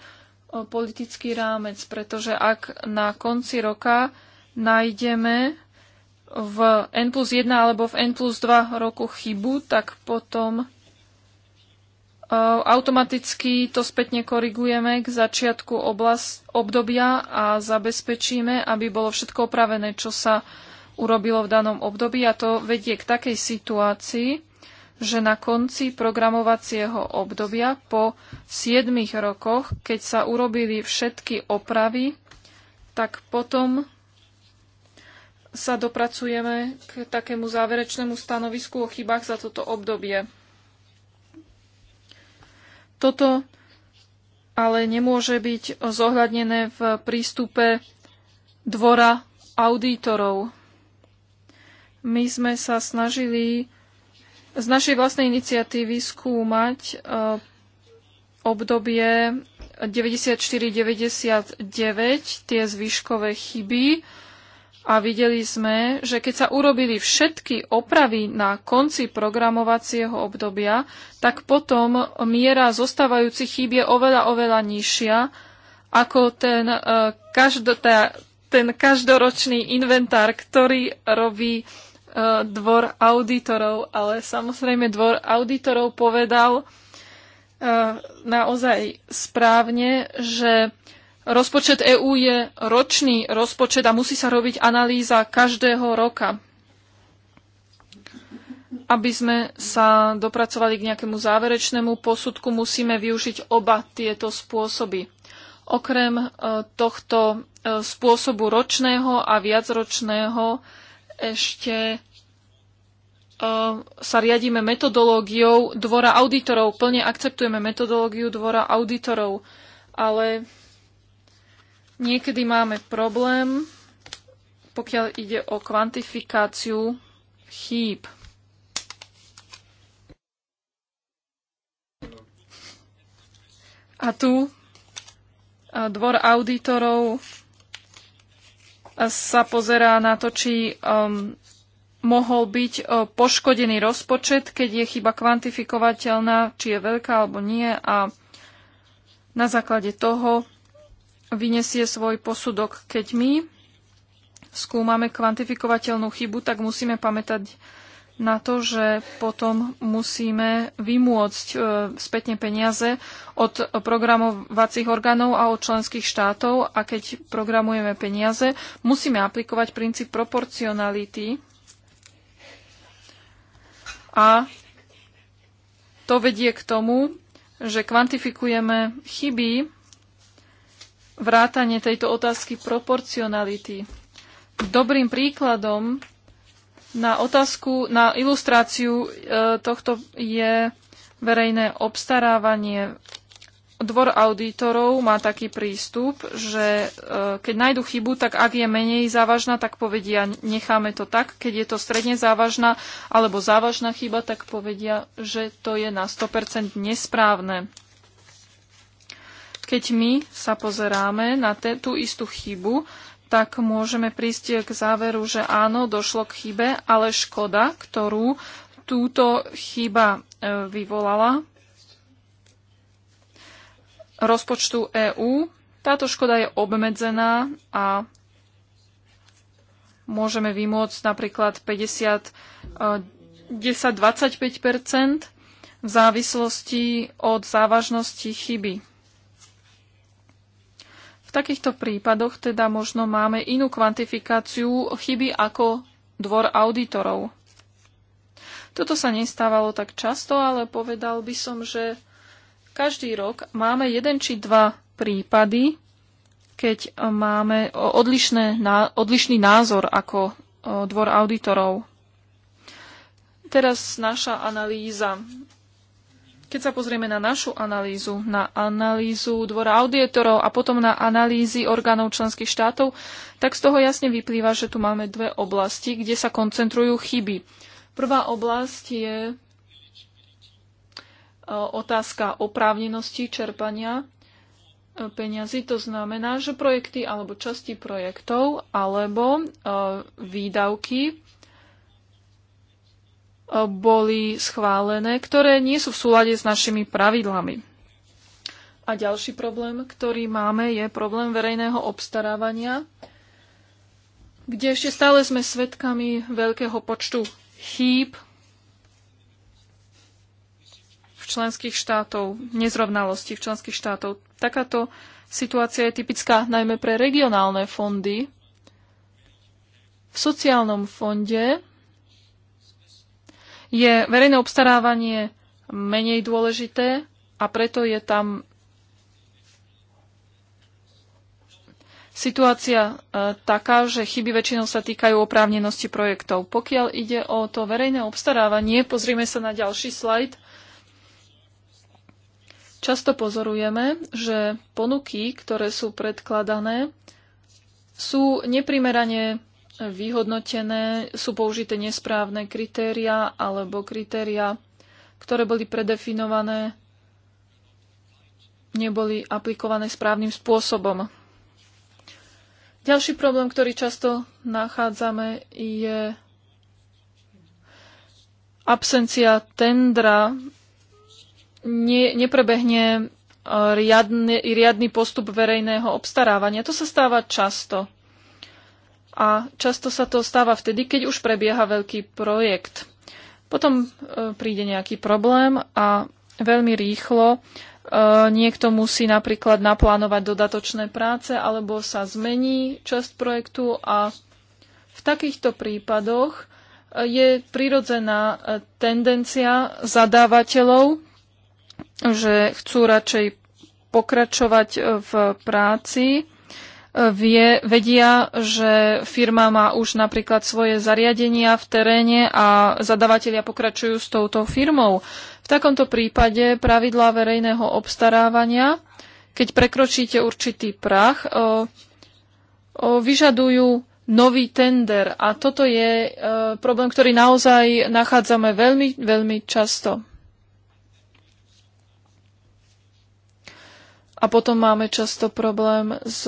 politický rámec, pretože ak na konci roka nájdeme v N plus 1 alebo v N plus 2 roku chybu, tak potom Ehm, automaticky to spätne korigujeme k začiatku oblast, obdobia a zabezpečíme, aby bolo všetko opravené, čo sa urobilo v danom období a to vedie k takej situácii, že na konci programovacieho obdobia po 7 rokoch, keď sa urobili všetky opravy, tak potom sa dopracujeme k takému záverečnému stanovisku o chybách za toto obdobie. Toto ale nemôže byť zohľadnené v prístupe dvora auditorov. My sme sa snažili z našej vlastnej iniciatívy skúmať e, obdobie 94-99, tie zvyškové chyby, a videli sme, že keď sa urobili všetky opravy na konci programovacieho obdobia, tak potom miera zostávajúcich chýb je oveľa, oveľa nižšia ako ten, uh, každo, tá, ten každoročný inventár, ktorý robí uh, dvor auditorov. Ale samozrejme, dvor auditorov povedal uh, naozaj správne, že Rozpočet EÚ je ročný rozpočet a musí sa robiť analýza každého roka, aby sme sa dopracovali k nejakému záverečnému posudku, musíme využiť oba tieto spôsoby. Okrem e, tohto e, spôsobu ročného a viacročného ešte e, sa riadíme metodológiou dvora auditorov. Plne akceptujeme metodológiu dvora auditorov, ale Niekedy máme problém, pokiaľ ide o kvantifikáciu chýb. A tu dvor auditorov sa pozerá na to, či um, mohol byť um, poškodený rozpočet, keď je chyba kvantifikovateľná, či je veľká alebo nie. A na základe toho vyniesie svoj posudok. Keď my skúmame kvantifikovateľnú chybu, tak musíme pamätať na to, že potom musíme vymôcť e, spätne peniaze od programovacích orgánov a od členských štátov a keď programujeme peniaze, musíme aplikovať princíp proporcionality a to vedie k tomu, že kvantifikujeme chyby vrátanie tejto otázky proporcionality. Dobrým príkladom na otázku, na ilustráciu e, tohto je verejné obstarávanie. Dvor auditorov má taký prístup, že e, keď nájdu chybu, tak ak je menej závažná, tak povedia, necháme to tak. Keď je to stredne závažná alebo závažná chyba, tak povedia, že to je na 100% nesprávne. Keď my sa pozeráme na te, tú istú chybu, tak môžeme prísť k záveru, že áno, došlo k chybe, ale škoda, ktorú túto chyba e, vyvolala rozpočtu EÚ, táto škoda je obmedzená a môžeme vymôcť napríklad 50, 10-25 e, v závislosti od závažnosti chyby. V takýchto prípadoch teda možno máme inú kvantifikáciu chyby ako dvor auditorov. Toto sa nestávalo tak často, ale povedal by som, že každý rok máme jeden či dva prípady, keď máme odlišné, odlišný názor ako dvor auditorov. Teraz naša analýza keď sa pozrieme na našu analýzu, na analýzu dvora auditorov a potom na analýzy orgánov členských štátov, tak z toho jasne vyplýva, že tu máme dve oblasti, kde sa koncentrujú chyby. Prvá oblasť je e, otázka oprávnenosti čerpania e, peňazí. To znamená, že projekty alebo časti projektov alebo e, výdavky boli schválené, ktoré nie sú v súlade s našimi pravidlami. A ďalší problém, ktorý máme, je problém verejného obstarávania, kde ešte stále sme svedkami veľkého počtu chýb v členských štátov, nezrovnalosti v členských štátov. Takáto situácia je typická najmä pre regionálne fondy. V sociálnom fonde je verejné obstarávanie menej dôležité a preto je tam situácia e, taká, že chyby väčšinou sa týkajú oprávnenosti projektov. Pokiaľ ide o to verejné obstarávanie, pozrieme sa na ďalší slajd. Často pozorujeme, že ponuky, ktoré sú predkladané, sú neprimerane vyhodnotené, sú použité nesprávne kritéria alebo kritéria, ktoré boli predefinované, neboli aplikované správnym spôsobom. Ďalší problém, ktorý často nachádzame, je absencia tendra. Nie, neprebehne eh, riadny, riadny postup verejného obstarávania. To sa stáva často. A často sa to stáva vtedy, keď už prebieha veľký projekt. Potom e, príde nejaký problém a veľmi rýchlo e, niekto musí napríklad naplánovať dodatočné práce alebo sa zmení časť projektu a v takýchto prípadoch e, je prirodzená tendencia zadávateľov, že chcú radšej pokračovať v práci vie, vedia, že firma má už napríklad svoje zariadenia v teréne a zadavatelia pokračujú s touto firmou. V takomto prípade pravidlá verejného obstarávania, keď prekročíte určitý prach, vyžadujú nový tender. A toto je e, problém, ktorý naozaj nachádzame veľmi, veľmi často. A potom máme často problém s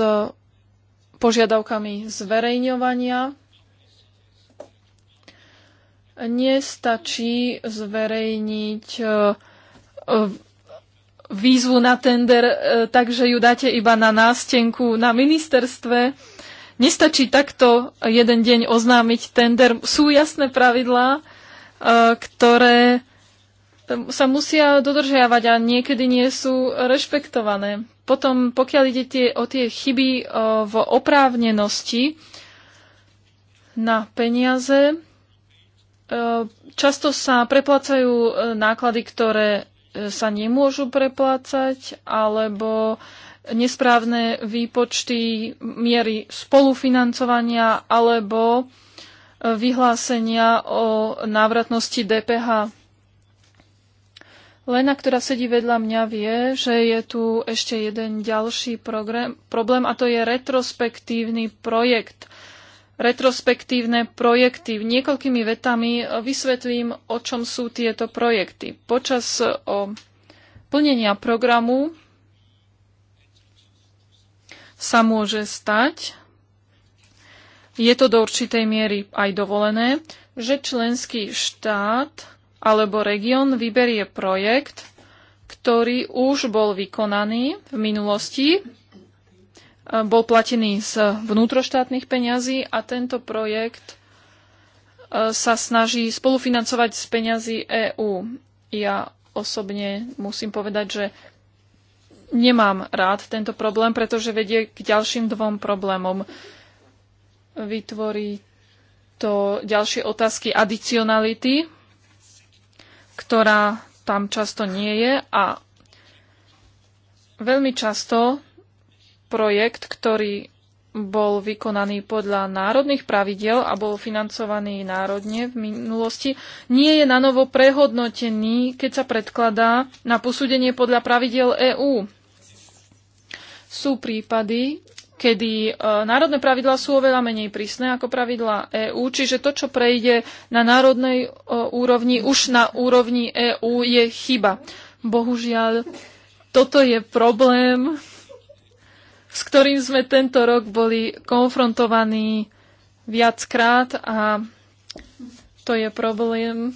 požiadavkami zverejňovania. Nestačí zverejniť e, e, výzvu na tender, e, takže ju dáte iba na nástenku na ministerstve. Nestačí takto jeden deň oznámiť tender. Sú jasné pravidlá, ktoré sa musia dodržiavať a niekedy nie sú rešpektované. Potom, pokiaľ ide tie, o tie chyby v oprávnenosti na peniaze, často sa preplácajú e, náklady, ktoré e, sa nemôžu preplácať, alebo nesprávne výpočty miery spolufinancovania alebo e, vyhlásenia o návratnosti DPH. Lena, ktorá sedí vedľa mňa, vie, že je tu ešte jeden ďalší program, problém a to je retrospektívny projekt. Retrospektívne projekty. V niekoľkými vetami vysvetlím, o čom sú tieto projekty. Počas o, plnenia programu sa môže stať, je to do určitej miery aj dovolené, že členský štát alebo región vyberie projekt, ktorý už bol vykonaný v minulosti, e, bol platený z vnútroštátnych peňazí a tento projekt e, sa snaží spolufinancovať z peňazí EÚ. Ja osobne musím povedať, že nemám rád tento problém, pretože vedie k ďalším dvom problémom. Vytvorí to ďalšie otázky adicionality ktorá tam často nie je a veľmi často projekt, ktorý bol vykonaný podľa národných pravidel a bol financovaný národne v minulosti, nie je nanovo prehodnotený, keď sa predkladá na posúdenie podľa pravidel EÚ. Sú prípady, kedy e, národné pravidlá sú oveľa menej prísne ako pravidlá EÚ, čiže to, čo prejde na národnej e, úrovni, už na úrovni EÚ je chyba. Bohužiaľ, toto je problém, s ktorým sme tento rok boli konfrontovaní viackrát a to je problém,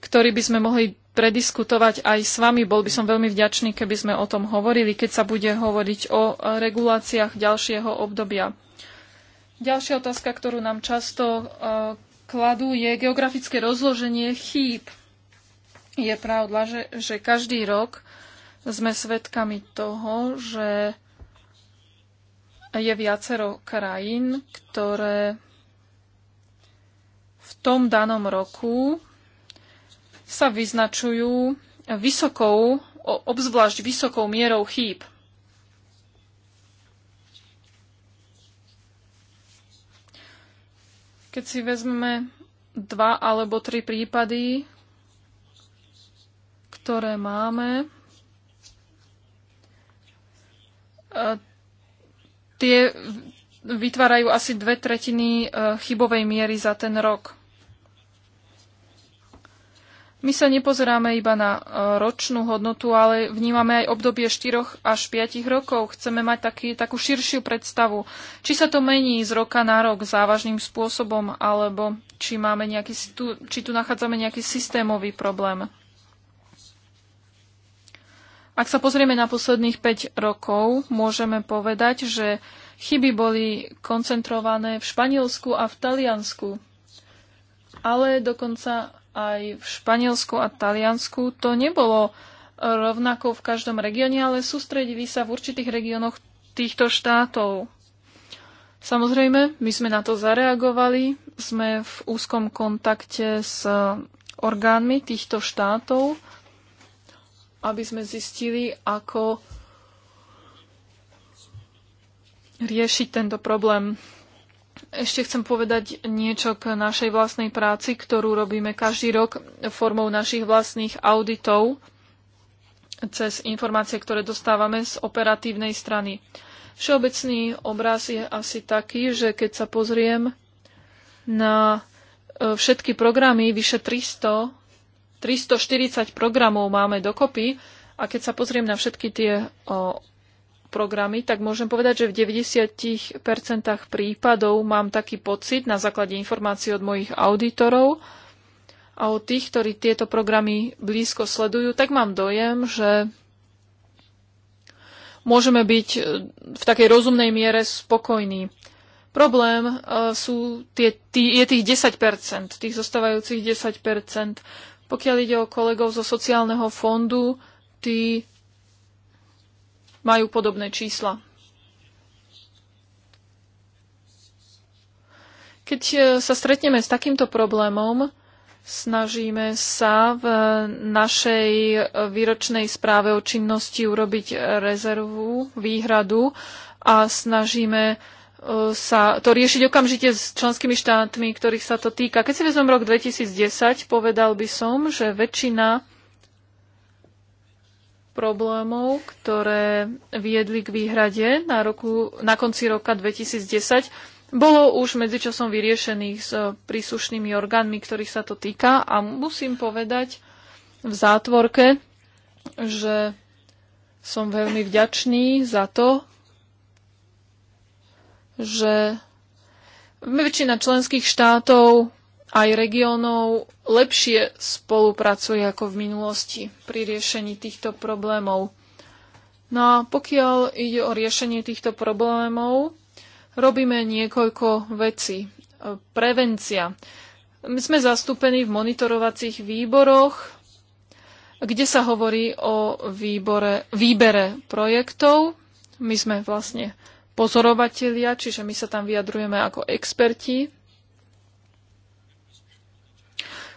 ktorý by sme mohli prediskutovať aj s vami. Bol by som veľmi vďačný, keby sme o tom hovorili, keď sa bude hovoriť o reguláciách ďalšieho obdobia. Ďalšia otázka, ktorú nám často e, kladú, je geografické rozloženie chýb. Je pravda, že, že každý rok sme svedkami toho, že je viacero krajín, ktoré v tom danom roku sa vyznačujú vysokou, obzvlášť vysokou mierou chýb. Keď si vezmeme dva alebo tri prípady, ktoré máme, e, tie vytvárajú asi dve tretiny e, chybovej miery za ten rok. My sa nepozeráme iba na e, ročnú hodnotu, ale vnímame aj obdobie 4 až 5 rokov. Chceme mať taký, takú širšiu predstavu, či sa to mení z roka na rok závažným spôsobom, alebo či, máme nejaký, či tu nachádzame nejaký systémový problém. Ak sa pozrieme na posledných 5 rokov, môžeme povedať, že chyby boli koncentrované v Španielsku a v Taliansku, ale dokonca aj v Španielsku a Taliansku to nebolo rovnako v každom regióne, ale sústredili sa v určitých regiónoch týchto štátov. Samozrejme, my sme na to zareagovali, sme v úzkom kontakte s orgánmi týchto štátov, aby sme zistili, ako riešiť tento problém. Ešte chcem povedať niečo k našej vlastnej práci, ktorú robíme každý rok formou našich vlastných auditov cez informácie, ktoré dostávame z operatívnej strany. Všeobecný obraz je asi taký, že keď sa pozriem na e, všetky programy, vyše 300, 340 programov máme dokopy, a keď sa pozriem na všetky tie programy, tak môžem povedať, že v 90% prípadov mám taký pocit na základe informácií od mojich auditorov a od tých, ktorí tieto programy blízko sledujú, tak mám dojem, že môžeme byť e, v takej rozumnej miere spokojní. Problém e, sú tie, tí, je tých 10%, tých zostávajúcich 10%. Pokiaľ ide o kolegov zo sociálneho fondu, tí majú podobné čísla. Keď e, sa stretneme s takýmto problémom, snažíme sa v našej výročnej správe o činnosti urobiť rezervu, výhradu a snažíme e, sa to riešiť okamžite s členskými štátmi, ktorých sa to týka. Keď si vezmem rok 2010, povedal by som, že väčšina problémov, ktoré viedli k výhrade na, roku, na konci roka 2010, bolo už medzičasom vyriešených s príslušnými orgánmi, ktorých sa to týka a musím povedať v zátvorke, že som veľmi vďačný za to, že väčšina členských štátov aj regiónov lepšie spolupracuje ako v minulosti pri riešení týchto problémov. No a pokiaľ ide o riešenie týchto problémov, robíme niekoľko vecí. Prevencia. My sme zastúpení v monitorovacích výboroch, kde sa hovorí o výbore, výbere projektov. My sme vlastne pozorovatelia, čiže my sa tam vyjadrujeme ako experti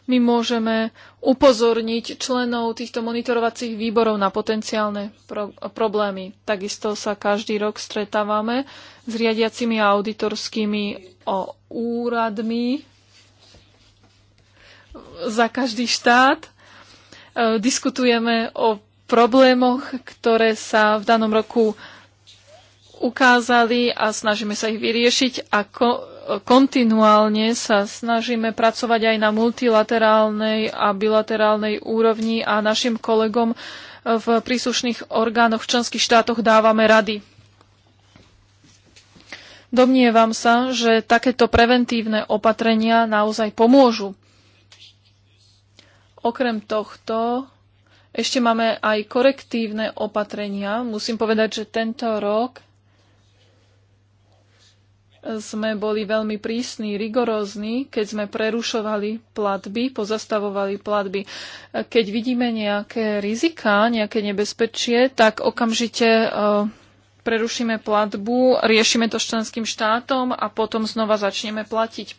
my môžeme upozorniť členov týchto monitorovacích výborov na potenciálne pro- problémy. Takisto sa každý rok stretávame s riadiacimi a auditorskými o, úradmi za každý štát. E, diskutujeme o problémoch, ktoré sa v danom roku ukázali a snažíme sa ich vyriešiť. Ako kontinuálne sa snažíme pracovať aj na multilaterálnej a bilaterálnej úrovni a našim kolegom v príslušných orgánoch v členských štátoch dávame rady. Domnievam sa, že takéto preventívne opatrenia naozaj pomôžu. Okrem tohto ešte máme aj korektívne opatrenia. Musím povedať, že tento rok sme boli veľmi prísni, rigorózni, keď sme prerušovali platby, pozastavovali platby. Keď vidíme nejaké rizika, nejaké nebezpečie, tak okamžite e, prerušíme platbu, riešime to s členským štátom a potom znova začneme platiť.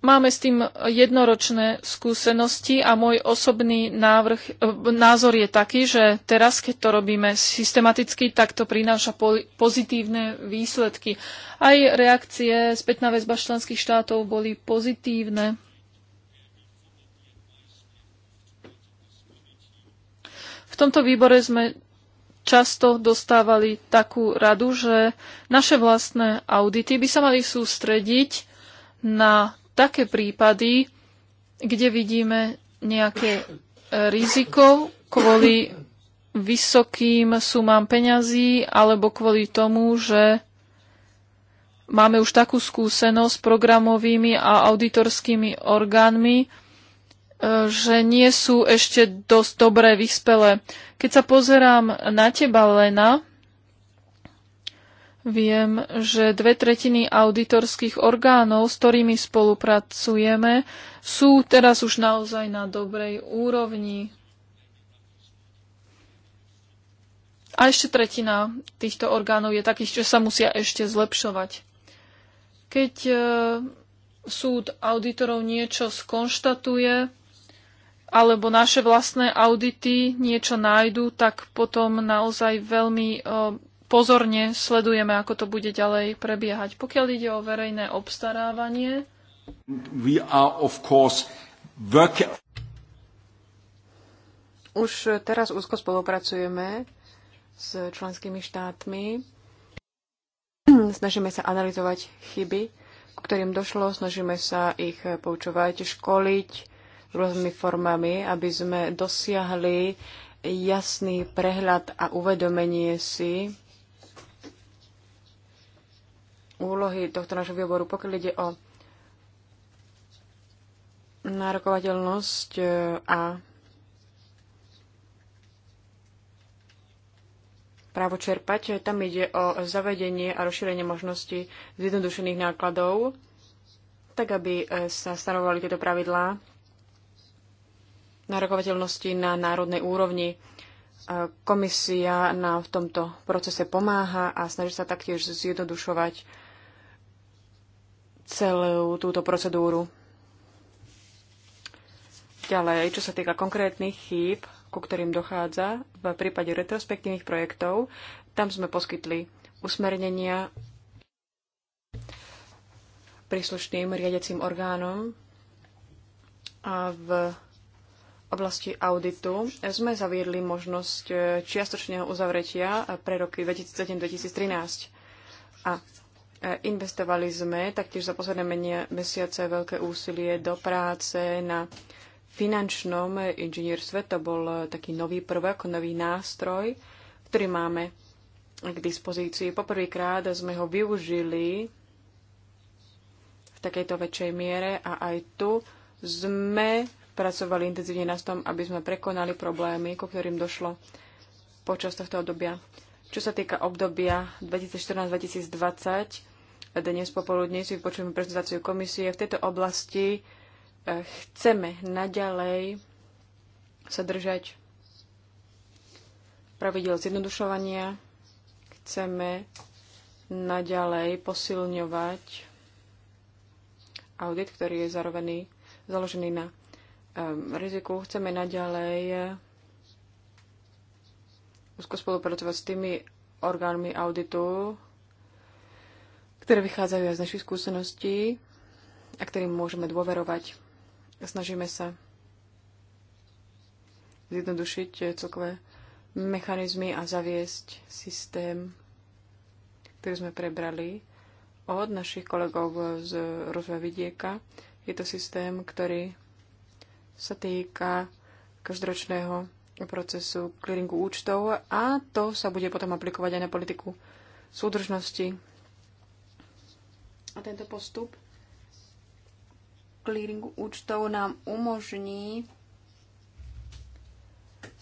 Máme s tým jednoročné skúsenosti a môj osobný návrh, e, názor je taký, že teraz, keď to robíme systematicky, tak to prináša pozitívne výsledky. Aj reakcie spätná väzba členských štátov boli pozitívne. V tomto výbore sme často dostávali takú radu, že naše vlastné audity by sa mali sústrediť na také prípady, kde vidíme nejaké e, riziko kvôli vysokým sumám peňazí alebo kvôli tomu, že máme už takú skúsenosť s programovými a auditorskými orgánmi, e, že nie sú ešte dosť dobré vyspelé. Keď sa pozerám na teba, Lena, Viem, že dve tretiny auditorských orgánov, s ktorými spolupracujeme, sú teraz už naozaj na dobrej úrovni. A ešte tretina týchto orgánov je takých, čo sa musia ešte zlepšovať. Keď e, súd auditorov niečo skonštatuje, alebo naše vlastné audity niečo nájdu, tak potom naozaj veľmi e, pozorne sledujeme, ako to bude ďalej prebiehať. Pokiaľ ide o verejné obstarávanie, We are of course work... Už teraz úzko spolupracujeme s členskými štátmi. Snažíme sa analyzovať chyby, k ktorým došlo, snažíme sa ich poučovať, školiť rôznymi formami, aby sme dosiahli jasný prehľad a uvedomenie si úlohy tohto nášho výboru, pokiaľ ide o nárokovateľnosť e, a právo čerpať. E, tam ide o zavedenie a rozšírenie možností zjednodušených nákladov, tak aby e, sa stanovali tieto pravidlá nárokovateľnosti na národnej úrovni. Komisia nám v tomto procese pomáha a snaží sa taktiež zjednodušovať celú túto procedúru. Ďalej, čo sa týka konkrétnych chýb, ku ktorým dochádza v prípade retrospektívnych projektov, tam sme poskytli usmernenia príslušným riadecím orgánom a v oblasti auditu sme zaviedli možnosť čiastočného uzavretia pre roky 2007-2013. A Investovali sme taktiež za posledné mesiace veľké úsilie do práce na finančnom inžinierstve. To bol eh, taký nový prvok, nový nástroj, ktorý máme k dispozícii. Poprvýkrát sme ho využili v takejto väčšej miere a aj tu sme pracovali intenzívne na tom, aby sme prekonali problémy, ku ktorým došlo počas tohto obdobia. Čo sa týka obdobia 2014-2020, dnes popoludní si vypočujeme prezentáciu komisie. V tejto oblasti e, chceme naďalej sa držať pravidel zjednodušovania. Chceme naďalej posilňovať audit, ktorý je zároveň založený na riziku. Chceme naďalej úzko spolupracovať s tými orgánmi auditu, ktoré vychádzajú aj z našich skúseností a ktorým môžeme dôverovať. Snažíme sa zjednodušiť eh, celkové mechanizmy a zaviesť systém, ktorý sme prebrali od našich kolegov z rozvoja vidieka. Je to systém, ktorý sa týka každoročného procesu clearingu účtov a to sa bude potom aplikovať aj na politiku súdržnosti a tento postup clearingu účtov nám umožní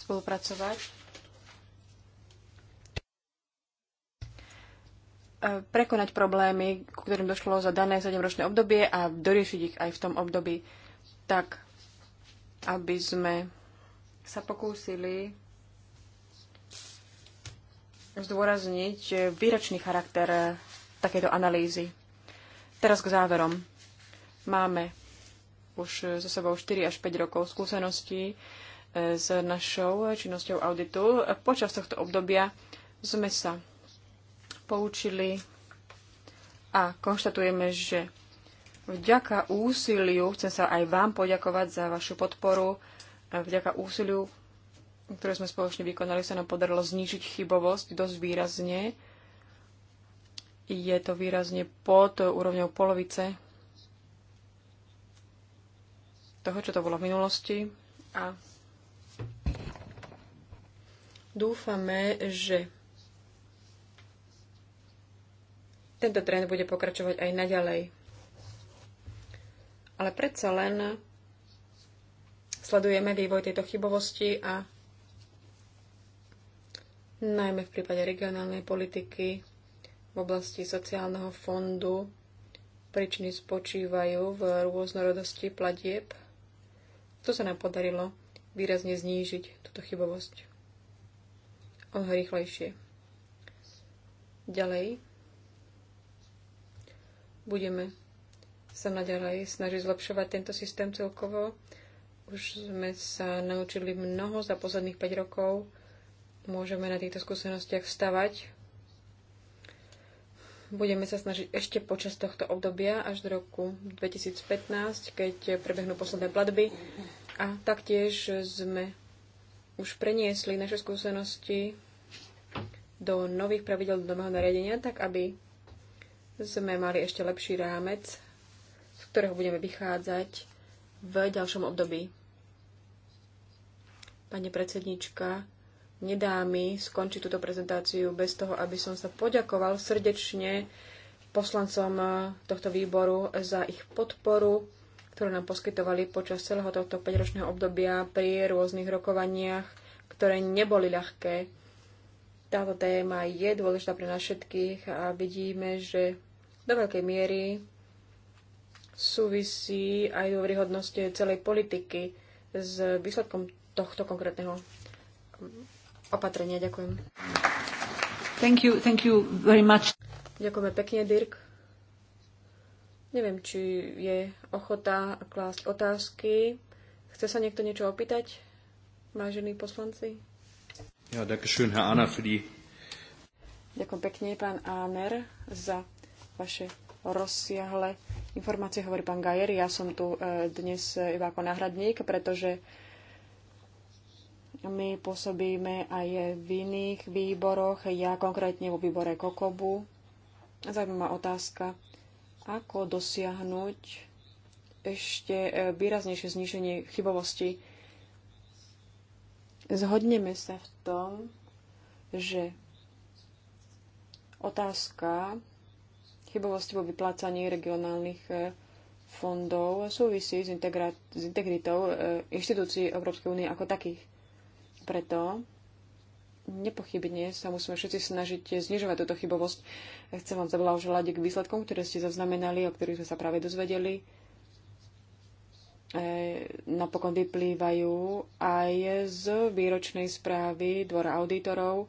spolupracovať. E, prekonať problémy, ku ktorým došlo za dané 7-ročné obdobie a doriešiť ich aj v tom období tak, aby sme sa pokúsili zdôrazniť výračný charakter takéto analýzy. Teraz k záverom. Máme už so sebou 4 až 5 rokov skúseností e, s našou činnosťou auditu. Počas tohto obdobia sme sa poučili a konštatujeme, že vďaka úsiliu, chcem sa aj vám poďakovať za vašu podporu, vďaka úsiliu, ktoré sme spoločne vykonali, sa nám podarilo znižiť chybovosť dosť výrazne je to výrazne pod úrovňou polovice toho, čo to bolo v minulosti. A dúfame, že tento trend bude pokračovať aj naďalej. Ale predsa len sledujeme vývoj tejto chybovosti a najmä v prípade regionálnej politiky v oblasti sociálneho fondu príčiny spočívajú v rôznorodosti platieb. To sa nám podarilo výrazne znížiť túto chybovosť. On ho rýchlejšie. Ďalej budeme sa naďalej snažiť zlepšovať tento systém celkovo. Už sme sa naučili mnoho za posledných 5 rokov. Môžeme na týchto skúsenostiach vstavať budeme sa snažiť ešte počas tohto obdobia až do roku 2015, keď prebehnú posledné platby. A taktiež sme už preniesli naše skúsenosti do nových pravidel do nového nariadenia, tak aby sme mali ešte lepší rámec, z ktorého budeme vychádzať v ďalšom období. Pane predsednička, Nedá mi skončiť túto prezentáciu bez toho, aby som sa poďakoval srdečne poslancom eh, tohto výboru za ich podporu, ktorú nám poskytovali počas celého tohto 5-ročného obdobia pri rôznych rokovaniach, ktoré neboli ľahké. Táto téma je dôležitá pre nás všetkých a vidíme, že do veľkej miery súvisí aj dôveryhodnosť celej politiky s výsledkom tohto konkrétneho opatrenia. Ďakujem. Thank you, thank you very much. Ďakujeme pekne, Dirk. Neviem, či je ochota klásť otázky. Chce sa niekto niečo opýtať? Vážení poslanci? Ja, ďakujem, Herr Anna, für die... Ďakujem pekne, pán Áner, za vaše rozsiahle informácie, hovorí pán Gajer. Ja som tu eh, dnes eh, iba ako náhradník, pretože my pôsobíme aj v iných výboroch, ja konkrétne vo výbore Kokobu. Zaujímavá otázka, ako dosiahnuť ešte e, výraznejšie zníženie chybovosti. Zhodneme sa v tom, že otázka chybovosti vo vyplácaní regionálnych e, fondov súvisí s, integritou e, inštitúcií Európskej únie ako takých. Preto nepochybne sa musíme všetci snažiť znižovať túto chybovosť. Chcem vám zablahoželať k výsledkom, ktoré ste zaznamenali, o ktorých sme sa práve dozvedeli. E, napokon vyplývajú aj z výročnej správy Dvora auditorov.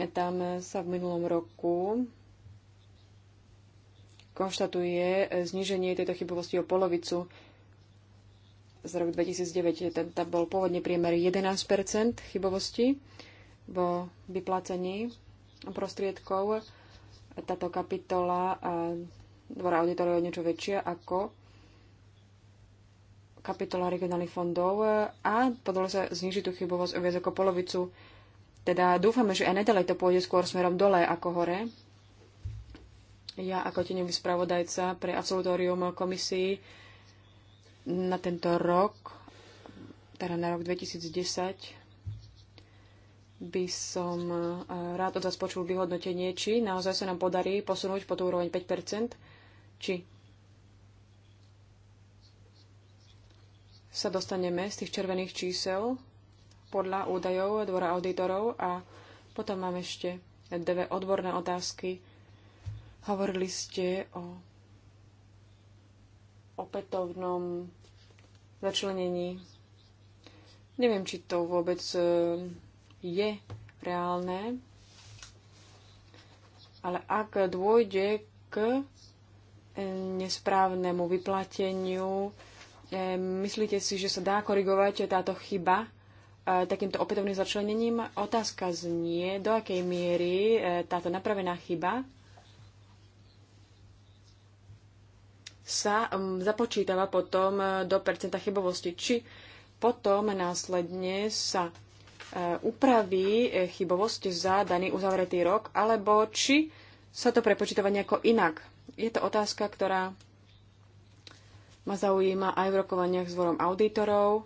E, tam sa v minulom roku konštatuje zníženie tejto chybovosti o polovicu z roku 2009 tam bol pôvodne priemer 11 chybovosti vo vyplácení prostriedkov. Táto kapitola a dvora auditorov je niečo väčšia ako kapitola regionálnych fondov a podľa sa znižiť tú chybovosť o viac ako polovicu. Teda dúfame, že aj nedalej to pôjde skôr smerom dole ako hore. Ja ako tenevý spravodajca pre absolutórium komisii na tento rok, teda na rok 2010, by som e, rád od vás počul vyhodnotenie, či naozaj sa nám podarí posunúť po tú úroveň 5%, či sa dostaneme z tých červených čísel podľa údajov Dvora auditorov a potom mám ešte dve odborné otázky. Hovorili ste o opätovnom začlenení. Neviem, či to vôbec e, je reálne, ale ak dôjde k e, nesprávnemu vyplateniu, e, myslíte si, že sa dá korigovať táto chyba takýmto opätovným začlenením? Otázka znie, do akej miery táto napravená chyba sa mm, započítava potom e, do percenta chybovosti, či potom následne sa e, upraví e, chybovosť za daný uzavretý rok, alebo či sa to prepočítava nejako inak. Je to otázka, ktorá ma zaujíma aj v rokovaniach s vorom auditorov,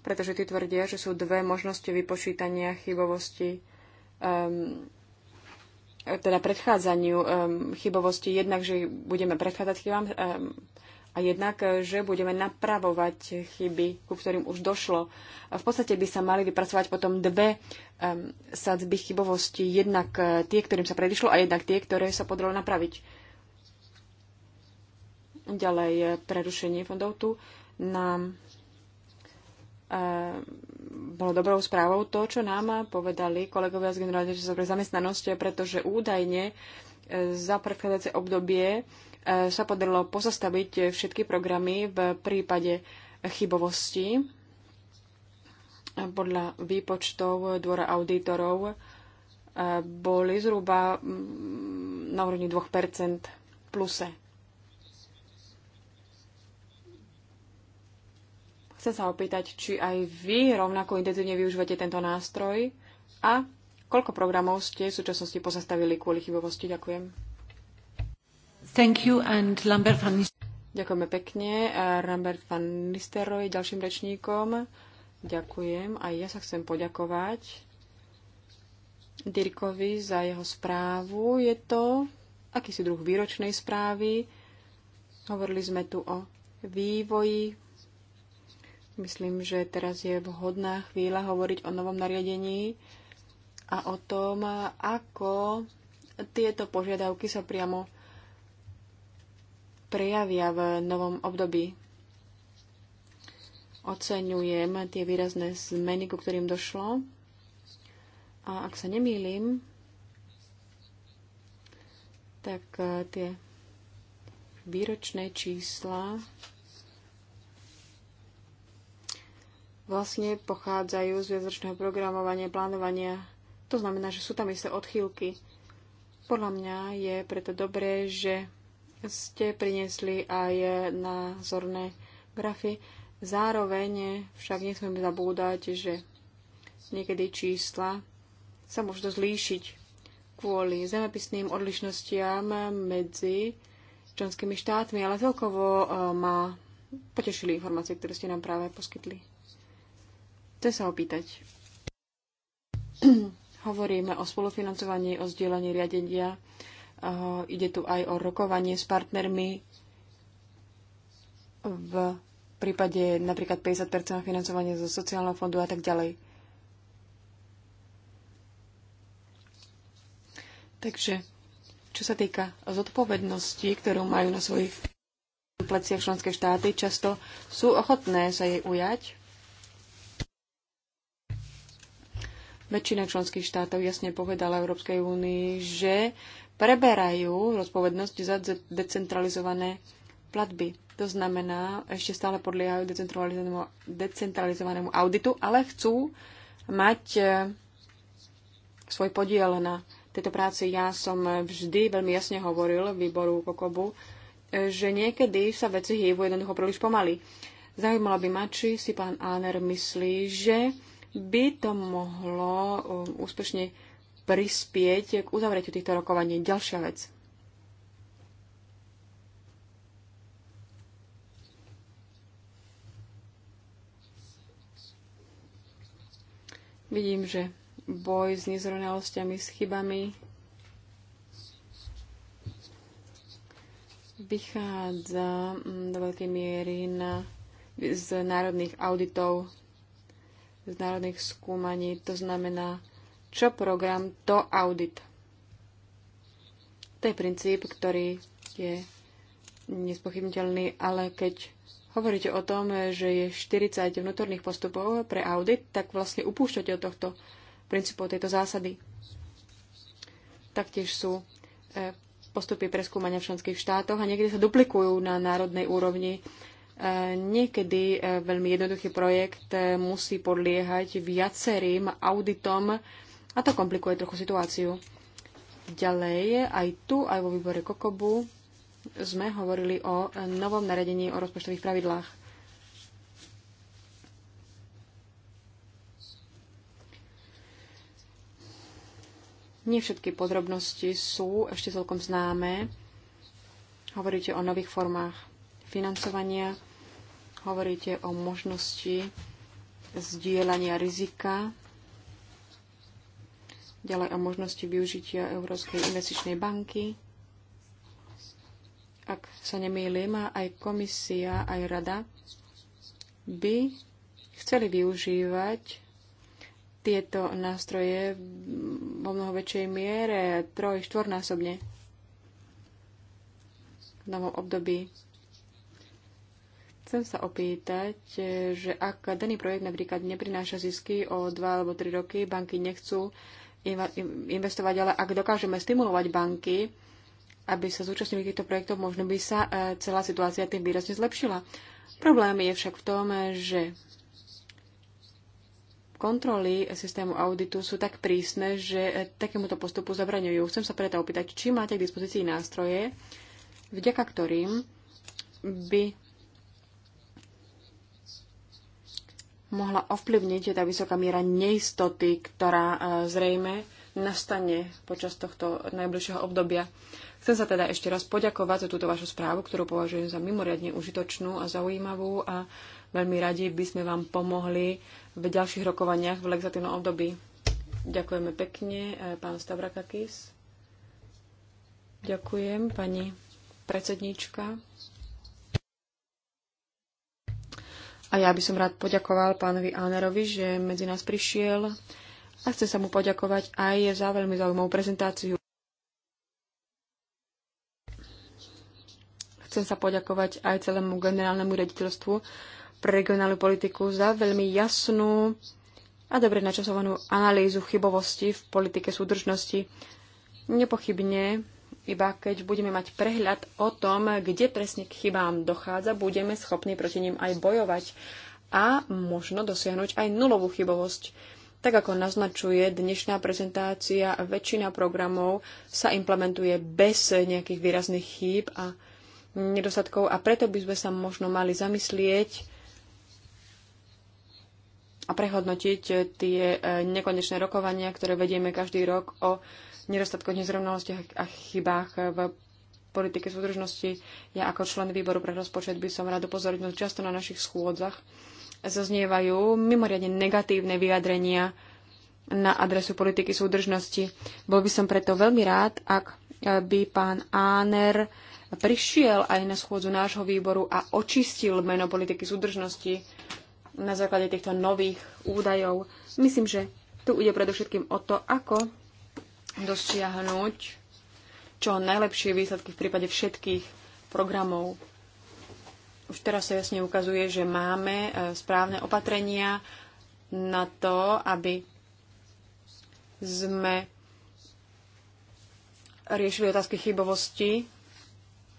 pretože tí tvrdia, že sú dve možnosti vypočítania chybovosti um, teda predchádzaniu chybovosti, jednak, že budeme predchádzať chybám a jednak, že budeme napravovať chyby, ku ktorým už došlo. V podstate by sa mali vypracovať potom dve sadzby chybovosti, jednak eh, tie, ktorým sa predišlo a jednak tie, ktoré sa podarilo napraviť. Ďalej eh, prerušenie fondov tu nám eh, bolo dobrou správou to, čo nám povedali kolegovia z generálnej pre zamestnanosti, pretože údajne e, za predchádzajúce obdobie e, sa podarilo pozastaviť všetky programy v prípade chybovosti. Podľa výpočtov dvora auditorov e, boli zhruba mm, na úrovni 2% pluse Chcem sa opýtať, či aj vy rovnako intenzívne využívate tento nástroj a koľko programov ste v súčasnosti pozastavili kvôli chybovosti. Ďakujem. Thank you and Lambert van Ďakujeme pekne. Lambert van Nisteroj je ďalším rečníkom. Ďakujem. A ja sa chcem poďakovať Dirkovi za jeho správu. Je to akýsi druh výročnej správy. Hovorili sme tu o vývoji Myslím, že teraz je vhodná chvíľa hovoriť o novom nariadení a o tom, ako tieto požiadavky sa priamo prejavia v novom období. Oceňujem tie výrazné zmeny, ku ktorým došlo. A ak sa nemýlim, tak eh, tie výročné čísla vlastne pochádzajú z viacročného programovania, plánovania. To znamená, že sú tam isté odchýlky. Podľa mňa je preto dobré, že ste priniesli aj názorné grafy. Zároveň však nesmieme zabúdať, že niekedy čísla sa môžu líšiť kvôli zemepisným odlišnostiam medzi členskými štátmi, ale celkovo eh, ma potešili informácie, ktoré ste nám práve poskytli. Chce sa opýtať. Hovoríme o spolufinancovaní, o zdieľaní riadenia. Ide tu aj o rokovanie s partnermi v prípade napríklad 50% financovania zo sociálneho fondu a tak ďalej. Takže, čo sa týka zodpovednosti, ktorú majú na svojich pleciach členské štáty, často sú ochotné sa jej ujať Väčšina členských štátov jasne povedala Európskej únii, že preberajú rozpovednosť za decentralizované platby. To znamená, ešte stále podliehajú decentralizovanému, decentralizovanému auditu, ale chcú mať e, svoj podiel na tejto práci. Ja som vždy veľmi jasne hovoril výboru Kokobu, e, že niekedy sa veci hýbu jednoducho príliš pomaly. Zaujímalo by ma, či si pán Áner myslí, že by to mohlo um, úspešne prispieť k uzavretiu týchto rokovaní. Ďalšia vec. Vidím, že boj s nezrovnalosťami, s chybami vychádza mm, do veľkej miery na, z národných auditov z národných skúmaní. To znamená, čo program, to audit. To je princíp, ktorý je nespochybniteľný, ale keď hovoríte o tom, že je 40 vnútorných postupov pre audit, tak vlastne upúšťate od tohto princípu, tejto zásady. Taktiež sú e, postupy preskúmania v členských štátoch a niekde sa duplikujú na národnej úrovni. Niekedy eh, veľmi jednoduchý projekt eh, musí podliehať viacerým auditom a to komplikuje trochu situáciu. Ďalej, aj tu, aj vo výbore Kokobu sme hovorili o novom naredení o rozpočtových pravidlách. Nie všetky podrobnosti sú ešte celkom známe. Hovoríte o nových formách financovania. Hovoríte o možnosti zdieľania rizika, ďalej o možnosti využitia Európskej investičnej banky. Ak sa nemýlim, aj komisia, aj rada by chceli využívať tieto nástroje vo mnoho väčšej miere, troj, štvornásobne v novom období. Chcem sa opýtať, že ak daný projekt napríklad neprináša zisky o 2 alebo 3 roky, banky nechcú investovať, ale ak dokážeme stimulovať banky, aby sa zúčastnili týchto projektov, možno by sa e, celá situácia tým výrazne zlepšila. Problém je však v tom, že kontroly systému auditu sú tak prísne, že e, takémuto postupu zabraňujú. Chcem sa preto opýtať, či máte k dispozícii nástroje, vďaka ktorým by mohla ovplyvniť tá vysoká miera neistoty, ktorá e, zrejme nastane počas tohto najbližšieho obdobia. Chcem sa teda ešte raz poďakovať za túto vašu správu, ktorú považujem za mimoriadne užitočnú a zaujímavú a veľmi radi by sme vám pomohli v ďalších rokovaniach v legislatívnom období. Ďakujeme pekne, e, pán Stavrakakis. Ďakujem, pani predsedníčka. A ja by som rád poďakoval pánovi Ánerovi, že medzi nás prišiel a chcem sa mu poďakovať aj za veľmi zaujímavú prezentáciu. Chcem sa poďakovať aj celému generálnemu rediteľstvu pre regionálnu politiku za veľmi jasnú a dobre načasovanú analýzu chybovosti v politike súdržnosti. Nepochybne iba keď budeme mať prehľad o tom, kde presne k chybám dochádza, budeme schopní proti ním aj bojovať a možno dosiahnuť aj nulovú chybovosť. Tak ako naznačuje dnešná prezentácia, väčšina programov sa implementuje bez nejakých výrazných chýb a nedostatkov a preto by sme sa možno mali zamyslieť a prehodnotiť tie eh, nekonečné rokovania, ktoré vedieme každý rok o nedostatkoch, nezrovnalostiach a chybách v politike súdržnosti. Ja ako člen výboru pre rozpočet by som rád upozornil, často na našich schôdzach zaznievajú mimoriadne negatívne vyjadrenia na adresu politiky súdržnosti. Bol by som preto veľmi rád, ak by pán Áner prišiel aj na schôdzu nášho výboru a očistil meno politiky súdržnosti na základe týchto nových údajov. Myslím, že tu ide predovšetkým o to, ako dosiahnuť čo najlepšie výsledky v prípade všetkých programov. Už teraz sa jasne ukazuje, že máme e, správne opatrenia na to, aby sme riešili otázky chybovosti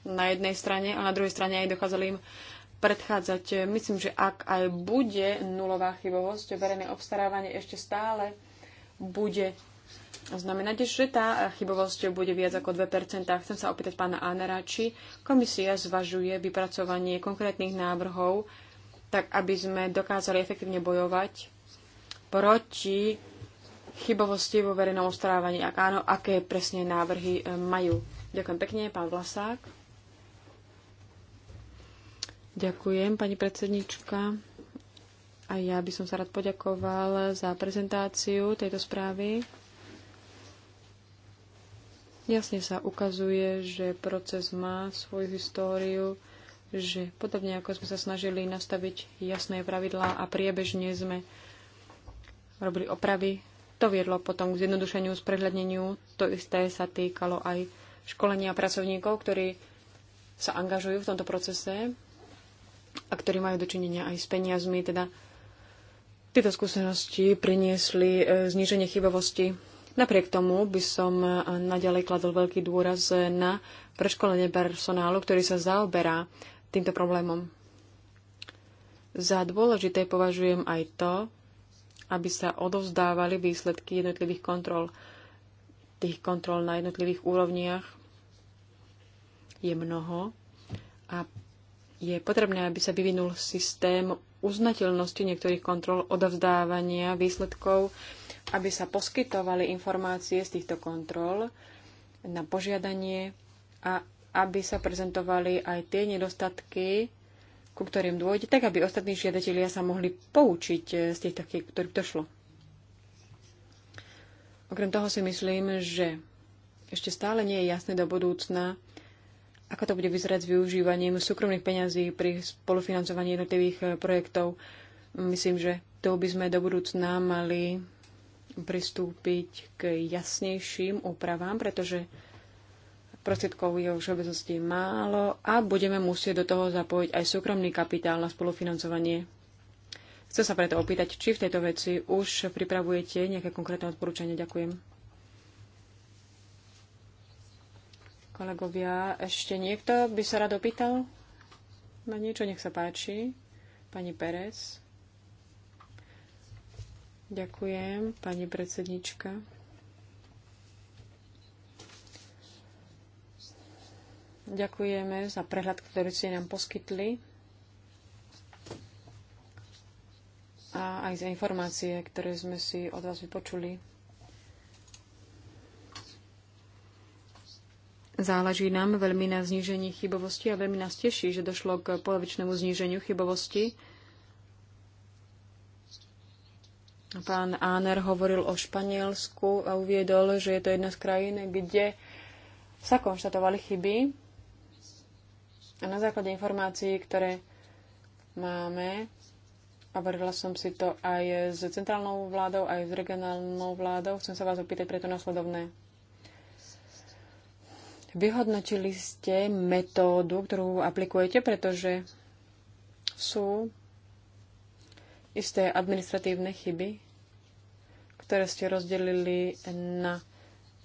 na jednej strane a na druhej strane aj dokázali im predchádzať. Myslím, že ak aj bude nulová chybovosť, verejné obstarávanie ešte stále bude znamenať, že tá chybovosť bude viac ako 2%. Chcem sa opýtať pána Anera, či komisia zvažuje vypracovanie konkrétnych návrhov, tak aby sme dokázali efektívne bojovať proti chybovosti vo verejnom ostrávaní. Ak áno, aké presne návrhy e, majú. Ďakujem pekne, pán Vlasák. Ďakujem, pani predsednička. A ja by som sa rád poďakoval za prezentáciu tejto správy. Jasne sa ukazuje, že proces má svoju históriu, že podobne ako sme sa snažili nastaviť jasné pravidlá a priebežne sme robili opravy, to viedlo potom k zjednodušeniu, sprehľadneniu. To isté sa týkalo aj školenia pracovníkov, ktorí sa angažujú v tomto procese a ktorí majú dočinenia aj s peniazmi. Teda tieto skúsenosti priniesli eh, zníženie chybovosti Napriek tomu by som e, naďalej kladol veľký dôraz e, na preškolenie personálu, ktorý sa zaoberá týmto problémom. Za dôležité považujem aj to, aby sa odovzdávali výsledky jednotlivých kontrol. Tých kontrol na jednotlivých úrovniach je mnoho a je potrebné, aby sa vyvinul systém uznateľnosti niektorých kontrol odovzdávania výsledkov aby sa poskytovali informácie z týchto kontrol na požiadanie a aby sa prezentovali aj tie nedostatky, ku ktorým dôjde, tak aby ostatní žiadatelia sa mohli poučiť eh, z týchto, ktorých došlo. Okrem toho si myslím, že ešte stále nie je jasné do budúcna, ako to bude vyzerať s využívaním súkromných peňazí pri spolufinancovaní jednotlivých eh, projektov. Myslím, že to by sme do budúcna mali pristúpiť k jasnejším úpravám, pretože prostriedkov je v všeobecnosti málo a budeme musieť do toho zapojiť aj súkromný kapitál na spolufinancovanie. Chcem sa preto opýtať, či v tejto veci už pripravujete nejaké konkrétne odporúčania. Ďakujem. Kolegovia, ešte niekto by sa rád opýtal na niečo? Nech sa páči. Pani Pérez. Ďakujem, pani predsednička. Ďakujeme za prehľad, ktorý ste nám poskytli a aj za informácie, ktoré sme si od vás vypočuli. Záleží nám veľmi na znížení chybovosti a veľmi nás teší, že došlo k polovičnému zníženiu chybovosti Pán Áner hovoril o Španielsku a uviedol, že je to jedna z krajín, kde sa konštatovali chyby. A na základe informácií, ktoré máme, hovorila som si to aj s centrálnou vládou, aj s regionálnou vládou, chcem sa vás opýtať preto nasledovné. Vyhodnotili ste metódu, ktorú aplikujete, pretože sú isté administratívne chyby, ktoré ste rozdelili na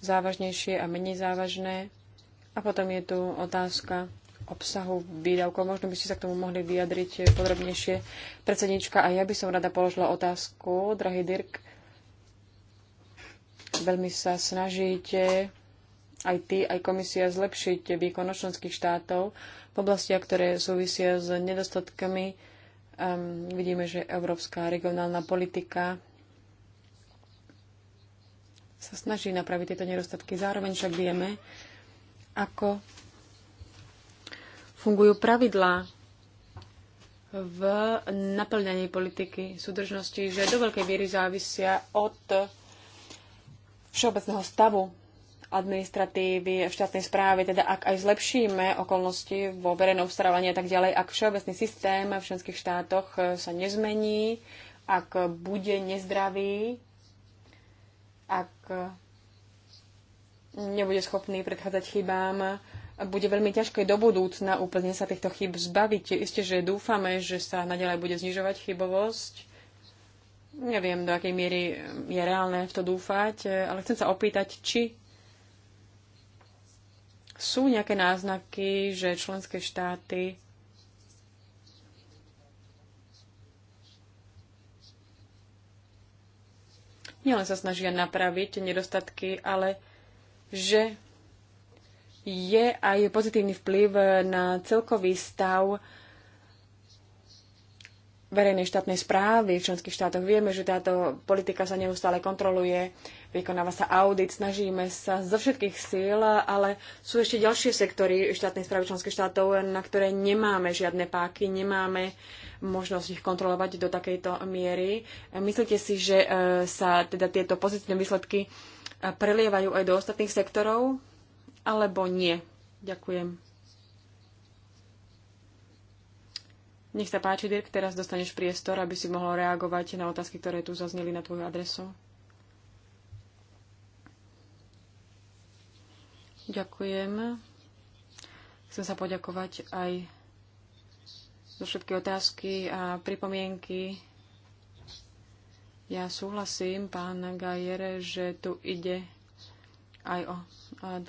závažnejšie a menej závažné. A potom je tu otázka obsahu výdavkov. Možno by ste sa k tomu mohli vyjadriť podrobnejšie. Predsednička, a ja by som rada položila otázku, drahý Dirk. Veľmi sa snažíte aj ty, aj komisia zlepšiť výkon členských štátov v oblastiach, ktoré súvisia s nedostatkami Um, vidíme, že európska regionálna politika sa snaží napraviť tieto nedostatky. Zároveň však vieme, ako fungujú pravidlá v naplňaní politiky súdržnosti, že do veľkej miery závisia od všeobecného stavu administratívy, v štátnej správe, teda ak aj zlepšíme okolnosti vo verejnom obstarávaní a tak ďalej, ak všeobecný systém v členských štátoch e, sa nezmení, ak bude nezdravý, ak nebude schopný predchádzať chybám, bude veľmi ťažké do budúcna úplne sa týchto chyb zbaviť. Isté, že dúfame, že sa nadalej bude znižovať chybovosť, neviem, do akej miery je reálne v to dúfať, e, ale chcem sa opýtať, či sú nejaké náznaky, že členské štáty nielen sa snažia napraviť nedostatky, ale že je aj pozitívny vplyv na celkový stav verejnej štátnej správy v členských štátoch. Vieme, že táto politika sa neustále kontroluje, vykonáva sa audit, snažíme sa zo všetkých síl, ale sú ešte ďalšie sektory štátnej správy členských štátov, na ktoré nemáme žiadne páky, nemáme možnosť ich kontrolovať do takejto miery. Myslíte si, že e, sa teda tieto pozitívne výsledky e, prelievajú aj do ostatných sektorov, alebo nie? Ďakujem. Nech sa páči, Dirk, teraz dostaneš priestor, aby si mohol reagovať na otázky, ktoré tu zazneli na tvoju adresu. Ďakujem. Chcem sa poďakovať aj za všetky otázky a pripomienky. Ja súhlasím, pán Gajere, že tu ide aj o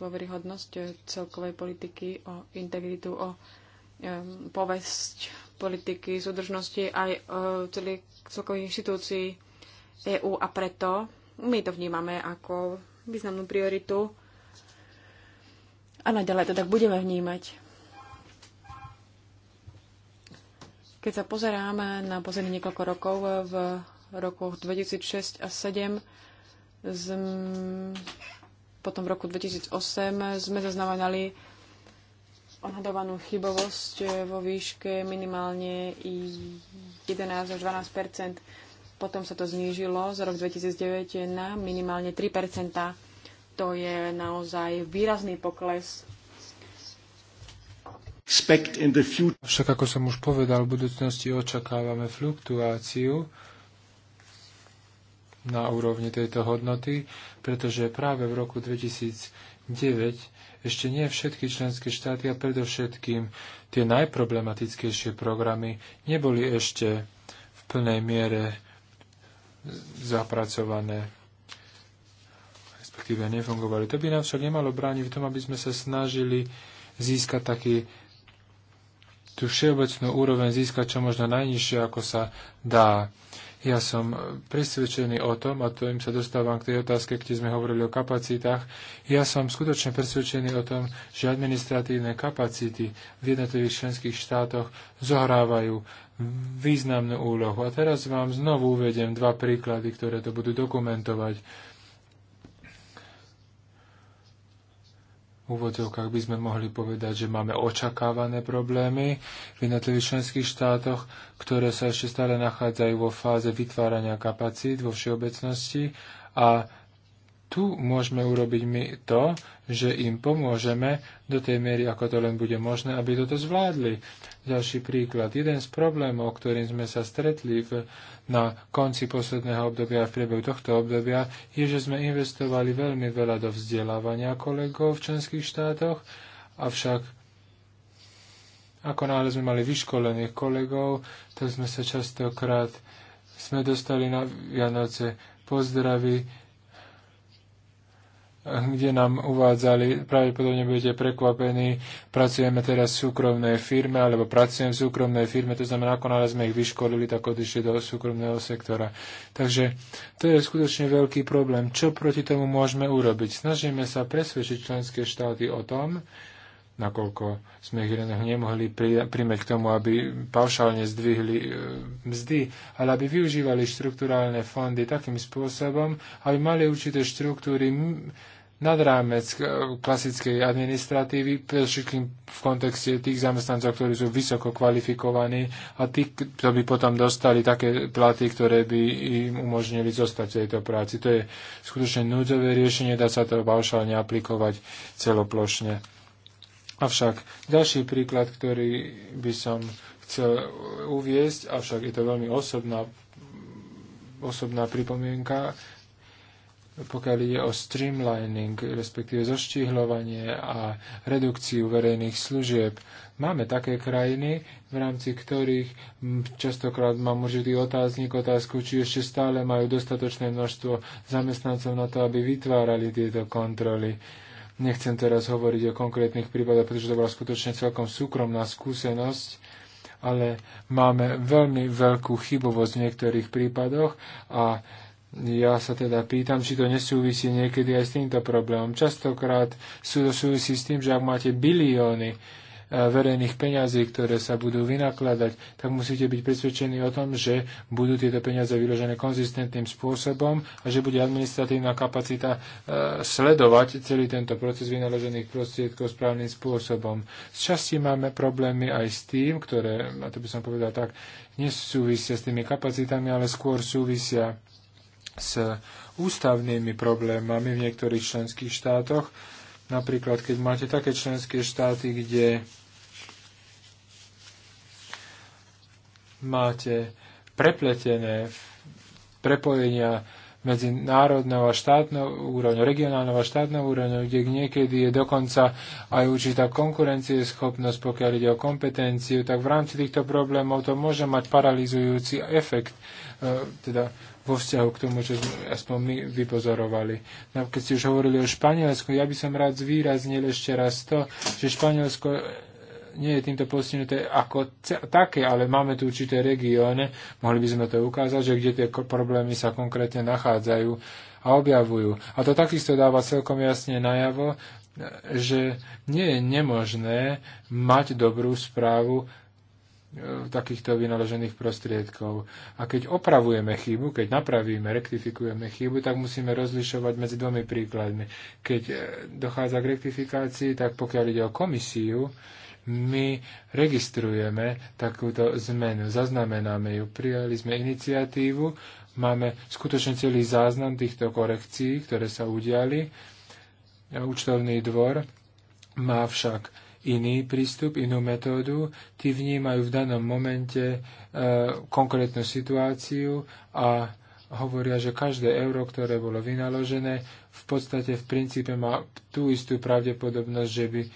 dôveryhodnosť celkovej politiky, o integritu, o um, povesť politiky súdržnosti aj e, celých celkových inštitúcií EÚ a preto my to vnímame ako významnú prioritu a naďalej to tak budeme vnímať. Keď sa pozeráme na posledných niekoľko rokov, v rokoch 2006 a 2007, z, potom v roku 2008 sme zaznamenali odhadovanú chybovosť e, vo výške minimálne 11 až 12 Potom sa to znížilo z rok 2009 na minimálne 3 To je naozaj výrazný pokles však ako som už povedal, v budúcnosti očakávame fluktuáciu na úrovni tejto hodnoty, pretože práve v roku 2009 ešte nie všetky členské štáty a predovšetkým tie najproblematickejšie programy neboli ešte v plnej miere zapracované, respektíve nefungovali. To by nám však nemalo brániť v tom, aby sme sa snažili získať taký tú všeobecnú úroveň získať čo možno najnižšie, ako sa dá. Ja som presvedčený o tom, a to im sa dostávam k tej otázke, kde sme hovorili o kapacitách, ja som skutočne presvedčený o tom, že administratívne kapacity v jednotlivých členských štátoch zohrávajú významnú úlohu. A teraz vám znovu uvedem dva príklady, ktoré to budú dokumentovať. úvodzovkách by sme mohli povedať, že máme očakávané problémy v jednotlivých členských štátoch, ktoré sa ešte stále nachádzajú vo fáze vytvárania kapacít vo všeobecnosti a tu môžeme urobiť my to, že im pomôžeme do tej miery, ako to len bude možné, aby toto zvládli. Ďalší príklad. Jeden z problémov, ktorým sme sa stretli v, na konci posledného obdobia a v priebehu tohto obdobia, je, že sme investovali veľmi veľa do vzdelávania kolegov v členských štátoch, avšak ako náhle sme mali vyškolených kolegov, tak sme sa častokrát sme dostali na Vianoce pozdravy kde nám uvádzali, pravdepodobne budete prekvapení, pracujeme teraz v súkromnej firme, alebo pracujem v súkromnej firme, to znamená, ako náhle sme ich vyškolili, tak odišli do súkromného sektora. Takže to je skutočne veľký problém. Čo proti tomu môžeme urobiť? Snažíme sa presvedčiť členské štáty o tom, nakoľko sme ich nemohli primeť k tomu, aby paušálne zdvihli e, mzdy, ale aby využívali štruktúrálne fondy takým spôsobom, aby mali určité štruktúry nad rámec eh, klasickej administratívy, všetkým v kontexte tých zamestnancov, ktorí sú vysoko kvalifikovaní a tí, kto by potom dostali také platy, ktoré by im umožnili zostať v tejto práci. To je skutočne núdzové riešenie, dá sa to paušálne aplikovať celoplošne. Avšak ďalší príklad, ktorý by som chcel uviesť, avšak je to veľmi osobná, osobná pripomienka, pokiaľ ide o streamlining, respektíve zoštíhľovanie a redukciu verejných služieb. Máme také krajiny, v rámci ktorých častokrát mám určitý otáznik, otázku, či ešte stále majú dostatočné množstvo zamestnancov na to, aby vytvárali tieto kontroly. Nechcem teraz hovoriť o konkrétnych prípadoch, pretože to bola skutočne celkom súkromná skúsenosť, ale máme veľmi veľkú chybovosť v niektorých prípadoch a ja sa teda pýtam, či to nesúvisí niekedy aj s týmto problémom. Častokrát sú to súvisí s tým, že ak máte bilióny e, verejných peňazí, ktoré sa budú vynakladať, tak musíte byť presvedčení o tom, že budú tieto peniaze vyložené konzistentným spôsobom a že bude administratívna kapacita e, sledovať celý tento proces vynaložených prostriedkov správnym spôsobom. Z časti máme problémy aj s tým, ktoré, a to by som povedal tak, nesúvisia s tými kapacitami, ale skôr súvisia s ústavnými problémami v niektorých členských štátoch. Napríklad, keď máte také členské štáty, kde máte prepletené prepojenia medzi národnou a štátnou úrovňou, regionálnou a štátnou úrovňou, kde niekedy je dokonca aj určitá konkurencieschopnosť, pokiaľ ide o kompetenciu, tak v rámci týchto problémov to môže mať paralizujúci efekt, e, teda vo vzťahu k tomu, čo sme aspoň my vypozorovali. No, keď ste už hovorili o Španielsku, ja by som rád zvýraznil ešte raz to, že Španielsko eh, nie je týmto postihnuté ako také, ale máme tu určité regióny, mohli by sme to ukázať, že kde tie problémy sa konkrétne nachádzajú a objavujú. A to takisto dáva celkom jasne najavo, eh, že nie je nemožné mať dobrú správu takýchto vynaložených prostriedkov. A keď opravujeme chybu, keď napravíme, rektifikujeme chybu, tak musíme rozlišovať medzi dvomi príkladmi. Keď e, dochádza k rektifikácii, tak pokiaľ ide o komisiu, my registrujeme takúto zmenu, zaznamenáme ju, prijali sme iniciatívu, máme skutočne celý záznam týchto korekcií, ktoré sa udiali. Účtovný dvor má však iný prístup, inú metódu. Tí vnímajú v danom momente e, konkrétnu situáciu a hovoria, že každé euro, ktoré bolo vynaložené, v podstate v princípe má tú istú pravdepodobnosť, že by e,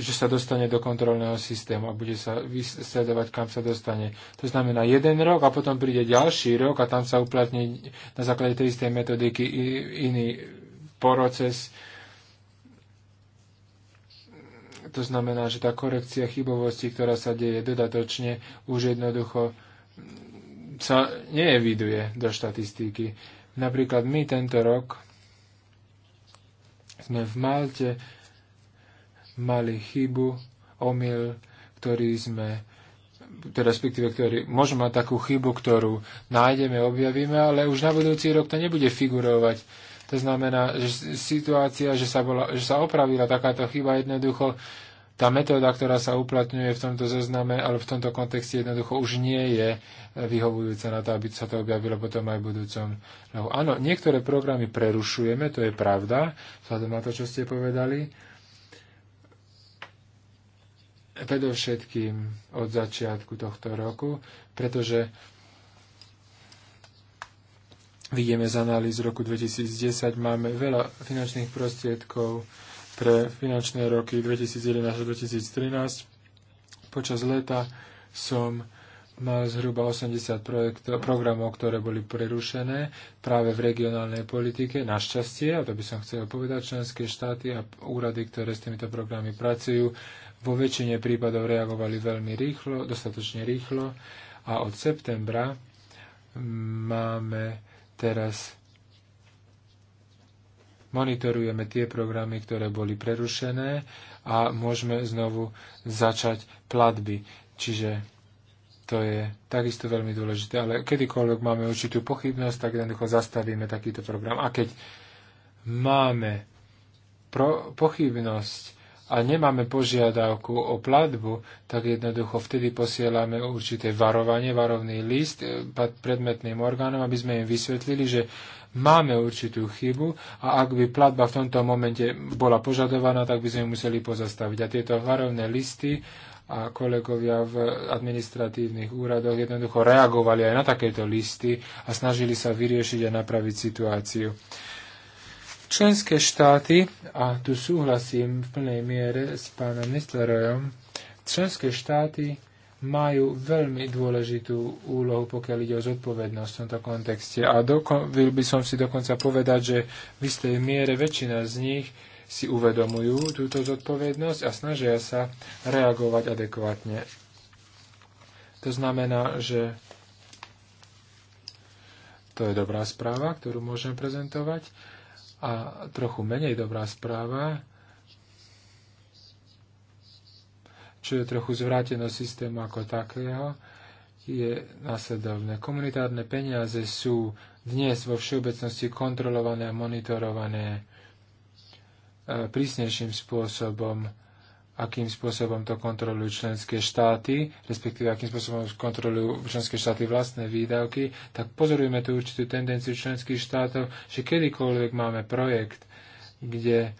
že sa dostane do kontrolného systému a bude sa vysledovať, kam sa dostane. To znamená jeden rok a potom príde ďalší rok a tam sa uplatní na základe tej istej metodiky iný proces, to znamená, že tá korekcia chybovosti, ktorá sa deje dodatočne, už jednoducho sa neeviduje do štatistiky. Napríklad my tento rok sme v Malte mali chybu, omyl, ktorý sme teda respektíve, ktorý môže mať takú chybu, ktorú nájdeme, objavíme, ale už na budúci rok to nebude figurovať to znamená, že situácia, že sa, bola, že sa opravila takáto chyba jednoducho, tá metóda, ktorá sa uplatňuje v tomto zozname, ale v tomto kontexte jednoducho už nie je e, vyhovujúca na to, aby sa to objavilo potom aj v budúcom rohu. Áno, niektoré programy prerušujeme, to je pravda, vzhľadom na to, čo ste povedali. Predovšetkým od začiatku tohto roku, pretože Vidíme z analýz roku 2010, máme veľa finančných prostriedkov pre finančné roky 2011 a 2013. Počas leta som mal zhruba 80 projektov, programov, ktoré boli prerušené práve v regionálnej politike. Našťastie, a to by som chcel povedať, členské štáty a úrady, ktoré s týmito programy pracujú, vo väčšine prípadov reagovali veľmi rýchlo, dostatočne rýchlo a od septembra mm, máme Teraz monitorujeme tie programy, ktoré boli prerušené a môžeme znovu začať platby. Čiže to je takisto veľmi dôležité. Ale kedykoľvek máme určitú pochybnosť, tak jednoducho zastavíme takýto program. A keď máme pro- pochybnosť, a nemáme požiadavku o platbu, tak jednoducho vtedy posielame určité varovanie, varovný list e, predmetným orgánom, aby sme im vysvetlili, že máme určitú chybu a ak by platba v tomto momente bola požadovaná, tak by sme ju museli pozastaviť. A tieto varovné listy a kolegovia v administratívnych úradoch jednoducho reagovali aj na takéto listy a snažili sa vyriešiť a napraviť situáciu. Členské štáty, a tu súhlasím v plnej miere s pánom Nestlerojom, členské štáty majú veľmi dôležitú úlohu, pokiaľ ide o zodpovednosť v tomto kontexte. A vil by som si dokonca povedať, že v istej miere väčšina z nich si uvedomujú túto zodpovednosť a snažia sa reagovať adekvátne. To znamená, že to je dobrá správa, ktorú môžem prezentovať. A trochu menej dobrá správa, čo je trochu zvrátenosť systému ako takého, je následovné. Komunitárne peniaze sú dnes vo všeobecnosti kontrolované a monitorované e, prísnejším spôsobom akým spôsobom to kontrolujú členské štáty, respektíve akým spôsobom kontrolujú členské štáty vlastné výdavky, tak pozorujeme tú určitú tendenciu členských štátov, že kedykoľvek máme projekt, kde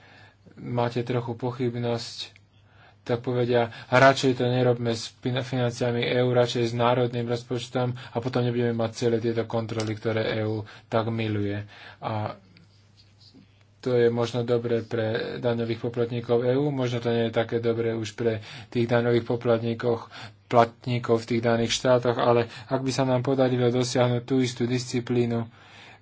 máte trochu pochybnosť, tak povedia, radšej to nerobme s financiami EÚ, radšej s národným rozpočtom a potom nebudeme mať celé tieto kontroly, ktoré EÚ tak miluje. A to je možno dobre pre daňových poplatníkov EÚ, možno to nie je také dobre už pre tých daňových poplatníkov platníkov v tých daných štátoch, ale ak by sa nám podarilo dosiahnuť tú istú disciplínu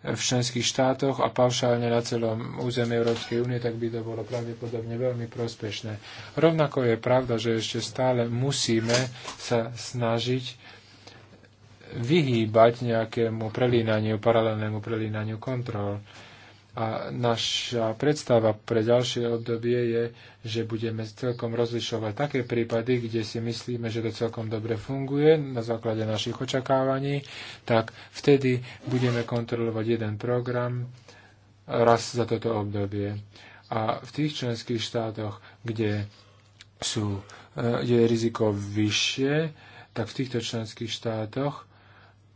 v členských štátoch a paušálne na celom území Európskej únie, tak by to bolo pravdepodobne veľmi prospešné. Rovnako je pravda, že ešte stále musíme sa snažiť vyhýbať nejakému prelínaniu, paralelnému prelínaniu kontrol a naša predstava pre ďalšie obdobie je, že budeme celkom rozlišovať také prípady, kde si myslíme, že to celkom dobre funguje na základe našich očakávaní, tak vtedy budeme kontrolovať jeden program raz za toto obdobie. A v tých členských štátoch, kde, sú, kde eh, je riziko vyššie, tak v týchto členských štátoch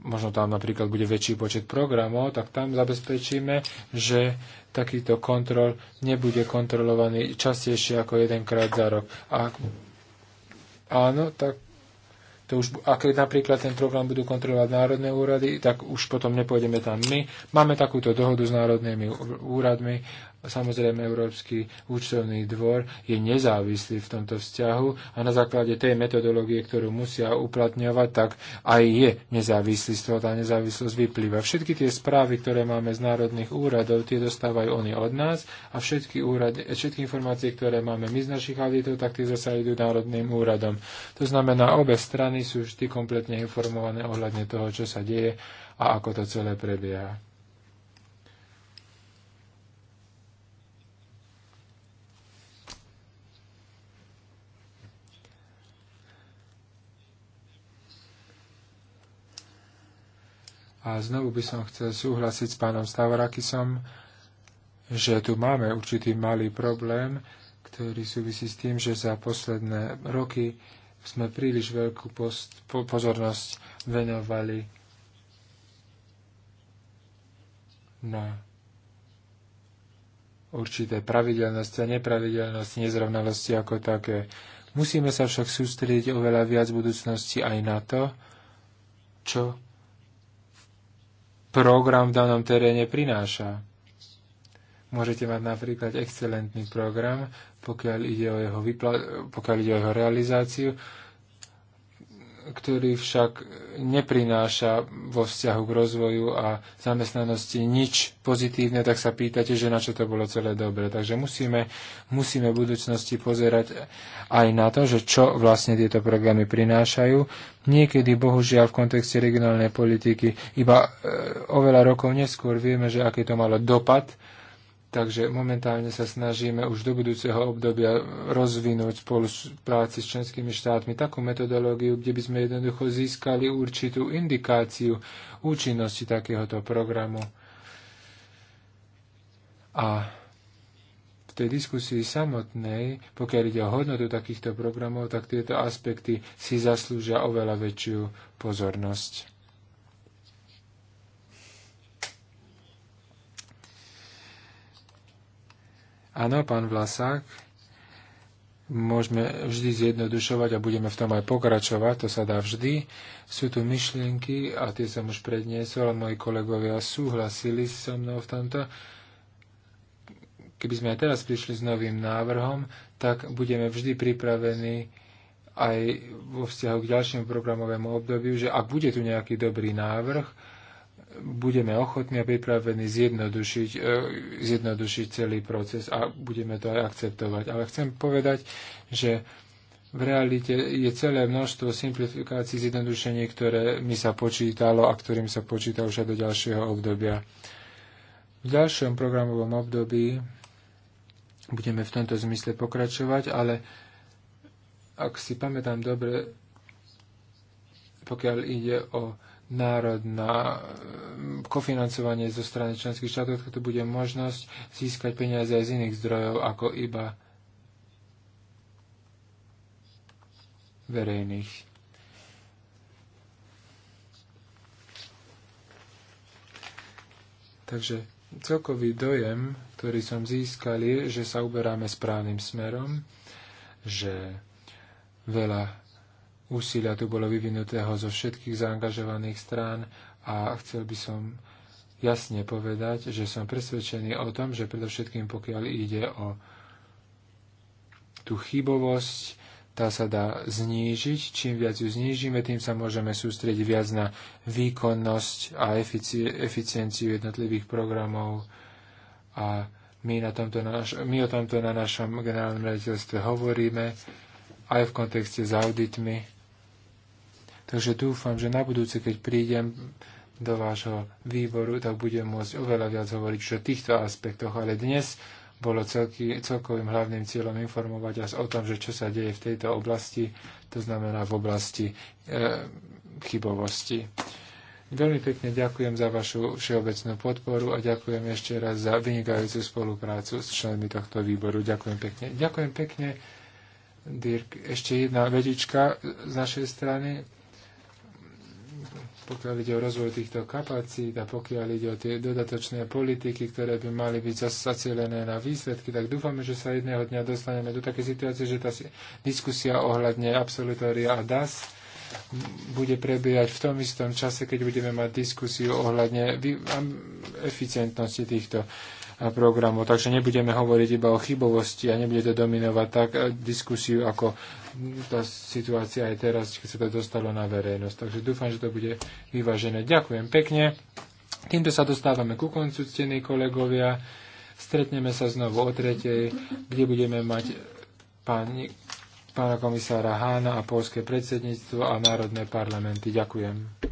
možno tam napríklad bude väčší počet programov, tak tam zabezpečíme, že takýto kontrol nebude kontrolovaný častejšie ako jedenkrát za rok. A, áno, tak to už, a keď napríklad ten program budú kontrolovať národné úrady, tak už potom nepôjdeme tam my. Máme takúto dohodu s národnými úradmi Samozrejme, Európsky účtovný dvor je nezávislý v tomto vzťahu a na základe tej metodológie, ktorú musia uplatňovať, tak aj je nezávislý. Z toho tá nezávislosť vyplýva. Všetky tie správy, ktoré máme z národných úradov, tie dostávajú oni od nás a všetky, úrady, všetky informácie, ktoré máme my z našich auditov, tak tie zase idú národným úradom. To znamená, obe strany sú vždy kompletne informované ohľadne toho, čo sa deje a ako to celé prebieha. A znovu by som chcel súhlasiť s pánom Stavrakisom, že tu máme určitý malý problém, ktorý súvisí s tým, že za posledné roky sme príliš veľkú post, po, pozornosť venovali na určité pravidelnosti a nepravidelnosti, nezrovnalosti ako také. Musíme sa však sústrediť oveľa viac v budúcnosti aj na to, čo program v danom teréne prináša. Môžete mať napríklad excelentný program, pokiaľ ide o jeho, pokiaľ ide o jeho realizáciu, ktorý však neprináša vo vzťahu k rozvoju a zamestnanosti nič pozitívne, tak sa pýtate, že na čo to bolo celé dobre. Takže musíme, musíme v budúcnosti pozerať aj na to, že čo vlastne tieto programy prinášajú. Niekedy, bohužiaľ, v kontexte regionálnej politiky iba e, oveľa rokov neskôr vieme, že aký to malo dopad Takže momentálne sa snažíme už do budúceho obdobia rozvinúť spolu práci s členskými štátmi takú metodológiu, kde by sme jednoducho získali určitú indikáciu účinnosti takéhoto programu. A v tej diskusii samotnej, pokiaľ ide o hodnotu takýchto programov, tak tieto aspekty si zaslúžia oveľa väčšiu pozornosť. Áno, pán Vlasák, môžeme vždy zjednodušovať a budeme v tom aj pokračovať, to sa dá vždy. Sú tu myšlienky a tie som už predniesol, moji kolegovia súhlasili so mnou v tomto. Keby sme aj teraz prišli s novým návrhom, tak budeme vždy pripravení aj vo vzťahu k ďalšiemu programovému obdobiu, že ak bude tu nejaký dobrý návrh, budeme ochotní a pripravení zjednodušiť, e, zjednodušiť celý proces a budeme to aj akceptovať. Ale chcem povedať, že v realite je celé množstvo simplifikácií, zjednodušení, ktoré mi sa počítalo a ktorým sa počíta už aj do ďalšieho obdobia. V ďalšom programovom období budeme v tomto zmysle pokračovať, ale ak si pamätám dobre, pokiaľ ide o národná e, kofinancovanie zo strany členských štátov, tak to bude možnosť získať peniaze aj z iných zdrojov ako iba verejných. Takže celkový dojem, ktorý som získal, je, že sa uberáme správnym smerom, že veľa úsilia tu bolo vyvinutého zo všetkých zaangažovaných strán a chcel by som jasne povedať, že som presvedčený o tom, že predovšetkým pokiaľ ide o tú chybovosť, tá sa dá znížiť. Čím viac ju znížime, tým sa môžeme sústrediť viac na výkonnosť a efici- eficienciu jednotlivých programov. A my, na tomto na naš- my o tomto na našom generálnom raditeľstve hovoríme aj v kontexte s auditmi Takže dúfam, že na budúce, keď prídem do vášho výboru, tak budem môcť oveľa viac hovoriť o týchto aspektoch, ale dnes bolo celky, celkovým hlavným cieľom informovať vás o tom, že čo sa deje v tejto oblasti, to znamená v oblasti e, chybovosti. Veľmi pekne ďakujem za vašu všeobecnú podporu a ďakujem ešte raz za vynikajúcu spoluprácu s členmi tohto výboru. Ďakujem pekne. Ďakujem pekne, Dirk. Ešte jedna vedička z našej strany pokiaľ ide o rozvoj týchto kapacít a pokiaľ ide o tie dodatočné politiky, ktoré by mali byť zacielené na výsledky, tak dúfame, že sa jedného dňa dostaneme do také situácie, že tá diskusia ohľadne absolutória a DAS bude prebiehať v tom istom čase, keď budeme mať diskusiu ohľadne eficientnosti týchto programu. Takže nebudeme hovoriť iba o chybovosti a nebude to dominovať tak eh, diskusiu, ako tá situácia aj teraz, keď sa to dostalo na verejnosť. Takže dúfam, že to bude vyvážené. Ďakujem pekne. Týmto sa dostávame ku koncu, ctení kolegovia. Stretneme sa znovu o tretej, kde budeme mať pani, pána komisára Hána a polské predsedníctvo a národné parlamenty. Ďakujem.